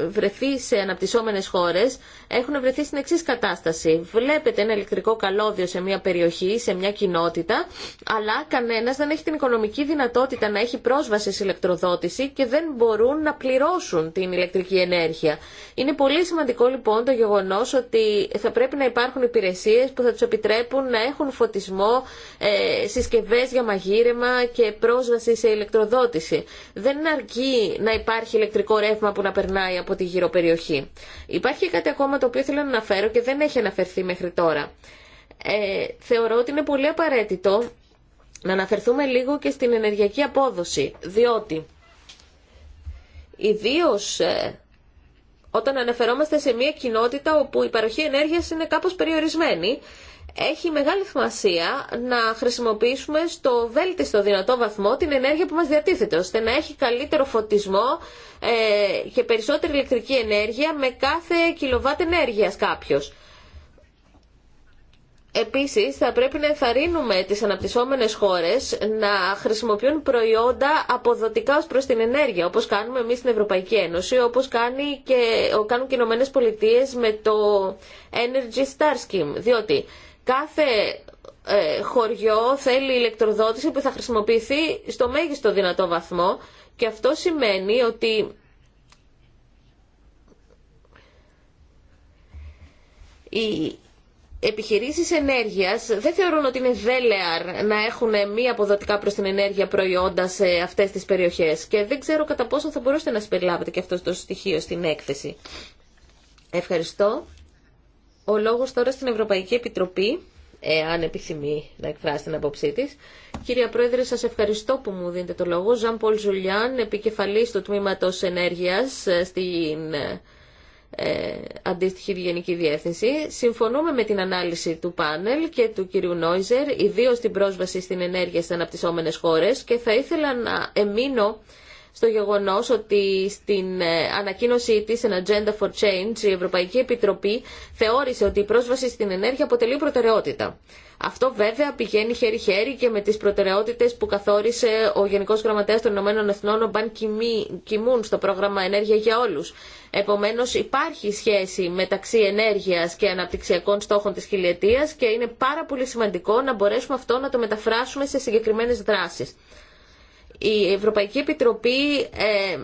βρεθεί σε αναπτυσσόμενες χώρες έχουν βρεθεί στην εξή κατάσταση. Βλέπετε ένα ηλεκτρικό καλώδιο σε μια περιοχή, σε μια κοινότητα, αλλά κανένας δεν έχει την οικονομική δυνατότητα να έχει πρόσβαση σε ηλεκτροδότηση και δεν μπορούν να πληρώσουν την ηλεκτρική ενέργεια. Είναι πολύ σημαντικό λοιπόν το γεγονός ότι θα πρέπει να υπάρχουν υπηρεσίες που θα τους επιτρέπουν να έχουν φωτισμό, ε, συσκευές για μαγείρεμα και πρόσβαση σε ηλεκτροδότηση. Δεν αρκεί να υπάρχει ηλεκτρικό ρεύμα που να περνάει από τη γύρω περιοχή. Υπάρχει κάτι ακόμα το οποίο θέλω να αναφέρω και δεν έχει αναφερθεί μέχρι τώρα. Ε, θεωρώ ότι είναι πολύ απαραίτητο να αναφερθούμε λίγο και στην ενεργειακή απόδοση, διότι ιδίως ε, όταν αναφερόμαστε σε μια κοινότητα όπου η παροχή ενέργειας είναι κάπως περιορισμένη έχει μεγάλη σημασία να χρησιμοποιήσουμε στο βέλτιστο δυνατό βαθμό την ενέργεια που μας διατίθεται, ώστε να έχει καλύτερο φωτισμό ε, και περισσότερη ηλεκτρική ενέργεια με κάθε κιλοβάτ ενέργειας κάποιος. Επίσης, θα πρέπει να εθαρρύνουμε τις αναπτυσσόμενες χώρες να χρησιμοποιούν προϊόντα αποδοτικά ως προς την ενέργεια, όπως κάνουμε εμείς στην Ευρωπαϊκή Ένωση, όπως και, κάνουν και οι Ηνωμένες Πολιτείες με το Energy Star Scheme, διότι κάθε ε, χωριό θέλει ηλεκτροδότηση που θα χρησιμοποιηθεί στο μέγιστο δυνατό βαθμό και αυτό σημαίνει ότι οι επιχειρήσεις ενέργειας δεν θεωρούν ότι είναι δέλεαρ να έχουν μη αποδοτικά προς την ενέργεια προϊόντα σε αυτές τις περιοχές και δεν ξέρω κατά πόσο θα μπορούσατε να συμπεριλάβετε και αυτό το στοιχείο στην έκθεση. Ευχαριστώ ο λόγος τώρα στην Ευρωπαϊκή Επιτροπή, αν επιθυμεί να εκφράσει την απόψή τη. Κυρία Πρόεδρε, σας ευχαριστώ που μου δίνετε το λόγο. Ζαν Πολ Ζουλιάν, επικεφαλής του Τμήματος Ενέργειας ε, στην ε, ε, αντίστοιχη Γενική Διεύθυνση. Συμφωνούμε με την ανάλυση του πάνελ και του κυρίου Νόιζερ, ιδίως την πρόσβαση στην ενέργεια στις αναπτυσσόμενες χώρες και θα ήθελα να εμείνω στο γεγονός ότι στην ε, ανακοίνωσή της στην Agenda for Change» η Ευρωπαϊκή Επιτροπή θεώρησε ότι η πρόσβαση στην ενέργεια αποτελεί προτεραιότητα. Αυτό βέβαια πηγαίνει χέρι-χέρι και με τις προτεραιότητες που καθόρισε ο Γενικός Γραμματέας των Ηνωμένων Εθνών, ο Μπαν Κιμούν, στο πρόγραμμα «Ενέργεια για όλους». Επομένως υπάρχει σχέση μεταξύ ενέργειας και αναπτυξιακών στόχων της χιλιετίας και είναι πάρα πολύ σημαντικό να μπορέσουμε αυτό να το μεταφράσουμε σε συγκεκριμένες δράσεις. Η Ευρωπαϊκή Επιτροπή ε,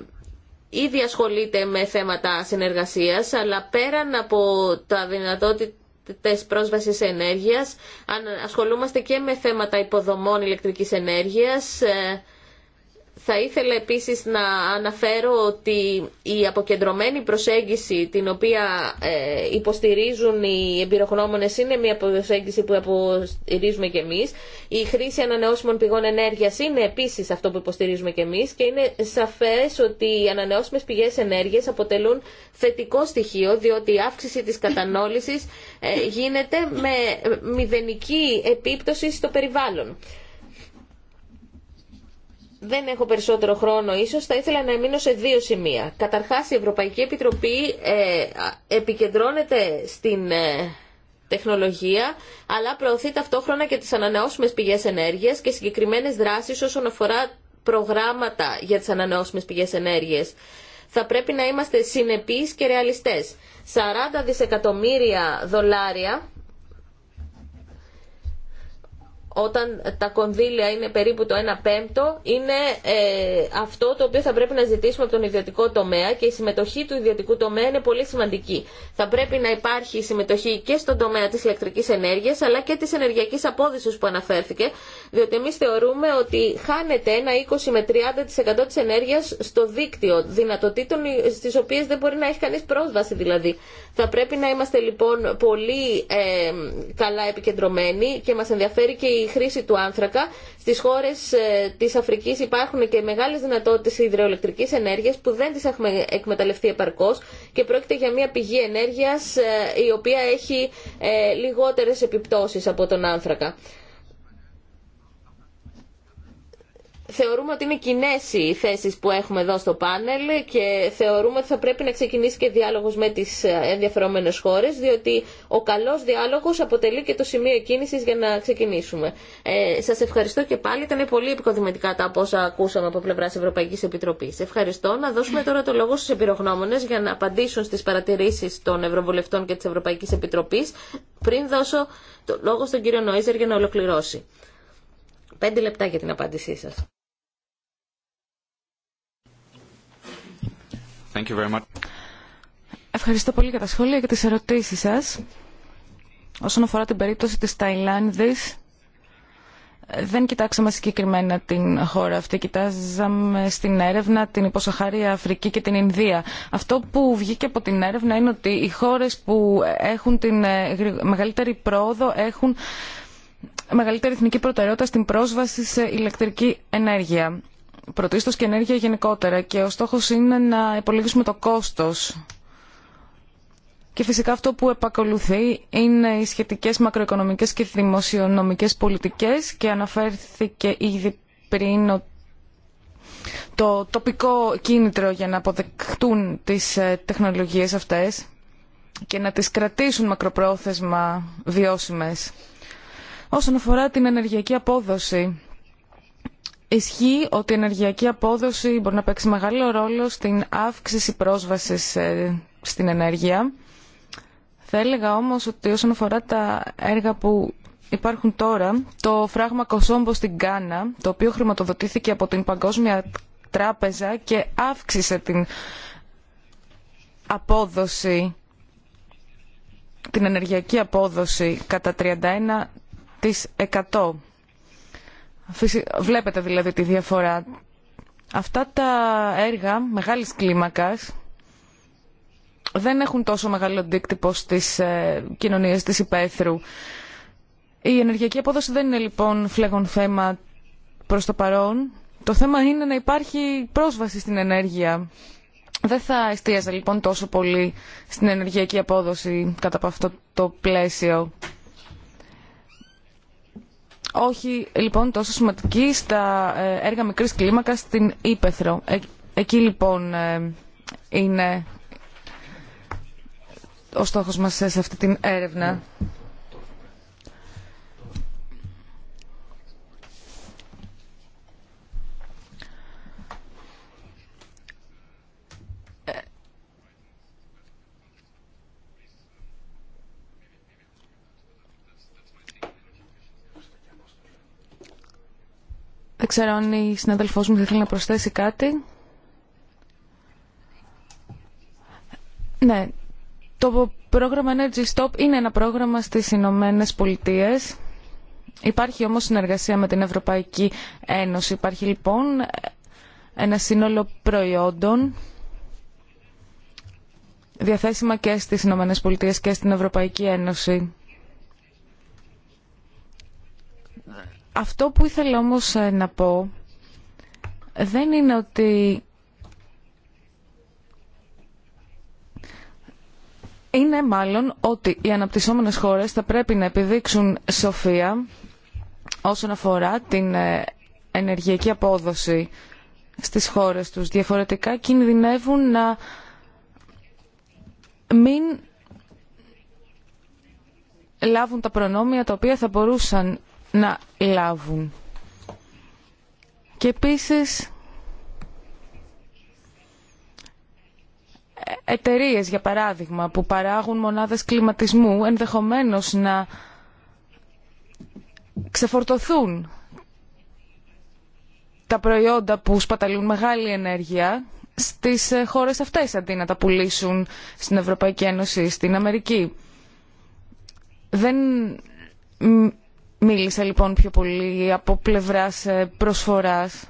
ήδη ασχολείται με θέματα συνεργασίας, αλλά πέραν από τα δυνατότητες πρόσβασης ενέργειας, ασχολούμαστε και με θέματα υποδομών ηλεκτρικής ενέργειας, ε, θα ήθελα επίσης να αναφέρω ότι η αποκεντρωμένη προσέγγιση την οποία ε, υποστηρίζουν οι εμπειρογνώμονες είναι μια προσέγγιση που υποστηρίζουμε και εμείς. Η χρήση ανανεώσιμων πηγών ενέργειας είναι επίσης αυτό που υποστηρίζουμε και εμείς και είναι σαφές ότι οι ανανεώσιμες πηγές ενέργειας αποτελούν θετικό στοιχείο διότι η αύξηση της κατανόλησης ε, γίνεται με μηδενική επίπτωση στο περιβάλλον δεν έχω περισσότερο χρόνο ίσως, θα ήθελα να εμείνω σε δύο σημεία. Καταρχάς η Ευρωπαϊκή Επιτροπή ε, επικεντρώνεται στην ε, τεχνολογία, αλλά προωθεί ταυτόχρονα και τις ανανεώσιμες πηγές ενέργειας και συγκεκριμένες δράσεις όσον αφορά προγράμματα για τις ανανεώσιμες πηγές ενέργειας. Θα πρέπει να είμαστε συνεπείς και ρεαλιστές. 40 δισεκατομμύρια δολάρια όταν τα κονδύλια είναι περίπου το 1 πέμπτο, είναι ε, αυτό το οποίο θα πρέπει να ζητήσουμε από τον ιδιωτικό τομέα και η συμμετοχή του ιδιωτικού τομέα είναι πολύ σημαντική. Θα πρέπει να υπάρχει συμμετοχή και στον τομέα της ηλεκτρικής ενέργειας, αλλά και της ενεργειακής απόδυσης που αναφέρθηκε, διότι εμεί θεωρούμε ότι χάνεται ένα 20 με 30% τη ενέργεια στο δίκτυο δυνατοτήτων στι οποίε δεν μπορεί να έχει κανεί πρόσβαση δηλαδή. Θα πρέπει να είμαστε λοιπόν πολύ ε, καλά επικεντρωμένοι και μα ενδιαφέρει και η χρήση του άνθρακα. Στι χώρε ε, της Αφρικής υπάρχουν και μεγάλε δυνατότητε υδροελεκτρική ενέργεια που δεν τι έχουμε εκμεταλλευτεί επαρκώς και πρόκειται για μια πηγή ενέργεια ε, η οποία έχει ε, λιγότερε επιπτώσει από τον άνθρακα. θεωρούμε ότι είναι κοινέ οι θέσει που έχουμε εδώ στο πάνελ και θεωρούμε ότι θα πρέπει να ξεκινήσει και διάλογο με τι ενδιαφερόμενε χώρε, διότι ο καλό διάλογο αποτελεί και το σημείο κίνηση για να ξεκινήσουμε. Ε, Σα ευχαριστώ και πάλι. Ήταν πολύ επικοδημητικά τα όσα ακούσαμε από πλευρά Ευρωπαϊκή Επιτροπή. Ευχαριστώ. Να δώσουμε τώρα το λόγο στου εμπειρογνώμονε για να απαντήσουν στι παρατηρήσει των Ευρωβουλευτών και τη Ευρωπαϊκή Επιτροπή, πριν δώσω το λόγο στον κύριο Νόιζερ για να ολοκληρώσει. Πέντε λεπτά για την απάντησή σας. Ευχαριστώ πολύ για τα σχόλια και τις ερωτήσεις σας. Όσον αφορά την περίπτωση της Ταϊλάνδης, δεν κοιτάξαμε συγκεκριμένα την χώρα αυτή. Κοιτάζαμε στην έρευνα την υποσαχάρια Αφρική και την Ινδία. Αυτό που βγήκε από την έρευνα είναι ότι οι χώρες που έχουν την ε, μεγαλύτερη πρόοδο έχουν μεγαλύτερη εθνική προτεραιότητα στην πρόσβαση σε ηλεκτρική ενέργεια πρωτίστω και ενέργεια γενικότερα και ο στόχο είναι να υπολογίσουμε το κόστο. Και φυσικά αυτό που επακολουθεί είναι οι σχετικέ μακροοικονομικέ και δημοσιονομικέ πολιτικέ και αναφέρθηκε ήδη πριν το τοπικό κίνητρο για να αποδεκτούν τις ε, τεχνολογίες αυτές και να τις κρατήσουν μακροπρόθεσμα βιώσιμες. Όσον αφορά την ενεργειακή απόδοση, Ισχύει ότι η ενεργειακή απόδοση μπορεί να παίξει μεγάλο ρόλο στην αύξηση πρόσβασης ε, στην ενέργεια. Θα έλεγα όμως ότι όσον αφορά τα έργα που υπάρχουν τώρα, το φράγμα Κοσόμπο στην Κάνα, το οποίο χρηματοδοτήθηκε από την Παγκόσμια Τράπεζα και αύξησε την απόδοση, την ενεργειακή απόδοση κατά 31%. Βλέπετε δηλαδή τη διαφορά. Αυτά τα έργα μεγάλης κλίμακας δεν έχουν τόσο μεγάλο αντίκτυπο στις ε, κοινωνίες της υπαίθρου. Η ενεργειακή απόδοση δεν είναι λοιπόν φλέγον θέμα προς το παρόν. Το θέμα είναι να υπάρχει πρόσβαση στην ενέργεια. Δεν θα εστίαζα λοιπόν τόσο πολύ στην ενεργειακή απόδοση κατά από αυτό το πλαίσιο όχι λοιπόν τόσο σημαντική στα ε, έργα μικρής κλίμακας στην Ήπεθρο. Ε, εκεί λοιπόν ε, είναι ο στόχος μας σε αυτή την έρευνα. Δεν ξέρω αν η συναδελφός μου θα ήθελε να προσθέσει κάτι. Ναι, το πρόγραμμα Energy Stop είναι ένα πρόγραμμα στις Ηνωμένε Πολιτείε. Υπάρχει όμως συνεργασία με την Ευρωπαϊκή Ένωση. Υπάρχει λοιπόν ένα σύνολο προϊόντων διαθέσιμα και στις Ηνωμένε Πολιτείε και στην Ευρωπαϊκή Ένωση. Αυτό που ήθελα όμως ε, να πω δεν είναι ότι είναι μάλλον ότι οι αναπτυσσόμενες χώρες θα πρέπει να επιδείξουν σοφία όσον αφορά την ε, ενεργειακή απόδοση στις χώρες τους. Διαφορετικά κινδυνεύουν να μην λάβουν τα προνόμια τα οποία θα μπορούσαν να λάβουν. Και επίσης εταιρείε, για παράδειγμα, που παράγουν μονάδες κλιματισμού, ενδεχομένως να ξεφορτωθούν τα προϊόντα που σπαταλούν μεγάλη ενέργεια στις ε, χώρες αυτές αντί να τα πουλήσουν στην Ευρωπαϊκή Ένωση, στην Αμερική. Δεν Μίλησα λοιπόν πιο πολύ από πλευράς ε, προσφοράς.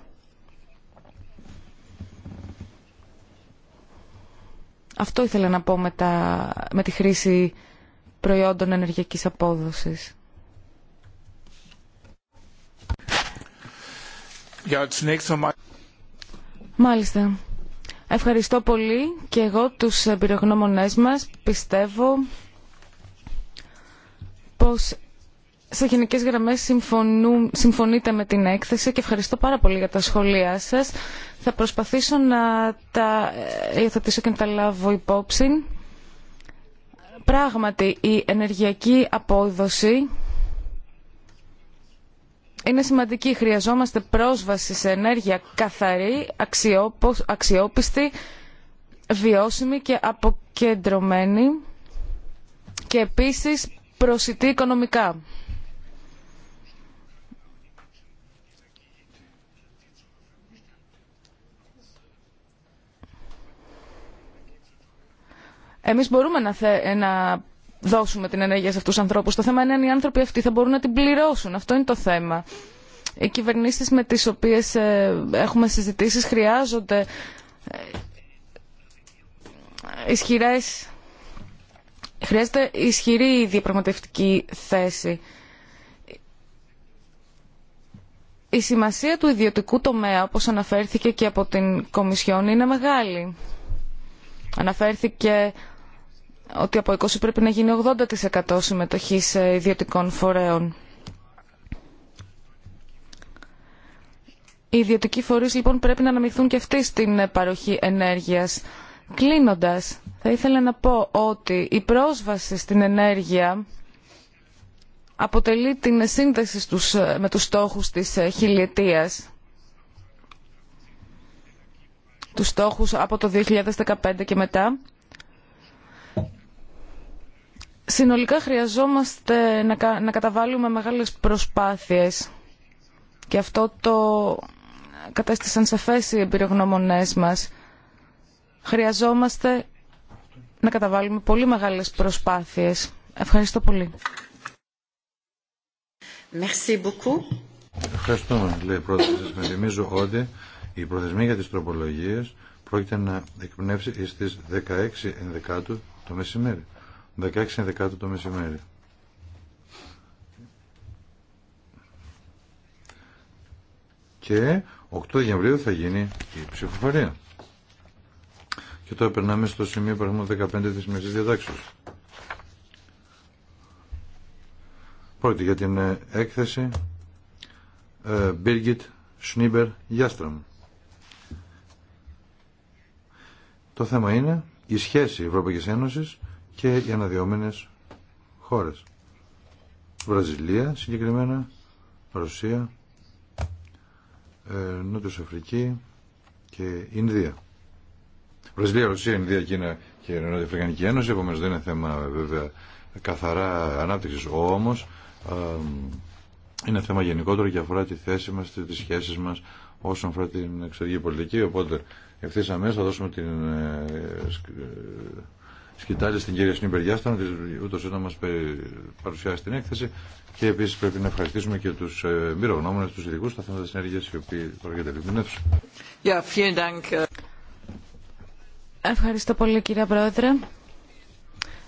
Αυτό ήθελα να πω με, με τη χρήση προϊόντων ενεργειακής απόδοσης. Μάλιστα. Ευχαριστώ πολύ και εγώ τους εμπειρογνώμονές μας. Πιστεύω πως σε γενικές γραμμές συμφωνείτε με την έκθεση και ευχαριστώ πάρα πολύ για τα σχόλιά σας. Θα προσπαθήσω να τα ε, υιοθετήσω και να τα λάβω υπόψη. Πράγματι, η ενεργειακή απόδοση είναι σημαντική. Χρειαζόμαστε πρόσβαση σε ενέργεια καθαρή, αξιόπιστη, βιώσιμη και αποκεντρωμένη και επίσης προσιτή οικονομικά. Εμείς μπορούμε να, ε, να δώσουμε την ενέργεια σε αυτούς τους ανθρώπους. Το θέμα είναι αν οι άνθρωποι αυτοί θα μπορούν να την πληρώσουν. Αυτό είναι το θέμα. Οι κυβερνήσεις με τις οποίες ε, έχουμε συζητήσεις χρειάζονται ε, ισχυρές... Χρειάζεται ισχυρή διαπραγματευτική θέση. Η σημασία του ιδιωτικού τομέα, όπως αναφέρθηκε και από την Κομισιόν, είναι μεγάλη. Αναφέρθηκε ότι από 20 πρέπει να γίνει 80% συμμετοχή σε ιδιωτικών φορέων. Οι ιδιωτικοί φορείς λοιπόν πρέπει να αναμειχθούν και αυτοί στην ε, παροχή ενέργειας. Κλείνοντας, θα ήθελα να πω ότι η πρόσβαση στην ενέργεια αποτελεί την σύνδεση στους, ε, με τους στόχους της ε, χιλιετίας. Τους στόχους από το 2015 και μετά Συνολικά χρειαζόμαστε να καταβάλουμε μεγάλες προσπάθειες και αυτό το κατέστησαν σαφές οι εμπειρογνωμονές μας. Χρειαζόμαστε να καταβάλουμε πολύ μεγάλες προσπάθειες. Ευχαριστώ πολύ. Merci beaucoup. Ευχαριστούμε, λέει πρόεδρε. Σα θυμίζω ότι η προθεσμή για τις τροπολογίες πρόκειται να εκπνεύσει στις 16 Ενδεκάτου το μεσημέρι. 16 11 το μεσημέρι. Και 8 Δεκεμβρίου θα γίνει η ψηφοφορία. Και τώρα περνάμε στο σημείο παραγμό 15 της Μεσής Διατάξεως. Πρώτη για την ε, έκθεση ε, Birgit Schnieber Γιάστραμ. Το θέμα είναι η σχέση Ευρωπαϊκής Ένωσης και οι αναδυόμενες χώρες. Βραζιλία συγκεκριμένα, Ρωσία, ε, Νότιος Αφρική και Ινδία. Βραζιλία, Ρωσία, Ινδία, Κίνα και Νότια Αφρικανική Ένωση, επομένως δεν είναι θέμα βέβαια καθαρά ανάπτυξης, όμως είναι θέμα γενικότερο και αφορά τη θέση μας, τις σχέσεις μας όσον αφορά την εξωτερική πολιτική, οπότε ευθύς αμέσως θα δώσουμε την ε, ε, σκητάλη στην κυρία Σνίμπερ Γιάστον, ούτως ώστε να μας παρουσιάσει την έκθεση και επίσης πρέπει να ευχαριστήσουμε και τους ε, εμπειρογνώμονες, τους ειδικούς, τα θέματα συνέργειας οι οποίοι τώρα την αίθουσα. Ευχαριστώ πολύ κυρία Πρόεδρε.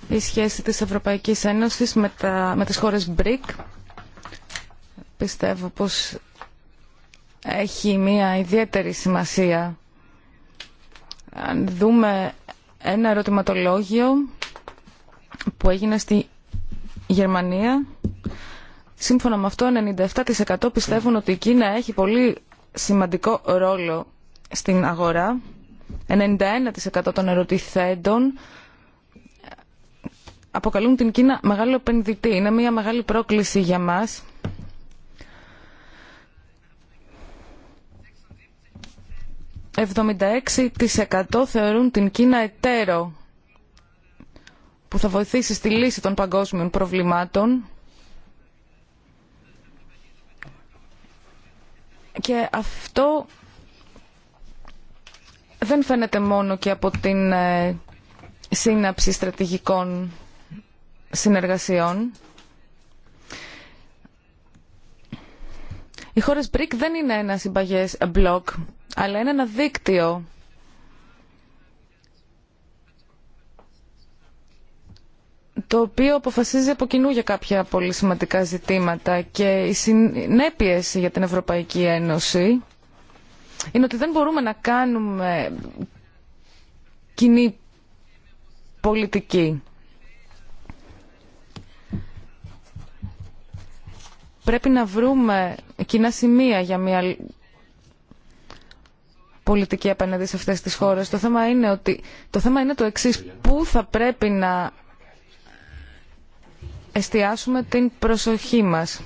Η σχέση της Ευρωπαϊκής Ένωσης με, τα, με τις χώρες BRIC πιστεύω πως έχει μια ιδιαίτερη σημασία. Αν δούμε ένα ερωτηματολόγιο που έγινε στη Γερμανία. Σύμφωνα με αυτό, 97% πιστεύουν ότι η Κίνα έχει πολύ σημαντικό ρόλο στην αγορά. 91% των ερωτηθέντων αποκαλούν την Κίνα μεγάλο επενδυτή. Είναι μια μεγάλη πρόκληση για μας 76% θεωρούν την Κίνα εταίρο που θα βοηθήσει στη λύση των παγκόσμιων προβλημάτων και αυτό δεν φαίνεται μόνο και από την ε, σύναψη στρατηγικών συνεργασιών. Οι χώρες BRIC δεν είναι ένα συμπαγές μπλοκ αλλά είναι ένα δίκτυο. το οποίο αποφασίζει από κοινού για κάποια πολύ σημαντικά ζητήματα και οι συνέπειε για την Ευρωπαϊκή Ένωση είναι ότι δεν μπορούμε να κάνουμε κοινή πολιτική. Πρέπει να βρούμε κοινά σημεία για μια πολιτική απέναντι σε αυτές τις χώρες. Το θέμα είναι, ότι, το, θέμα είναι το εξής. Πού θα πρέπει να εστιάσουμε την προσοχή μας.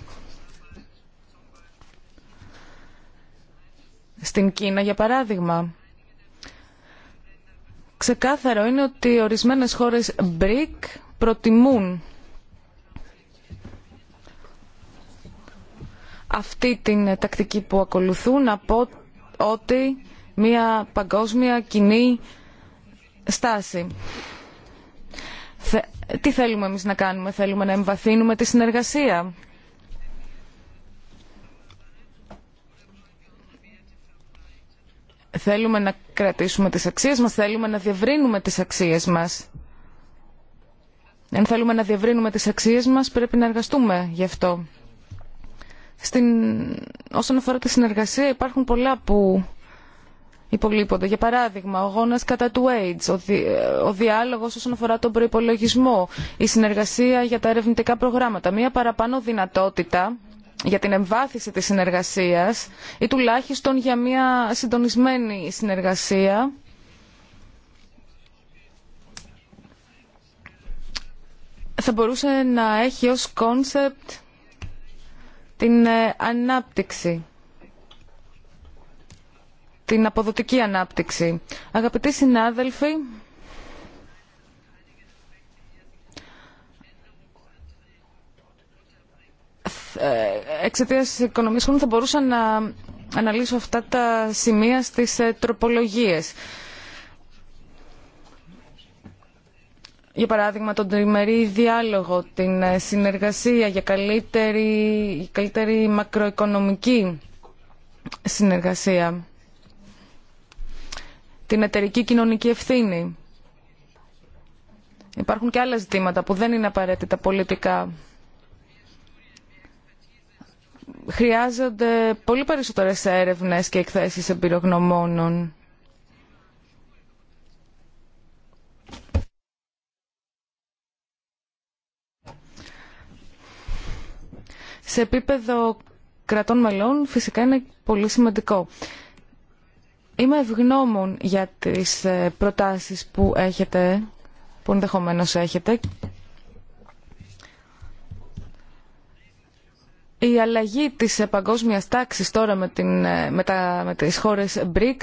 Στην Κίνα, για παράδειγμα. Ξεκάθαρο είναι ότι ορισμένες χώρες BRIC προτιμούν αυτή την τακτική που ακολουθούν από ότι μια παγκόσμια κοινή στάση. Τι θέλουμε εμείς να κάνουμε, θέλουμε να εμβαθύνουμε τη συνεργασία. Θέλουμε να κρατήσουμε τις αξίες μας, θέλουμε να διευρύνουμε τις αξίες μας. Αν θέλουμε να διευρύνουμε τις αξίες μας πρέπει να εργαστούμε γι' αυτό. Στην... Όσον αφορά τη συνεργασία υπάρχουν πολλά που υπολείπονται. Για παράδειγμα, ο γόνα κατά του AIDS, ο, ε, διάλογος διάλογο όσον αφορά τον προπολογισμό, η συνεργασία για τα ερευνητικά προγράμματα. Μία παραπάνω δυνατότητα για την εμβάθυνση της συνεργασίας ή τουλάχιστον για μια συντονισμένη συνεργασία θα μπορούσε να έχει ως κόνσεπτ την ε, ανάπτυξη την αποδοτική ανάπτυξη. Αγαπητοί συνάδελφοι, ε, εξαιτία τη θα μπορούσα να αναλύσω αυτά τα σημεία στις ε, τροπολογίες. Για παράδειγμα, τον τριμερή διάλογο, την ε, συνεργασία για καλύτερη, καλύτερη μακροοικονομική συνεργασία την εταιρική κοινωνική ευθύνη. Υπάρχουν και άλλα ζητήματα που δεν είναι απαραίτητα πολιτικά. Χρειάζονται πολύ περισσότερες έρευνες και εκθέσεις εμπειρογνωμόνων. Σε επίπεδο κρατών μελών φυσικά είναι πολύ σημαντικό. Είμαι ευγνώμων για τις ε, προτάσεις που έχετε, που ενδεχομένω έχετε. Η αλλαγή της παγκόσμιας τάξης τώρα με, την, ε, με, τα, τις χώρες BRIC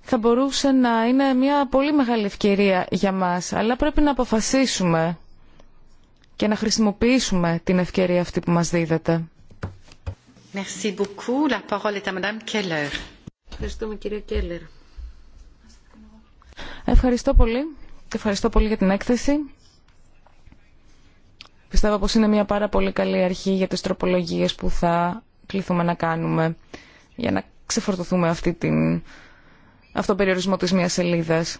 θα μπορούσε να είναι μια πολύ μεγάλη ευκαιρία για μας, αλλά πρέπει να αποφασίσουμε και να χρησιμοποιήσουμε την ευκαιρία αυτή που μας δίδεται. Merci beaucoup. La parole est à Madame Keller. Ευχαριστούμε Κέλλερ. Ευχαριστώ πολύ. και Ευχαριστώ πολύ για την έκθεση. Πιστεύω πως είναι μια πάρα πολύ καλή αρχή για τις τροπολογίες που θα κληθούμε να κάνουμε για να ξεφορτωθούμε αυτή την... αυτό τον περιορισμό της μιας σελίδας.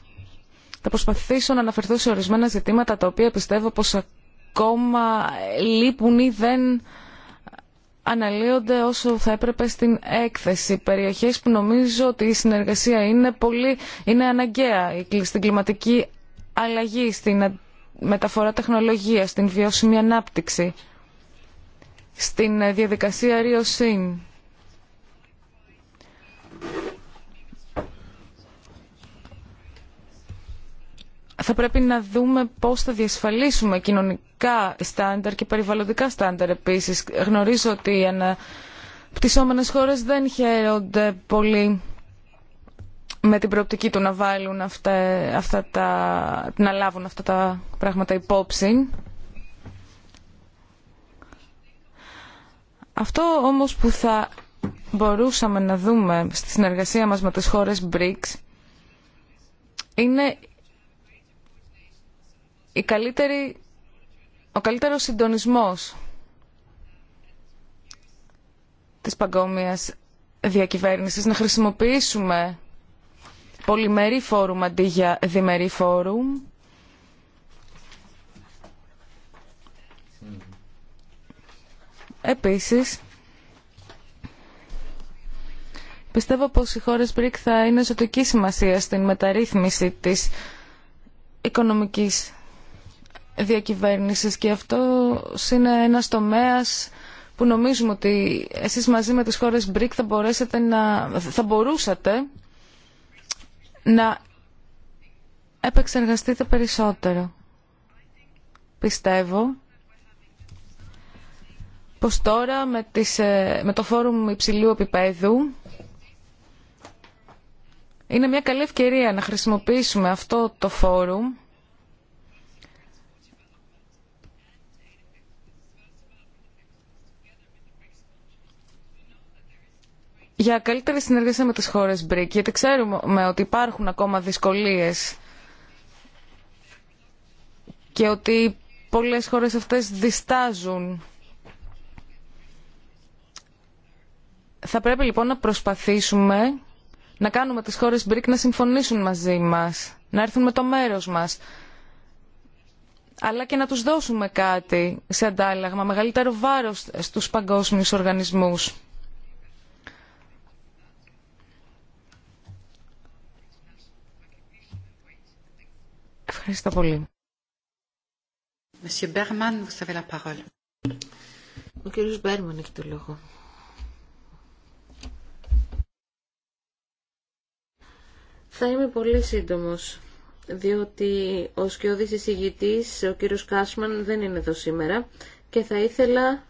Θα προσπαθήσω να αναφερθώ σε ορισμένα ζητήματα τα οποία πιστεύω πως ακόμα λείπουν ή δεν αναλύονται όσο θα έπρεπε στην έκθεση. Περιοχές που νομίζω ότι η συνεργασία είναι, πολύ, είναι αναγκαία στην κλιματική αλλαγή, στην μεταφορά τεχνολογίας, στην βιώσιμη ανάπτυξη, στην ε, διαδικασία ριοσύν. θα πρέπει να δούμε πώς θα διασφαλίσουμε κοινωνικά στάνταρ και περιβαλλοντικά στάνταρ επίσης. Γνωρίζω ότι οι αναπτυσσόμενες χώρες δεν χαίρονται πολύ με την προοπτική του να βάλουν αυτά, αυτά τα, να λάβουν αυτά τα πράγματα υπόψη. Αυτό όμως που θα μπορούσαμε να δούμε στη συνεργασία μας με τις χώρες BRICS είναι η καλύτερη, ο καλύτερος συντονισμός της παγκόμιας διακυβέρνησης, να χρησιμοποιήσουμε πολυμερή φόρουμ αντί για διμερή φόρουμ, Επίσης, πιστεύω πως οι χώρες BRIC θα είναι ζωτική σημασία στην μεταρρύθμιση της οικονομικής διακυβέρνησης και αυτό είναι ένας τομέας που νομίζουμε ότι εσείς μαζί με τις χώρες BRIC θα, μπορέσετε να, θα μπορούσατε να επεξεργαστείτε περισσότερο. Πιστεύω πως τώρα με, τις, ε, με το φόρουμ υψηλού επίπεδου είναι μια καλή ευκαιρία να χρησιμοποιήσουμε αυτό το φόρουμ για καλύτερη συνεργασία με τις χώρες BRIC, γιατί ξέρουμε ότι υπάρχουν ακόμα δυσκολίες και ότι πολλές χώρες αυτές διστάζουν. Θα πρέπει λοιπόν να προσπαθήσουμε να κάνουμε τις χώρες BRIC να συμφωνήσουν μαζί μας, να έρθουν με το μέρος μας, αλλά και να τους δώσουμε κάτι σε αντάλλαγμα, μεγαλύτερο βάρος στους παγκόσμιους οργανισμούς. Ευχαριστώ πολύ. Ο κύριος Μπέρμαν έχει το λόγο. Θα είμαι πολύ σύντομος, διότι ο σκιώδης εισηγητής, ο κύριος Κάσμαν, δεν είναι εδώ σήμερα και θα ήθελα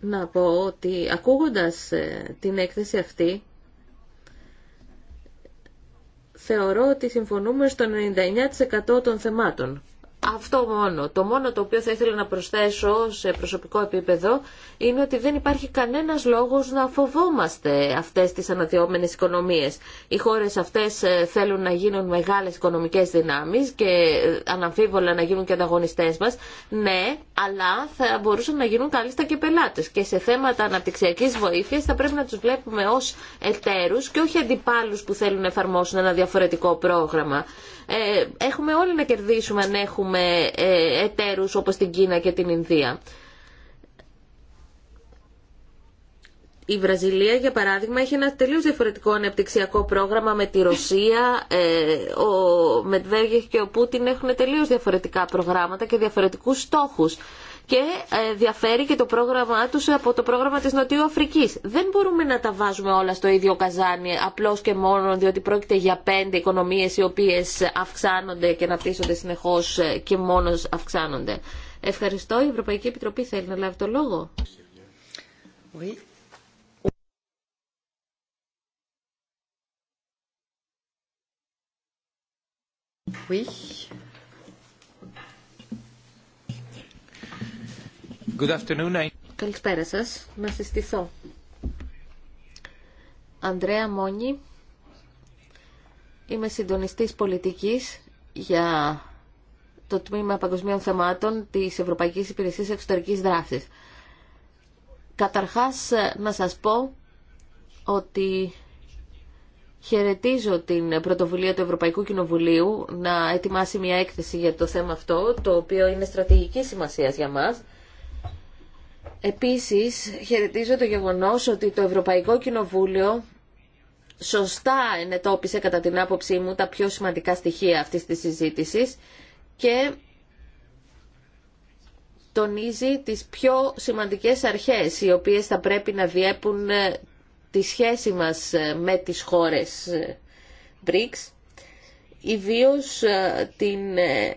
να πω ότι ακούγοντας ε, την έκθεση αυτή, θεωρώ ότι συμφωνούμε στο 99% των θεμάτων. Αυτό μόνο. Το μόνο το οποίο θα ήθελα να προσθέσω σε προσωπικό επίπεδο είναι ότι δεν υπάρχει κανένας λόγος να φοβόμαστε αυτές τις αναδυόμενες οικονομίες. Οι χώρες αυτές ε, θέλουν να γίνουν μεγάλες οικονομικές δυνάμεις και ε, αναμφίβολα να γίνουν και ανταγωνιστές μας. Ναι, αλλά θα μπορούσαν να γίνουν καλύτερα και πελάτες. Και σε θέματα αναπτυξιακής βοήθειας θα πρέπει να τους βλέπουμε ως εταίρους και όχι αντιπάλους που θέλουν να εφαρμόσουν ένα διαφορετικό πρόγραμμα. Ε, έχουμε όλοι να κερδίσουμε αν έχουμε με ε, εταίρους όπως την Κίνα και την Ινδία. Η Βραζιλία, για παράδειγμα, έχει ένα τελείως διαφορετικό ανεπτυξιακό πρόγραμμα με τη Ρωσία. Ε, ο Μετβέργεχ και ο Πούτιν έχουν τελείως διαφορετικά προγράμματα και διαφορετικούς στόχους και ε, διαφέρει και το πρόγραμμά του από το πρόγραμμα τη Νοτιού Αφρική. Δεν μπορούμε να τα βάζουμε όλα στο ίδιο καζάνι απλώ και μόνο διότι πρόκειται για πέντε οικονομίε, οι οποίε αυξάνονται και αναπτύσσονται συνεχώ ε, και μόνο αυξάνονται. Ευχαριστώ. Η Ευρωπαϊκή Επιτροπή θέλει να λάβει το λόγο. Oui. Καλησπέρα σας. Να συστηθώ. Ανδρέα Μόνη. Είμαι συντονιστής πολιτικής για το Τμήμα Παγκοσμίων Θεμάτων της Ευρωπαϊκής Υπηρεσίας Εξωτερικής Δράσης. Καταρχάς, να σας πω ότι χαιρετίζω την πρωτοβουλία του Ευρωπαϊκού Κοινοβουλίου να ετοιμάσει μια έκθεση για το θέμα αυτό, το οποίο είναι στρατηγική σημασία για μας Επίσης, χαιρετίζω το γεγονός ότι το Ευρωπαϊκό Κοινοβούλιο σωστά ενετόπισε κατά την άποψή μου τα πιο σημαντικά στοιχεία αυτής της συζήτησης και τονίζει τις πιο σημαντικές αρχές οι οποίες θα πρέπει να διέπουν ε, τη σχέση μας ε, με τις χώρες ε, BRICS ιδίως την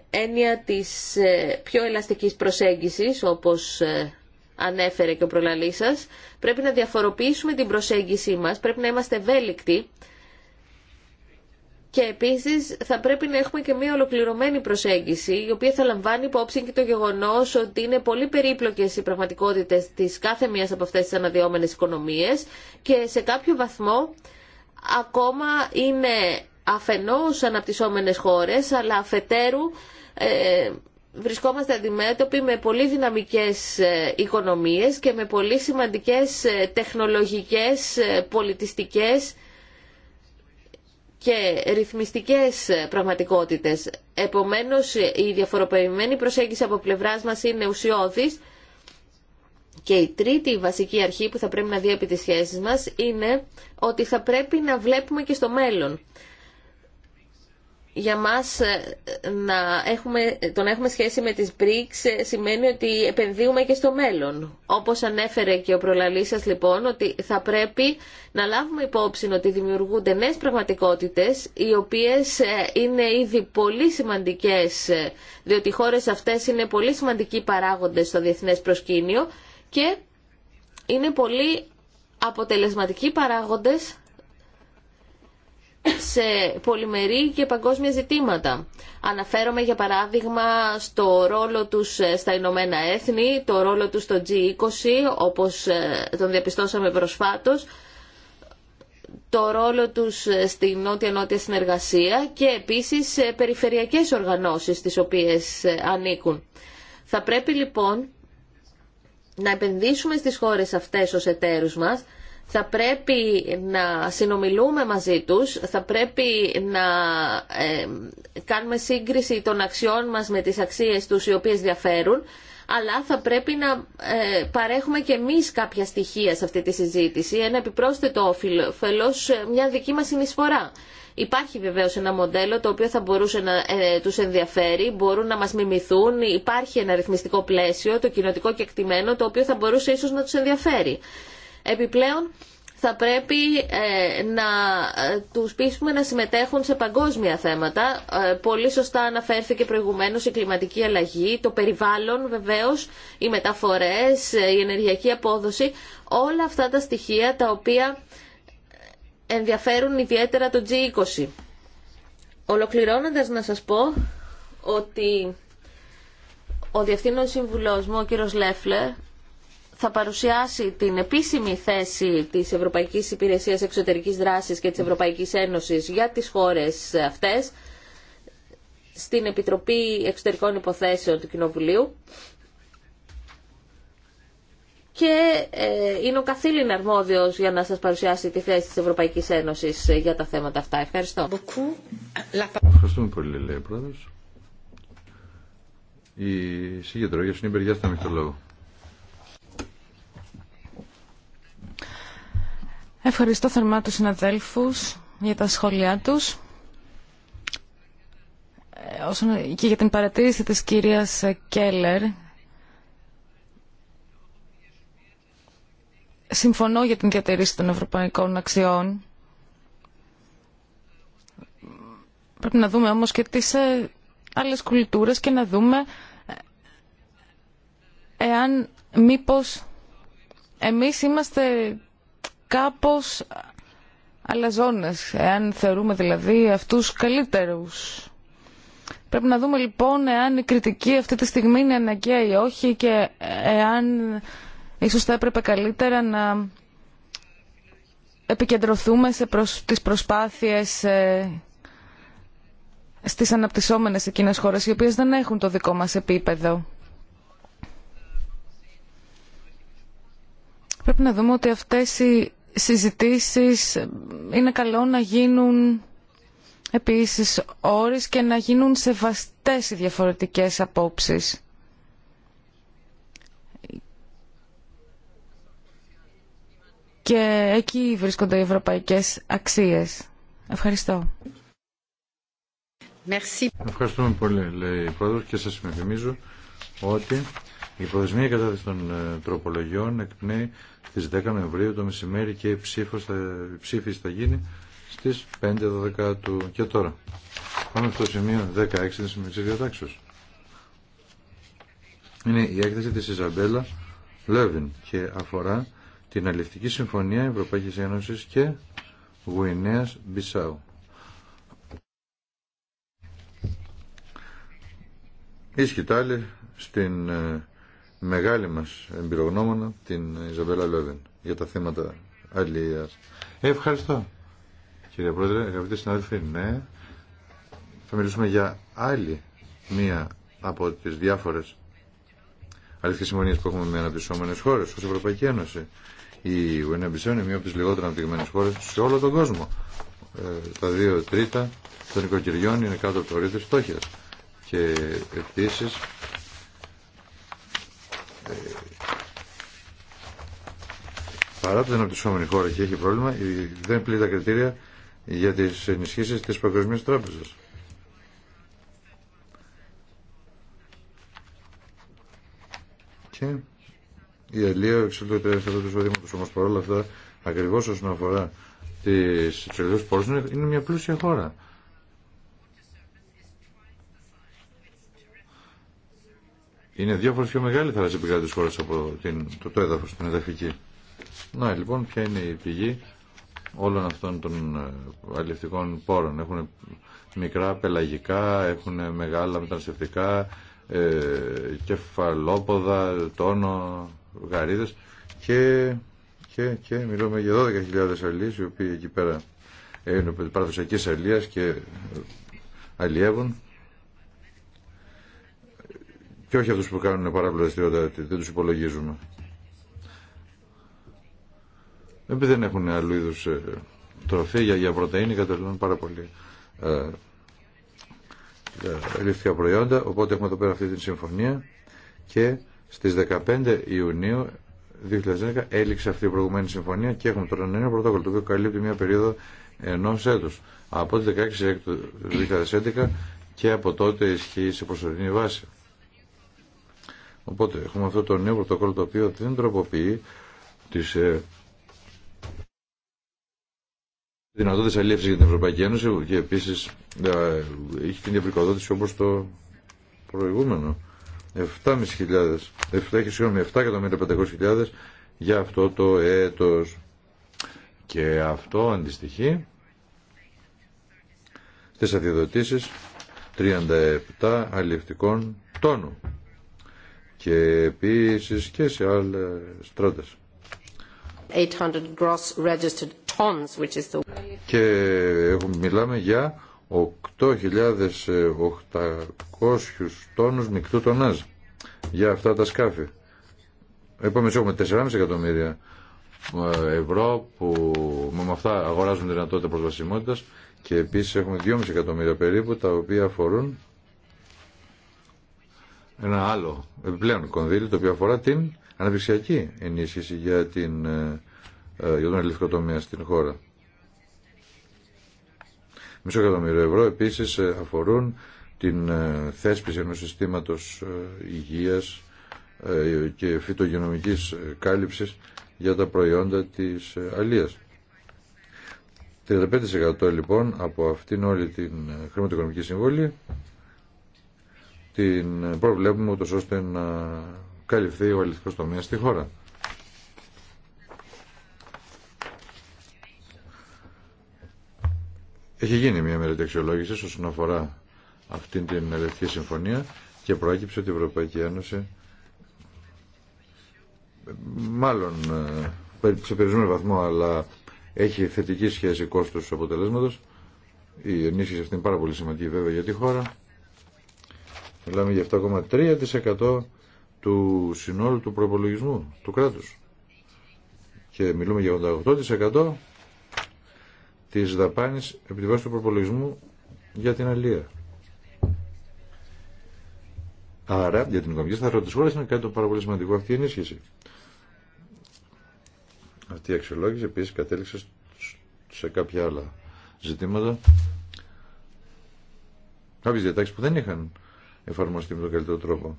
έννοια της πιο ελαστικής προσέγγισης όπως ανέφερε και ο προλαλής σας, πρέπει να διαφοροποιήσουμε την προσέγγιση μας, πρέπει να είμαστε ευέλικτοι και επίσης θα πρέπει να έχουμε και μια ολοκληρωμένη προσέγγιση η οποία θα λαμβάνει υπόψη και το γεγονός ότι είναι πολύ περίπλοκες οι πραγματικότητες της κάθε μίας από αυτές τις αναδυόμενες οικονομίες και σε κάποιο βαθμό ακόμα είναι αφενός αναπτυσσόμενες χώρες αλλά αφετέρου ε, βρισκόμαστε αντιμέτωποι με πολύ δυναμικές ε, οικονομίες και με πολύ σημαντικές ε, τεχνολογικές, ε, πολιτιστικές και ρυθμιστικές πραγματικότητες. Επομένως, η διαφοροποιημένη προσέγγιση από πλευράς μας είναι ουσιώδης και η τρίτη βασική αρχή που θα πρέπει να διέπει τις σχέσεις μας είναι ότι θα πρέπει να βλέπουμε και στο μέλλον για μας ε, να έχουμε, το να έχουμε σχέση με τις BRICS ε, σημαίνει ότι επενδύουμε και στο μέλλον. Όπως ανέφερε και ο προλαλής σας λοιπόν ότι θα πρέπει να λάβουμε υπόψη ότι δημιουργούνται νέες πραγματικότητες οι οποίες ε, είναι ήδη πολύ σημαντικές διότι οι χώρες αυτές είναι πολύ σημαντικοί παράγοντες στο διεθνές προσκήνιο και είναι πολύ αποτελεσματικοί παράγοντες σε πολυμερή και παγκόσμια ζητήματα. Αναφέρομαι για παράδειγμα στο ρόλο τους ε, στα Ηνωμένα Έθνη, το ρόλο τους στο G20 όπως ε, τον διαπιστώσαμε προσφάτως, το ρόλο τους ε, στη νότια-νότια συνεργασία και επίσης σε περιφερειακές οργανώσεις τις οποίες ανήκουν. Θα πρέπει λοιπόν να επενδύσουμε στις χώρες αυτές ως εταίρους μας θα πρέπει να συνομιλούμε μαζί τους, θα πρέπει να ε, κάνουμε σύγκριση των αξιών μας με τις αξίες τους οι οποίες διαφέρουν, αλλά θα πρέπει να ε, παρέχουμε και εμείς κάποια στοιχεία σε αυτή τη συζήτηση, ένα επιπρόσθετο όφελος, ε, μια δική μας συνεισφορά. Υπάρχει βεβαίως ένα μοντέλο το οποίο θα μπορούσε να ε, τους ενδιαφέρει, μπορούν να μας μιμηθούν, υπάρχει ένα ρυθμιστικό πλαίσιο, το κοινοτικό κεκτημένο, το οποίο θα μπορούσε ίσως να τους ενδιαφέρει. Επιπλέον, θα πρέπει ε, να ε, τους πείσουμε να συμμετέχουν σε παγκόσμια θέματα. Ε, πολύ σωστά αναφέρθηκε προηγουμένως η κλιματική αλλαγή, το περιβάλλον βεβαίως, οι μεταφορές, η ενεργειακή απόδοση, όλα αυτά τα στοιχεία τα οποία ενδιαφέρουν ιδιαίτερα το G20. Ολοκληρώνοντας να σας πω ότι ο Διευθύνων Συμβουλός μου, ο κύριος Λέφλερ, θα παρουσιάσει την επίσημη θέση της Ευρωπαϊκής Υπηρεσίας Εξωτερικής Δράσης και της Ευρωπαϊκής Ένωσης για τις χώρες αυτές στην Επιτροπή Εξωτερικών Υποθέσεων του Κοινοβουλίου και ε, είναι ο καθήλυν αρμόδιος για να σας παρουσιάσει τη θέση της Ευρωπαϊκής Ένωσης για τα θέματα αυτά. Ευχαριστώ. Ευχαριστούμε πολύ, λέει Πρόεδρος. Η Ευχαριστώ θερμά τους συναδέλφους για τα σχόλιά τους ε, και για την παρατήρηση της κυρίας Κέλλερ. Συμφωνώ για την διατηρήση των ευρωπαϊκών αξιών. Πρέπει να δούμε όμως και τις ε, άλλες κουλτούρες και να δούμε ε, εάν μήπως εμείς είμαστε κάπως αλαζόνες, εάν θεωρούμε δηλαδή αυτούς καλύτερους. Πρέπει να δούμε λοιπόν εάν η κριτική αυτή τη στιγμή είναι αναγκαία ή όχι και εάν ίσως θα έπρεπε καλύτερα να επικεντρωθούμε σε προς, τις προσπάθειες ε, στις αναπτυσσόμενες εκείνες χώρες οι οποίες δεν έχουν το δικό μας επίπεδο. Πρέπει να δούμε ότι αυτές οι συζητήσεις είναι καλό να γίνουν επίσης όρις και να γίνουν σεβαστές οι διαφορετικές απόψεις. Και εκεί βρίσκονται οι ευρωπαϊκές αξίες. Ευχαριστώ. Ευχαριστούμε πολύ, λέει η Πρόεδρος, και σας υπενθυμίζω ότι η προθεσμία κατάθεση των ε, τροπολογιών εκπνέει στις 10 Νοεμβρίου το μεσημέρι και η, ψήφιση θα γίνει στις 5-12 του. Και τώρα πάμε στο σημείο 16 της σημερινή διατάξεως. Είναι η έκθεση τη Ιζαμπέλα Λέβιν και αφορά την Αλληλευτική Συμφωνία Ευρωπαϊκής Ένωσης και Γουινέας Μπισάου. Η σκητάλη στην ε, μεγάλη μας εμπειρογνώμονα, την Ιζαβέλα Λόβεν, για τα θέματα αλληλείας. Ε, ευχαριστώ. Κύριε Πρόεδρε, αγαπητοί συνάδελφοι, ναι, θα μιλήσουμε για άλλη μία από τις διάφορες αλήθειες συμφωνίες που έχουμε με αναπτυσσόμενες χώρες, ως Ευρωπαϊκή Ένωση. Η Ουενέμπισό είναι μία από τις λιγότερα αναπτυγμένες χώρες σε όλο τον κόσμο. Ε, τα δύο τρίτα των οικοκυριών είναι κάτω από το ορίο της φτώχειας. Και επίσης ε, παρά την αναπτυσσόμενη χώρα και έχει πρόβλημα, δεν πλήττει τα κριτήρια για τις ενισχύσει τη Παγκοσμίας τράπεζα. Και η Αλία εξελίσσεται αυτό του όμως παρόλα αυτά, ακριβώς όσον αφορά τις ψηλούς πόρους, είναι μια πλούσια χώρα. Είναι δύο φορές πιο μεγάλη η θαλάσσια επικράτηση τη από την, το, το έδαφος, την εδαφική. Να λοιπόν, ποια είναι η πηγή όλων αυτών των ε, αλληλευτικών πόρων. Έχουν μικρά πελαγικά, έχουν μεγάλα μεταναστευτικά, ε, κεφαλόποδα, τόνο, γαρίδες και, και, και μιλούμε για 12.000 αλληλείς οι οποίοι εκεί πέρα ε, είναι παραδοσιακή αλληλείας και ε, αλλιεύουν και όχι αυτούς που κάνουν παράπλευρα δραστηριότητα, δεν τους υπολογίζουμε. Επειδή δεν έχουν άλλου είδου ε, τροφή για, για πρωτενη, καταλαβαίνουν πάρα πολύ ε, ε προϊόντα. Οπότε έχουμε εδώ πέρα αυτή τη συμφωνία και στις 15 Ιουνίου 2010 έληξε αυτή η προηγουμένη συμφωνία και έχουμε τώρα ένα νέο πρωτόκολλο το οποίο καλύπτει μια περίοδο ενό έτου. Από το 16 Ιουνίου 2011 και από τότε ισχύει σε προσωρινή βάση. Οπότε έχουμε αυτό το νέο πρωτοκόλλο το οποίο δεν τροποποιεί τις ε, δυνατότητες για την Ευρωπαϊκή Ένωση και επίσης ε, έχει την διαπρικοδότηση όπως το προηγούμενο. 7.500, 7.500.000 για αυτό το έτος. Και αυτό αντιστοιχεί στις αδειοδοτήσεις 37 αλληλευτικών τόνου και επίσης και σε άλλες στρώτες. Και μιλάμε για 8.800 τόνους μεικτού τονάζ για αυτά τα σκάφη. Επομένως έχουμε 4,5 εκατομμύρια ε, ευρώ που με αυτά αγοράζουν δυνατότητα προσβασιμότητας και επίσης έχουμε 2,5 εκατομμύρια περίπου τα οποία αφορούν ένα άλλο επιπλέον κονδύλι το οποίο αφορά την αναπτυξιακή ενίσχυση για, την, ε, ε, για τον στην χώρα. Μισό εκατομμύριο ευρώ επίσης ε, αφορούν την θέσπιση ενός συστήματος υγείας και φυτογενομικής κάλυψης για τα προϊόντα της αλίας. 35% λοιπόν από αυτήν όλη την χρηματοοικονομική συμβολή την προβλέπουμε ούτως ώστε να καλυφθεί ο αληθικός τομέας στη χώρα. Έχει γίνει μια μελέτη αξιολόγηση όσον αφορά αυτήν την ελευθερική συμφωνία και προέκυψε ότι η Ευρωπαϊκή Ένωση μάλλον ε, σε περιορισμένο βαθμό αλλά έχει θετική σχέση σχέση αποτελέσματος η ενίσχυση αυτή είναι πάρα πολύ σημαντική βέβαια για τη χώρα Μιλάμε για 7,3% του συνόλου του προπολογισμού του κράτους. Και μιλούμε για 88% της δαπάνης επί τη βάση του προπολογισμού για την αλία. Άρα, για την οικονομική σταθερότητα τη χώρα είναι κάτι το πάρα πολύ σημαντικό αυτή η ενίσχυση. Αυτή η αξιολόγηση επίση κατέληξε σε κάποια άλλα ζητήματα. κάποιες διατάξει που δεν είχαν εφαρμοστεί με τον καλύτερο τρόπο.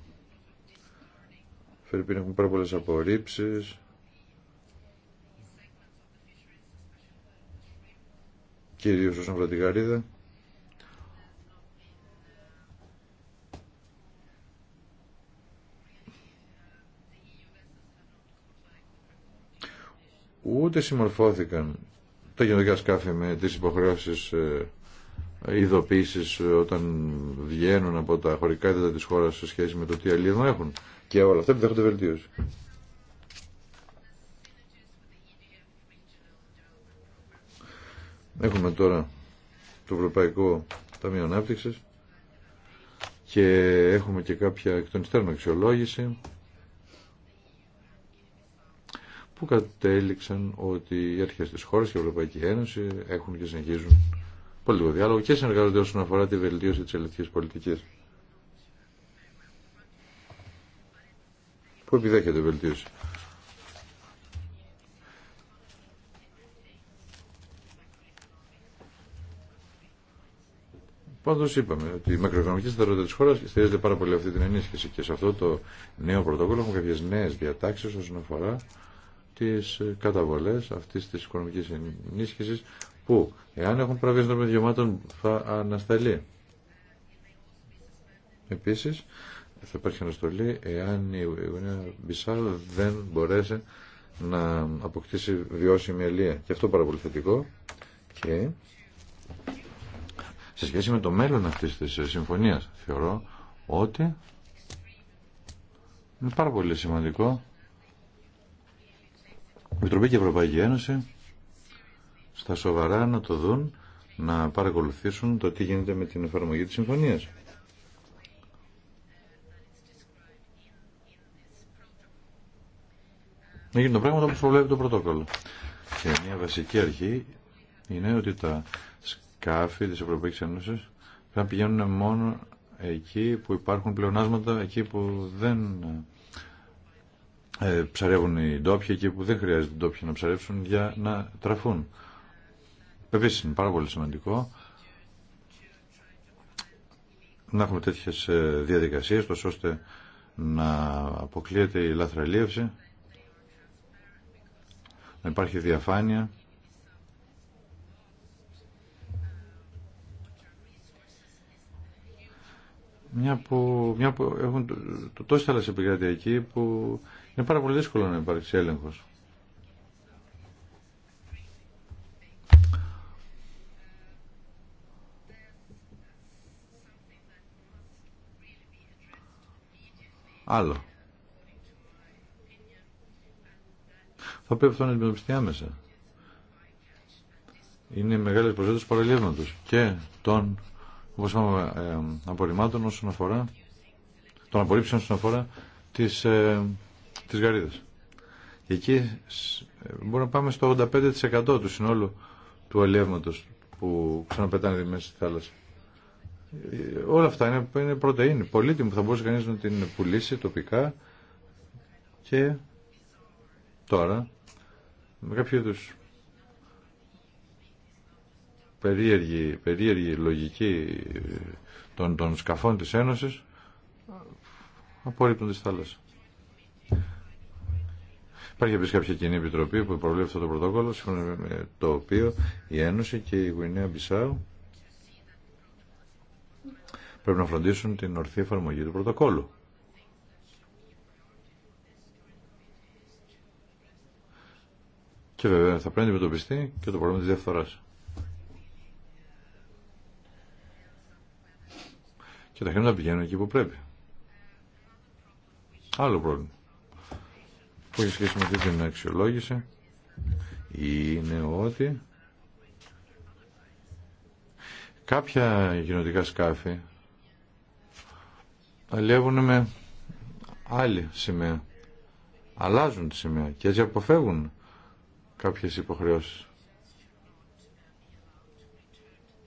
Φερρυπίν έχουμε πάρα πολλές απορρίψεις. Κυρίως όσον αφορά τη γαρίδα. Ούτε συμμορφώθηκαν τα γενικά σκάφη με τις υποχρεώσεις ε, ειδοποίησει όταν βγαίνουν από τα χωρικά έδρα της χώρας σε σχέση με το τι αλλήλων έχουν. Και όλα αυτά επιδέχονται βελτίωση. Έχουμε τώρα το Ευρωπαϊκό Ταμείο Ανάπτυξη και έχουμε και κάποια εκ των υστέρων αξιολόγηση που κατέληξαν ότι οι αρχές της χώρας και η Ευρωπαϊκή Ένωση έχουν και συνεχίζουν πολιτικό διάλογο και συνεργάζονται όσον αφορά τη βελτίωση της ελληνικής πολιτικής. Που επιδέχεται βελτίωση. Πάντω είπαμε ότι η μακροοικονομική σταθερότητα τη χώρα στηρίζεται πάρα πολύ αυτή την ενίσχυση και σε αυτό το νέο πρωτόκολλο έχουμε κάποιε νέε διατάξει όσον αφορά τι καταβολέ αυτή τη οικονομική ενίσχυση που εάν έχουν παραβίαση των δικαιωμάτων θα ανασταλεί. Επίσης θα υπάρχει αναστολή εάν η γωνία Μπισάου δεν μπορέσει να αποκτήσει βιώσιμη ελεία. Και αυτό πάρα πολύ θετικό. Και σε σχέση με το μέλλον αυτή τη συμφωνίας θεωρώ ότι είναι πάρα πολύ σημαντικό και η Ευρωπαϊκή Ένωση στα σοβαρά να το δουν, να παρακολουθήσουν το τι γίνεται με την εφαρμογή της συμφωνίας. Να γίνουν πράγματα όπως προβλέπει το πρωτόκολλο. Και μια βασική αρχή είναι ότι τα σκάφη της Ευρωπαϊκής Ένωσης θα πηγαίνουν μόνο εκεί που υπάρχουν πλεονάσματα, εκεί που δεν ε, ψαρεύουν οι ντόπιοι, εκεί που δεν χρειάζεται οι ντόπιοι να ψαρεύσουν για να τραφούν. Επίσης είναι πάρα πολύ σημαντικό να έχουμε τέτοιες ε, διαδικασίες ώστε να αποκλείεται η λαθραλίευση να υπάρχει διαφάνεια μια που, μια που έχουν τόση θάλασσα επικρατεία εκεί που είναι πάρα πολύ δύσκολο να υπάρξει έλεγχος. άλλο. Θα πρέπει αυτό να αντιμετωπιστεί άμεσα. Είναι μεγάλες προσέντες παραλίευματος και των όπως είπαμε, όσον αφορά των απορρίψεων όσον αφορά τις, ε, τις γαρίδες. Εκεί μπορούμε να πάμε στο 85% του συνόλου του ελεύματος που ξαναπετάνε μέσα στη θάλασσα. Όλα αυτά είναι, είναι πρωτεΐνη, πολύτιμη που θα μπορούσε κανείς να την πουλήσει τοπικά και τώρα με κάποιο είδου περίεργη, λογική των, των σκαφών της Ένωσης απορρίπτουν τη θάλασσες. Υπάρχει επίση κάποια κοινή επιτροπή που προβλέπει αυτό το πρωτόκολλο, σύμφωνα με το οποίο η Ένωση και η Γουινέα Μπισάου πρέπει να φροντίσουν την ορθή εφαρμογή του πρωτοκόλου. Και βέβαια θα πρέπει να αντιμετωπιστεί και το πρόβλημα τη διαφθοράς. Και τα χρήματα πηγαίνουν εκεί που πρέπει. Άλλο πρόβλημα που έχει σχέση με αυτή την αξιολόγηση είναι ότι κάποια γενοτικά σκάφη αλλιεύουν με άλλη σημαία. Αλλάζουν τη σημαία και έτσι αποφεύγουν κάποιες υποχρεώσεις.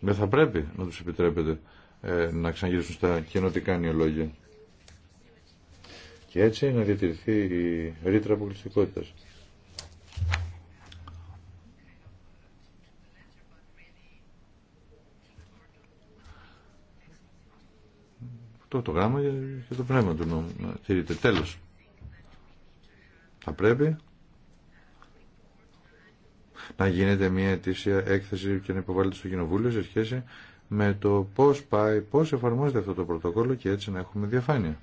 Δεν θα πρέπει να τους επιτρέπεται ε, να ξαναγυρίσουν στα κοινωτικά νεολόγια. Και έτσι να διατηρηθεί η ρήτρα αποκλειστικότητας. αυτό το γράμμα και το πνεύμα του νόμου να τηρείται. Τέλος. Θα πρέπει να γίνεται μια αιτήσια έκθεση και να υποβάλλεται στο Κοινοβούλιο σε σχέση με το πώς πάει, πώς εφαρμόζεται αυτό το πρωτοκόλλο και έτσι να έχουμε διαφάνεια.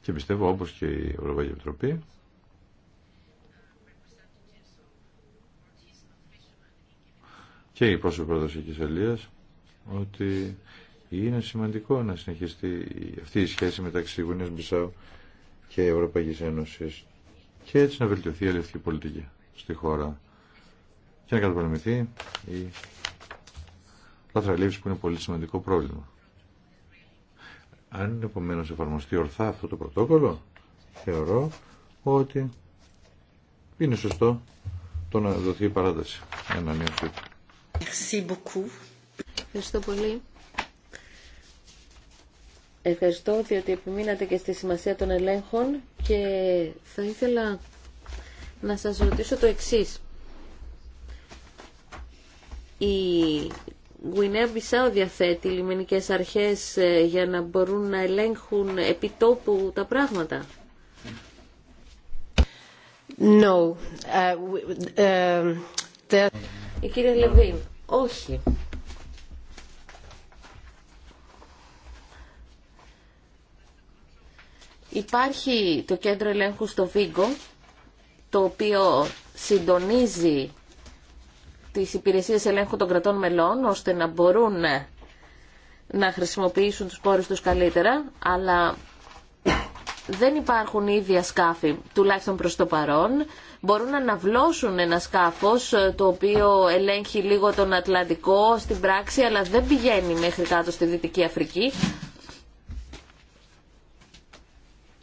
Και πιστεύω όπως και η Ευρωπαϊκή Επιτροπή και η Πρόσωπη της Αλίας ότι είναι σημαντικό να συνεχιστεί αυτή η σχέση μεταξύ Γουνίας Μπισάου και Ευρωπαϊκής Ένωσης και έτσι να βελτιωθεί η αλληλευτική πολιτική στη χώρα και να καταπολεμηθεί η λαθραλήψη που είναι πολύ σημαντικό πρόβλημα. Αν επομένως εφαρμοστεί ορθά αυτό το πρωτόκολλο, θεωρώ ότι είναι σωστό το να δοθεί η παράταση. Ευχαριστώ πολύ. Ευχαριστώ διότι επιμείνατε και στη σημασία των ελέγχων και θα ήθελα να σας ρωτήσω το εξής. Η Γουινέα Μπισάου διαθέτει λιμενικές αρχές ε, για να μπορούν να ελέγχουν επί τόπου τα πράγματα. No. Uh, Η κυρία Λεβίν, όχι. Υπάρχει το κέντρο ελέγχου στο Βίγκο, το οποίο συντονίζει τις υπηρεσίες ελέγχου των κρατών μελών, ώστε να μπορούν να χρησιμοποιήσουν τους πόρους τους καλύτερα, αλλά δεν υπάρχουν ίδια σκάφη, τουλάχιστον προς το παρόν. Μπορούν να αναβλώσουν ένα σκάφος ε, το οποίο ελέγχει λίγο τον Ατλαντικό στην πράξη αλλά δεν πηγαίνει μέχρι κάτω στη Δυτική Αφρική.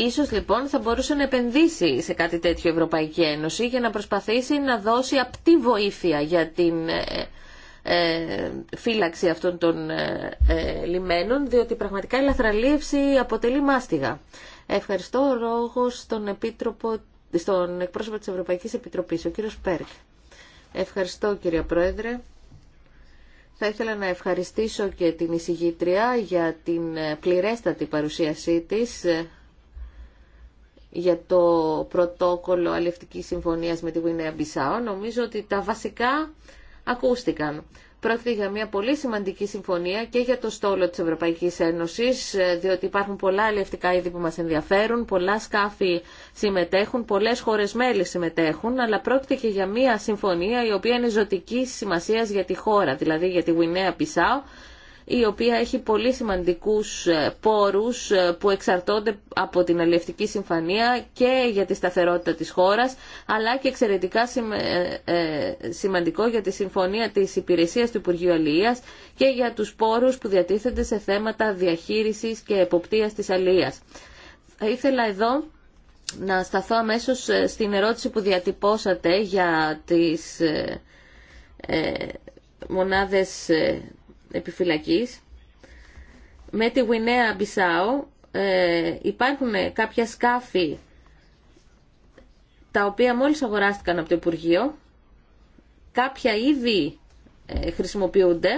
Ίσως λοιπόν θα μπορούσε να επενδύσει σε κάτι τέτοιο η Ευρωπαϊκή Ένωση για να προσπαθήσει να δώσει απτή βοήθεια για την ε, ε, φύλαξη αυτών των ε, λιμένων, διότι πραγματικά η λαθραλίευση αποτελεί μάστιγα. Ευχαριστώ ρόγο στον, επίτροπο, στον εκπρόσωπο της Ευρωπαϊκής Επιτροπής, ο κύριος Πέρκ. Ευχαριστώ κύριε Πρόεδρε. Θα ήθελα να ευχαριστήσω και την εισηγήτρια για την πληρέστατη παρουσίασή της για το πρωτόκολλο αλληλευτικής συμφωνίας με τη βουινεα Μπισάο. Νομίζω ότι τα βασικά ακούστηκαν. Πρόκειται για μια πολύ σημαντική συμφωνία και για το στόλο της Ευρωπαϊκής Ένωσης, ε, διότι υπάρχουν πολλά αλληλευτικά είδη που μας ενδιαφέρουν, πολλά σκάφη συμμετέχουν, πολλές χώρες μέλη συμμετέχουν, αλλά πρόκειται και για μια συμφωνία η οποία είναι ζωτική σημασία για τη χώρα, δηλαδή για τη βουινεα Πισάο, η οποία έχει πολύ σημαντικούς ε, πόρους ε, που εξαρτώνται από την αλληλευτική συμφωνία και για τη σταθερότητα της χώρας, αλλά και εξαιρετικά ε, σημαντικό για τη συμφωνία της υπηρεσίας του Υπουργείου Αλληλείας και για τους πόρους που διατίθενται σε θέματα διαχείρισης και εποπτείας της αλληλείας. Ήθελα εδώ να σταθώ αμέσως στην ερώτηση που διατυπώσατε για τις μονάδες επιφυλακής. Με τη Γουινέα Μπισάου ε, υπάρχουν κάποια σκάφη τα οποία μόλις αγοράστηκαν από το Υπουργείο. Κάποια ήδη ε, χρησιμοποιούνται.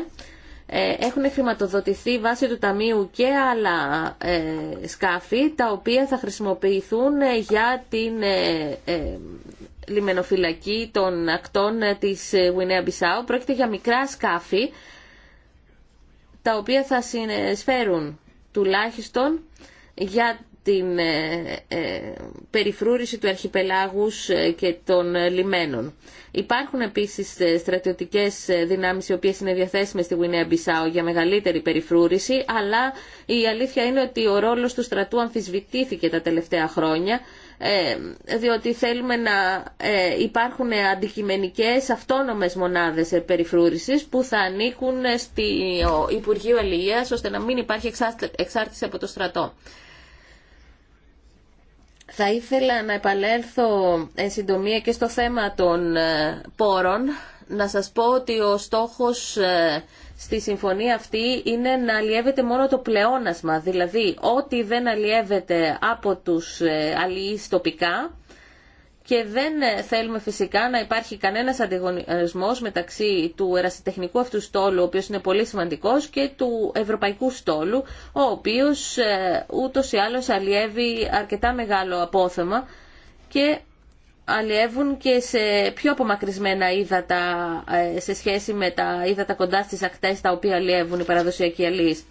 Ε, έχουν χρηματοδοτηθεί βάσει του Ταμείου και άλλα ε, σκάφη τα οποία θα χρησιμοποιηθούν για την λιμενοφυλακή των ακτών της Γουινέα Μπισάου. Πρόκειται για μικρά σκάφη τα οποία θα συνεισφέρουν τουλάχιστον για την ε, ε, περιφρούρηση του αρχιπελάγους ε, και των λιμένων. Υπάρχουν επίσης στρατιωτικές δυνάμεις οι οποίες είναι διαθέσιμες στη Γουινέα Μπισάου για μεγαλύτερη περιφρούρηση αλλά η αλήθεια είναι ότι ο ρόλος του στρατού αμφισβητήθηκε τα τελευταία χρόνια ε, διότι θέλουμε να ε, υπάρχουν αντικειμενικές αυτόνομες μονάδες περιφρούρησης που θα ανήκουν στη Υπουργείο Αλληλείας ώστε να μην υπάρχει εξάρτηση από το στρατό. Θα ήθελα να επαλέλθω εν συντομία και στο θέμα των ε, πόρων. Να σας πω ότι ο στόχος στη συμφωνία αυτή είναι να αλλιεύεται μόνο το πλεόνασμα, δηλαδή ό,τι δεν αλλιεύεται από τους ε, αλληλείς τοπικά και δεν ε, θέλουμε φυσικά να υπάρχει κανένας αντιγωνισμός μεταξύ του ερασιτεχνικού αυτού στόλου, ο οποίος είναι πολύ σημαντικός, και του ευρωπαϊκού στόλου, ο οποίος ε, ούτως ή άλλως αλλιεύει αρκετά μεγάλο απόθεμα και αλλιεύουν και σε πιο απομακρυσμένα ύδατα ε, σε σχέση με τα ύδατα κοντά στις ακτές τα οποία αλλιεύουν οι παραδοσιακοί αλλοίς.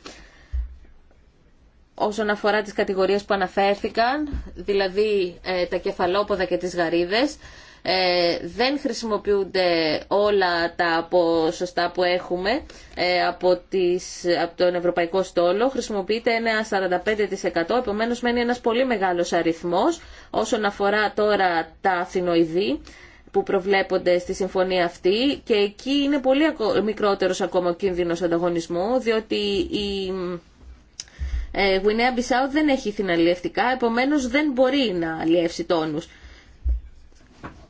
Όσον αφορά τις κατηγορίες που αναφέρθηκαν, δηλαδή ε, τα κεφαλόποδα και τις γαρίδες, ε, δεν χρησιμοποιούνται όλα τα ποσοστά που έχουμε ε, από, τις, από τον Ευρωπαϊκό Στόλο. Χρησιμοποιείται ένα 45%, επομένως μένει ένας πολύ μεγάλος αριθμός όσον αφορά τώρα τα αθηνοειδή που προβλέπονται στη συμφωνία αυτή και εκεί είναι πολύ μικρότερος ακόμα ο κίνδυνος ανταγωνισμού διότι η ε, Γουινέα Μπισάου δεν έχει θυναλιευτικά, επομένως δεν μπορεί να αλλιεύσει τόνους.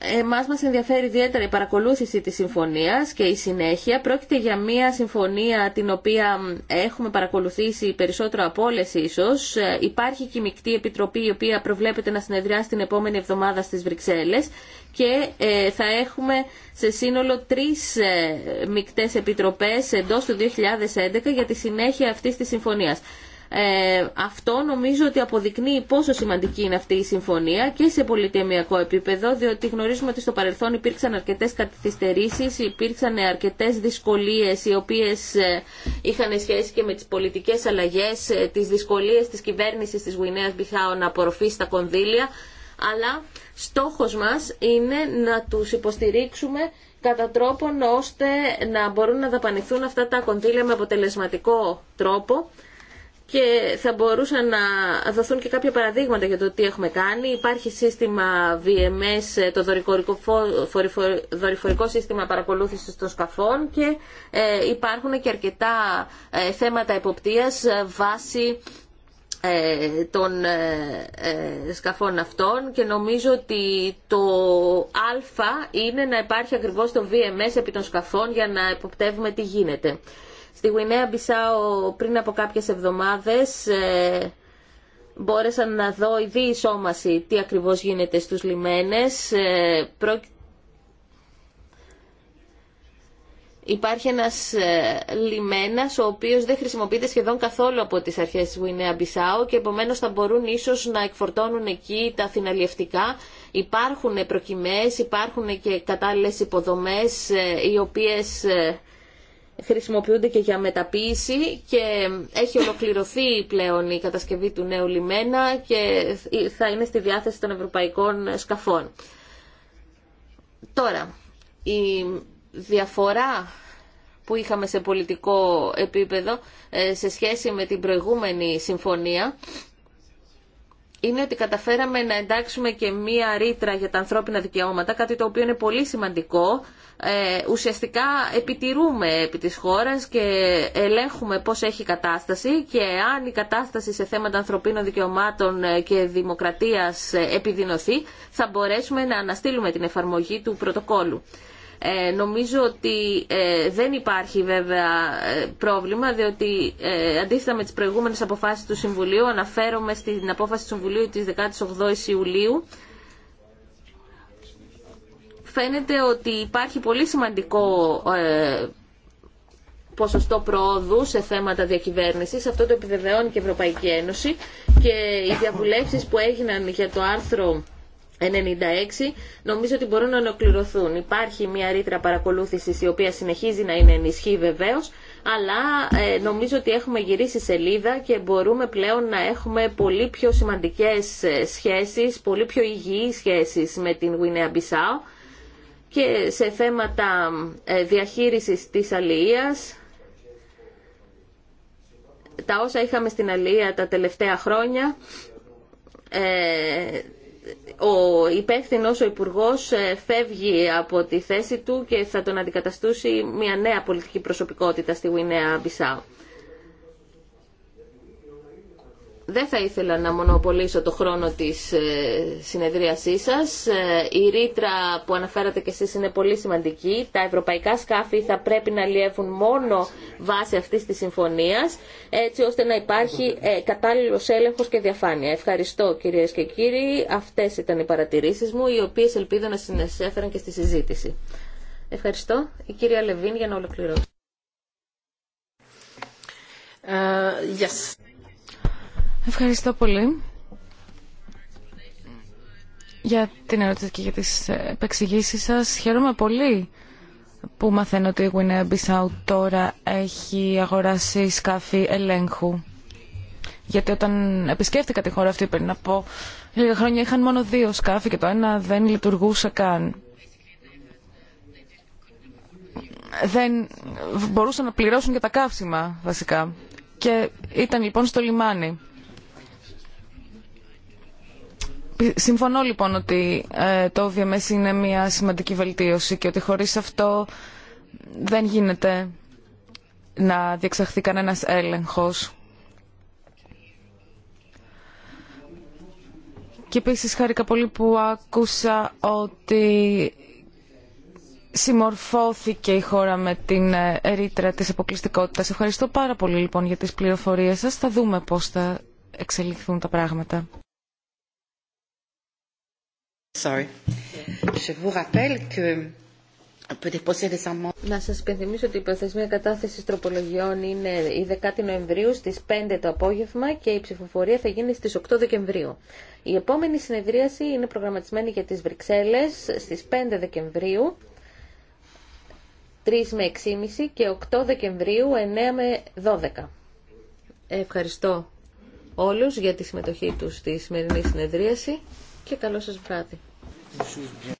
Εμάς μας ενδιαφέρει ιδιαίτερα η παρακολούθηση της συμφωνίας και η συνέχεια. Πρόκειται για μια συμφωνία την οποία έχουμε παρακολουθήσει περισσότερο από όλε ίσω. Ε, υπάρχει και η μεικτή Επιτροπή η οποία προβλέπεται να συνεδριάσει την επόμενη εβδομάδα στις Βρυξέλλες και ε, θα έχουμε σε σύνολο τρεις ε, μεικτέ επιτροπέ εντό του 2011 για τη συνέχεια αυτή τη συμφωνία. Ε, αυτό νομίζω ότι αποδεικνύει πόσο σημαντική είναι αυτή η συμφωνία και σε πολυτεμιακό επίπεδο, διότι γνωρίζουμε ότι στο παρελθόν υπήρξαν αρκετέ καθυστερήσει, υπήρξαν αρκετέ δυσκολίε οι οποίε ε, είχαν σχέση και με τι πολιτικέ αλλαγέ, ε, τι δυσκολίε τη κυβέρνηση τη Γουινέα Μπιχάου να απορροφήσει τα κονδύλια. Αλλά στόχος μας είναι να τους υποστηρίξουμε κατά τρόπον ώστε να μπορούν να δαπανηθούν αυτά τα κονδύλια με αποτελεσματικό τρόπο και θα μπορούσαν να δοθούν και κάποια παραδείγματα για το τι έχουμε κάνει. Υπάρχει σύστημα VMS, το δορυφορικό σύστημα παρακολούθησης των σκαφών και ε, υπάρχουν και αρκετά ε, θέματα εποπτείας ε, βάσει των σκαφών αυτών και νομίζω ότι το α είναι να υπάρχει ακριβώς το VMS επί των σκαφών για να εποπτεύουμε τι γίνεται. Στη Γουινέα Μπισάο πριν από κάποιες εβδομάδες ε, μπόρεσαν να δω η διεισόμαση τι ακριβώς γίνεται στους λιμένες. Ε, Υπάρχει ένας ε, λιμένας ο οποίος δεν χρησιμοποιείται σχεδόν καθόλου από τις αρχές της Γουινέα Μπισάου και επομένως θα μπορούν ίσως να εκφορτώνουν εκεί τα θυναλιευτικά. Υπάρχουν προκυμές, υπάρχουν και κατάλληλες υποδομές οι οποίες χρησιμοποιούνται και για μεταποίηση και έχει ολοκληρωθεί πλέον η κατασκευή του νέου λιμένα και θα είναι στη διάθεση των ευρωπαϊκών σκαφών. Τώρα, η διαφορά που είχαμε σε πολιτικό επίπεδο ε, σε σχέση με την προηγούμενη συμφωνία είναι ότι καταφέραμε να εντάξουμε και μία ρήτρα για τα ανθρώπινα δικαιώματα, κάτι το οποίο είναι πολύ σημαντικό ε, ουσιαστικά επιτηρούμε επί της χώρας και ελέγχουμε πώς έχει κατάσταση και αν η κατάσταση σε θέματα ανθρωπίνων δικαιωμάτων ε, και δημοκρατίας ε, επιδεινωθεί θα μπορέσουμε να αναστείλουμε την εφαρμογή του πρωτοκόλου. Ε, νομίζω ότι δεν υπάρχει βέβαια πρόβλημα διότι αντίθετα με τις προηγούμενες αποφάσεις του Συμβουλίου αναφέρομαι στην απόφαση του Συμβουλίου της 18 Ιουλίου φαίνεται ότι υπάρχει πολύ σημαντικό ε, ποσοστό προόδου σε θέματα διακυβέρνησης. Αυτό το επιβεβαιώνει και η Ευρωπαϊκή Ένωση και οι διαβουλεύσεις που έγιναν για το άρθρο 96 νομίζω ότι μπορούν να ολοκληρωθούν. Υπάρχει μια ρήτρα παρακολούθησης η οποία συνεχίζει να είναι ενισχύ βεβαίως αλλά ε, νομίζω ότι έχουμε γυρίσει σελίδα και μπορούμε πλέον να έχουμε πολύ πιο σημαντικές ε, σχέσεις, πολύ πιο υγιείς σχέσεις με την Γουινέα Μπισάου και σε θέματα ε, διαχείρισης της αλληλείας, τα όσα είχαμε στην αλληλεία τα τελευταία χρόνια, ε, ο υπεύθυνο, ο Υπουργός ε, φεύγει από τη θέση του και θα τον αντικαταστούσει μια νέα πολιτική προσωπικότητα στη Γουινέα Μπισάου. Δεν θα ήθελα να μονοπολίσω το χρόνο της ε, συνεδρίασής σας. Ε, η ρήτρα που αναφέρατε και εσείς είναι πολύ σημαντική. Τα ευρωπαϊκά σκάφη θα πρέπει να λιεύουν μόνο βάσει αυτής της συμφωνίας, έτσι ώστε να υπάρχει ε, κατάλληλος έλεγχος και διαφάνεια. Ευχαριστώ κυρίες και κύριοι. Αυτές ήταν οι παρατηρήσεις μου, οι οποίες ελπίζω να συνεισέφεραν και στη συζήτηση. Ευχαριστώ. Η κυρία Λεβίν για να ολοκληρώσει. Uh, yes. Ευχαριστώ πολύ για την ερώτηση και για τις επεξηγήσεις σας. Χαίρομαι πολύ που μαθαίνω ότι η Γουινέα Μπισάου τώρα έχει αγοράσει σκάφη ελέγχου. Γιατί όταν επισκέφτηκα τη χώρα αυτή πριν από λίγα χρόνια είχαν μόνο δύο σκάφη και το ένα δεν λειτουργούσε καν. Δεν μπορούσαν να πληρώσουν και τα καύσιμα βασικά. Και ήταν λοιπόν στο λιμάνι. Συμφωνώ λοιπόν ότι ε, το OVMS είναι μια σημαντική βελτίωση και ότι χωρίς αυτό δεν γίνεται να διεξαχθεί κανένας έλεγχος. Και επίσης χάρηκα πολύ που άκουσα ότι συμμορφώθηκε η χώρα με την ε, ερήτρα της αποκλειστικότητας. Ευχαριστώ πάρα πολύ λοιπόν για τις πληροφορίες σας. Θα δούμε πώς θα εξελιχθούν τα πράγματα. Να σα υπενθυμίσω ότι η προθεσμία κατάθεσης τροπολογιών είναι η 10η Νοεμβρίου στι 5 το απόγευμα και η ψηφοφορία θα γίνει στι 8 Δεκεμβρίου. Η επόμενη συνεδρίαση είναι προγραμματισμένη για τι Βρυξέλλες στι 5 Δεκεμβρίου 3 με 6.30 και 8 Δεκεμβρίου 9 με 12. Ευχαριστώ όλους για τη συμμετοχή τους στη σημερινή συνεδρίαση και καλό σας βράδυ. Είναι σωστό.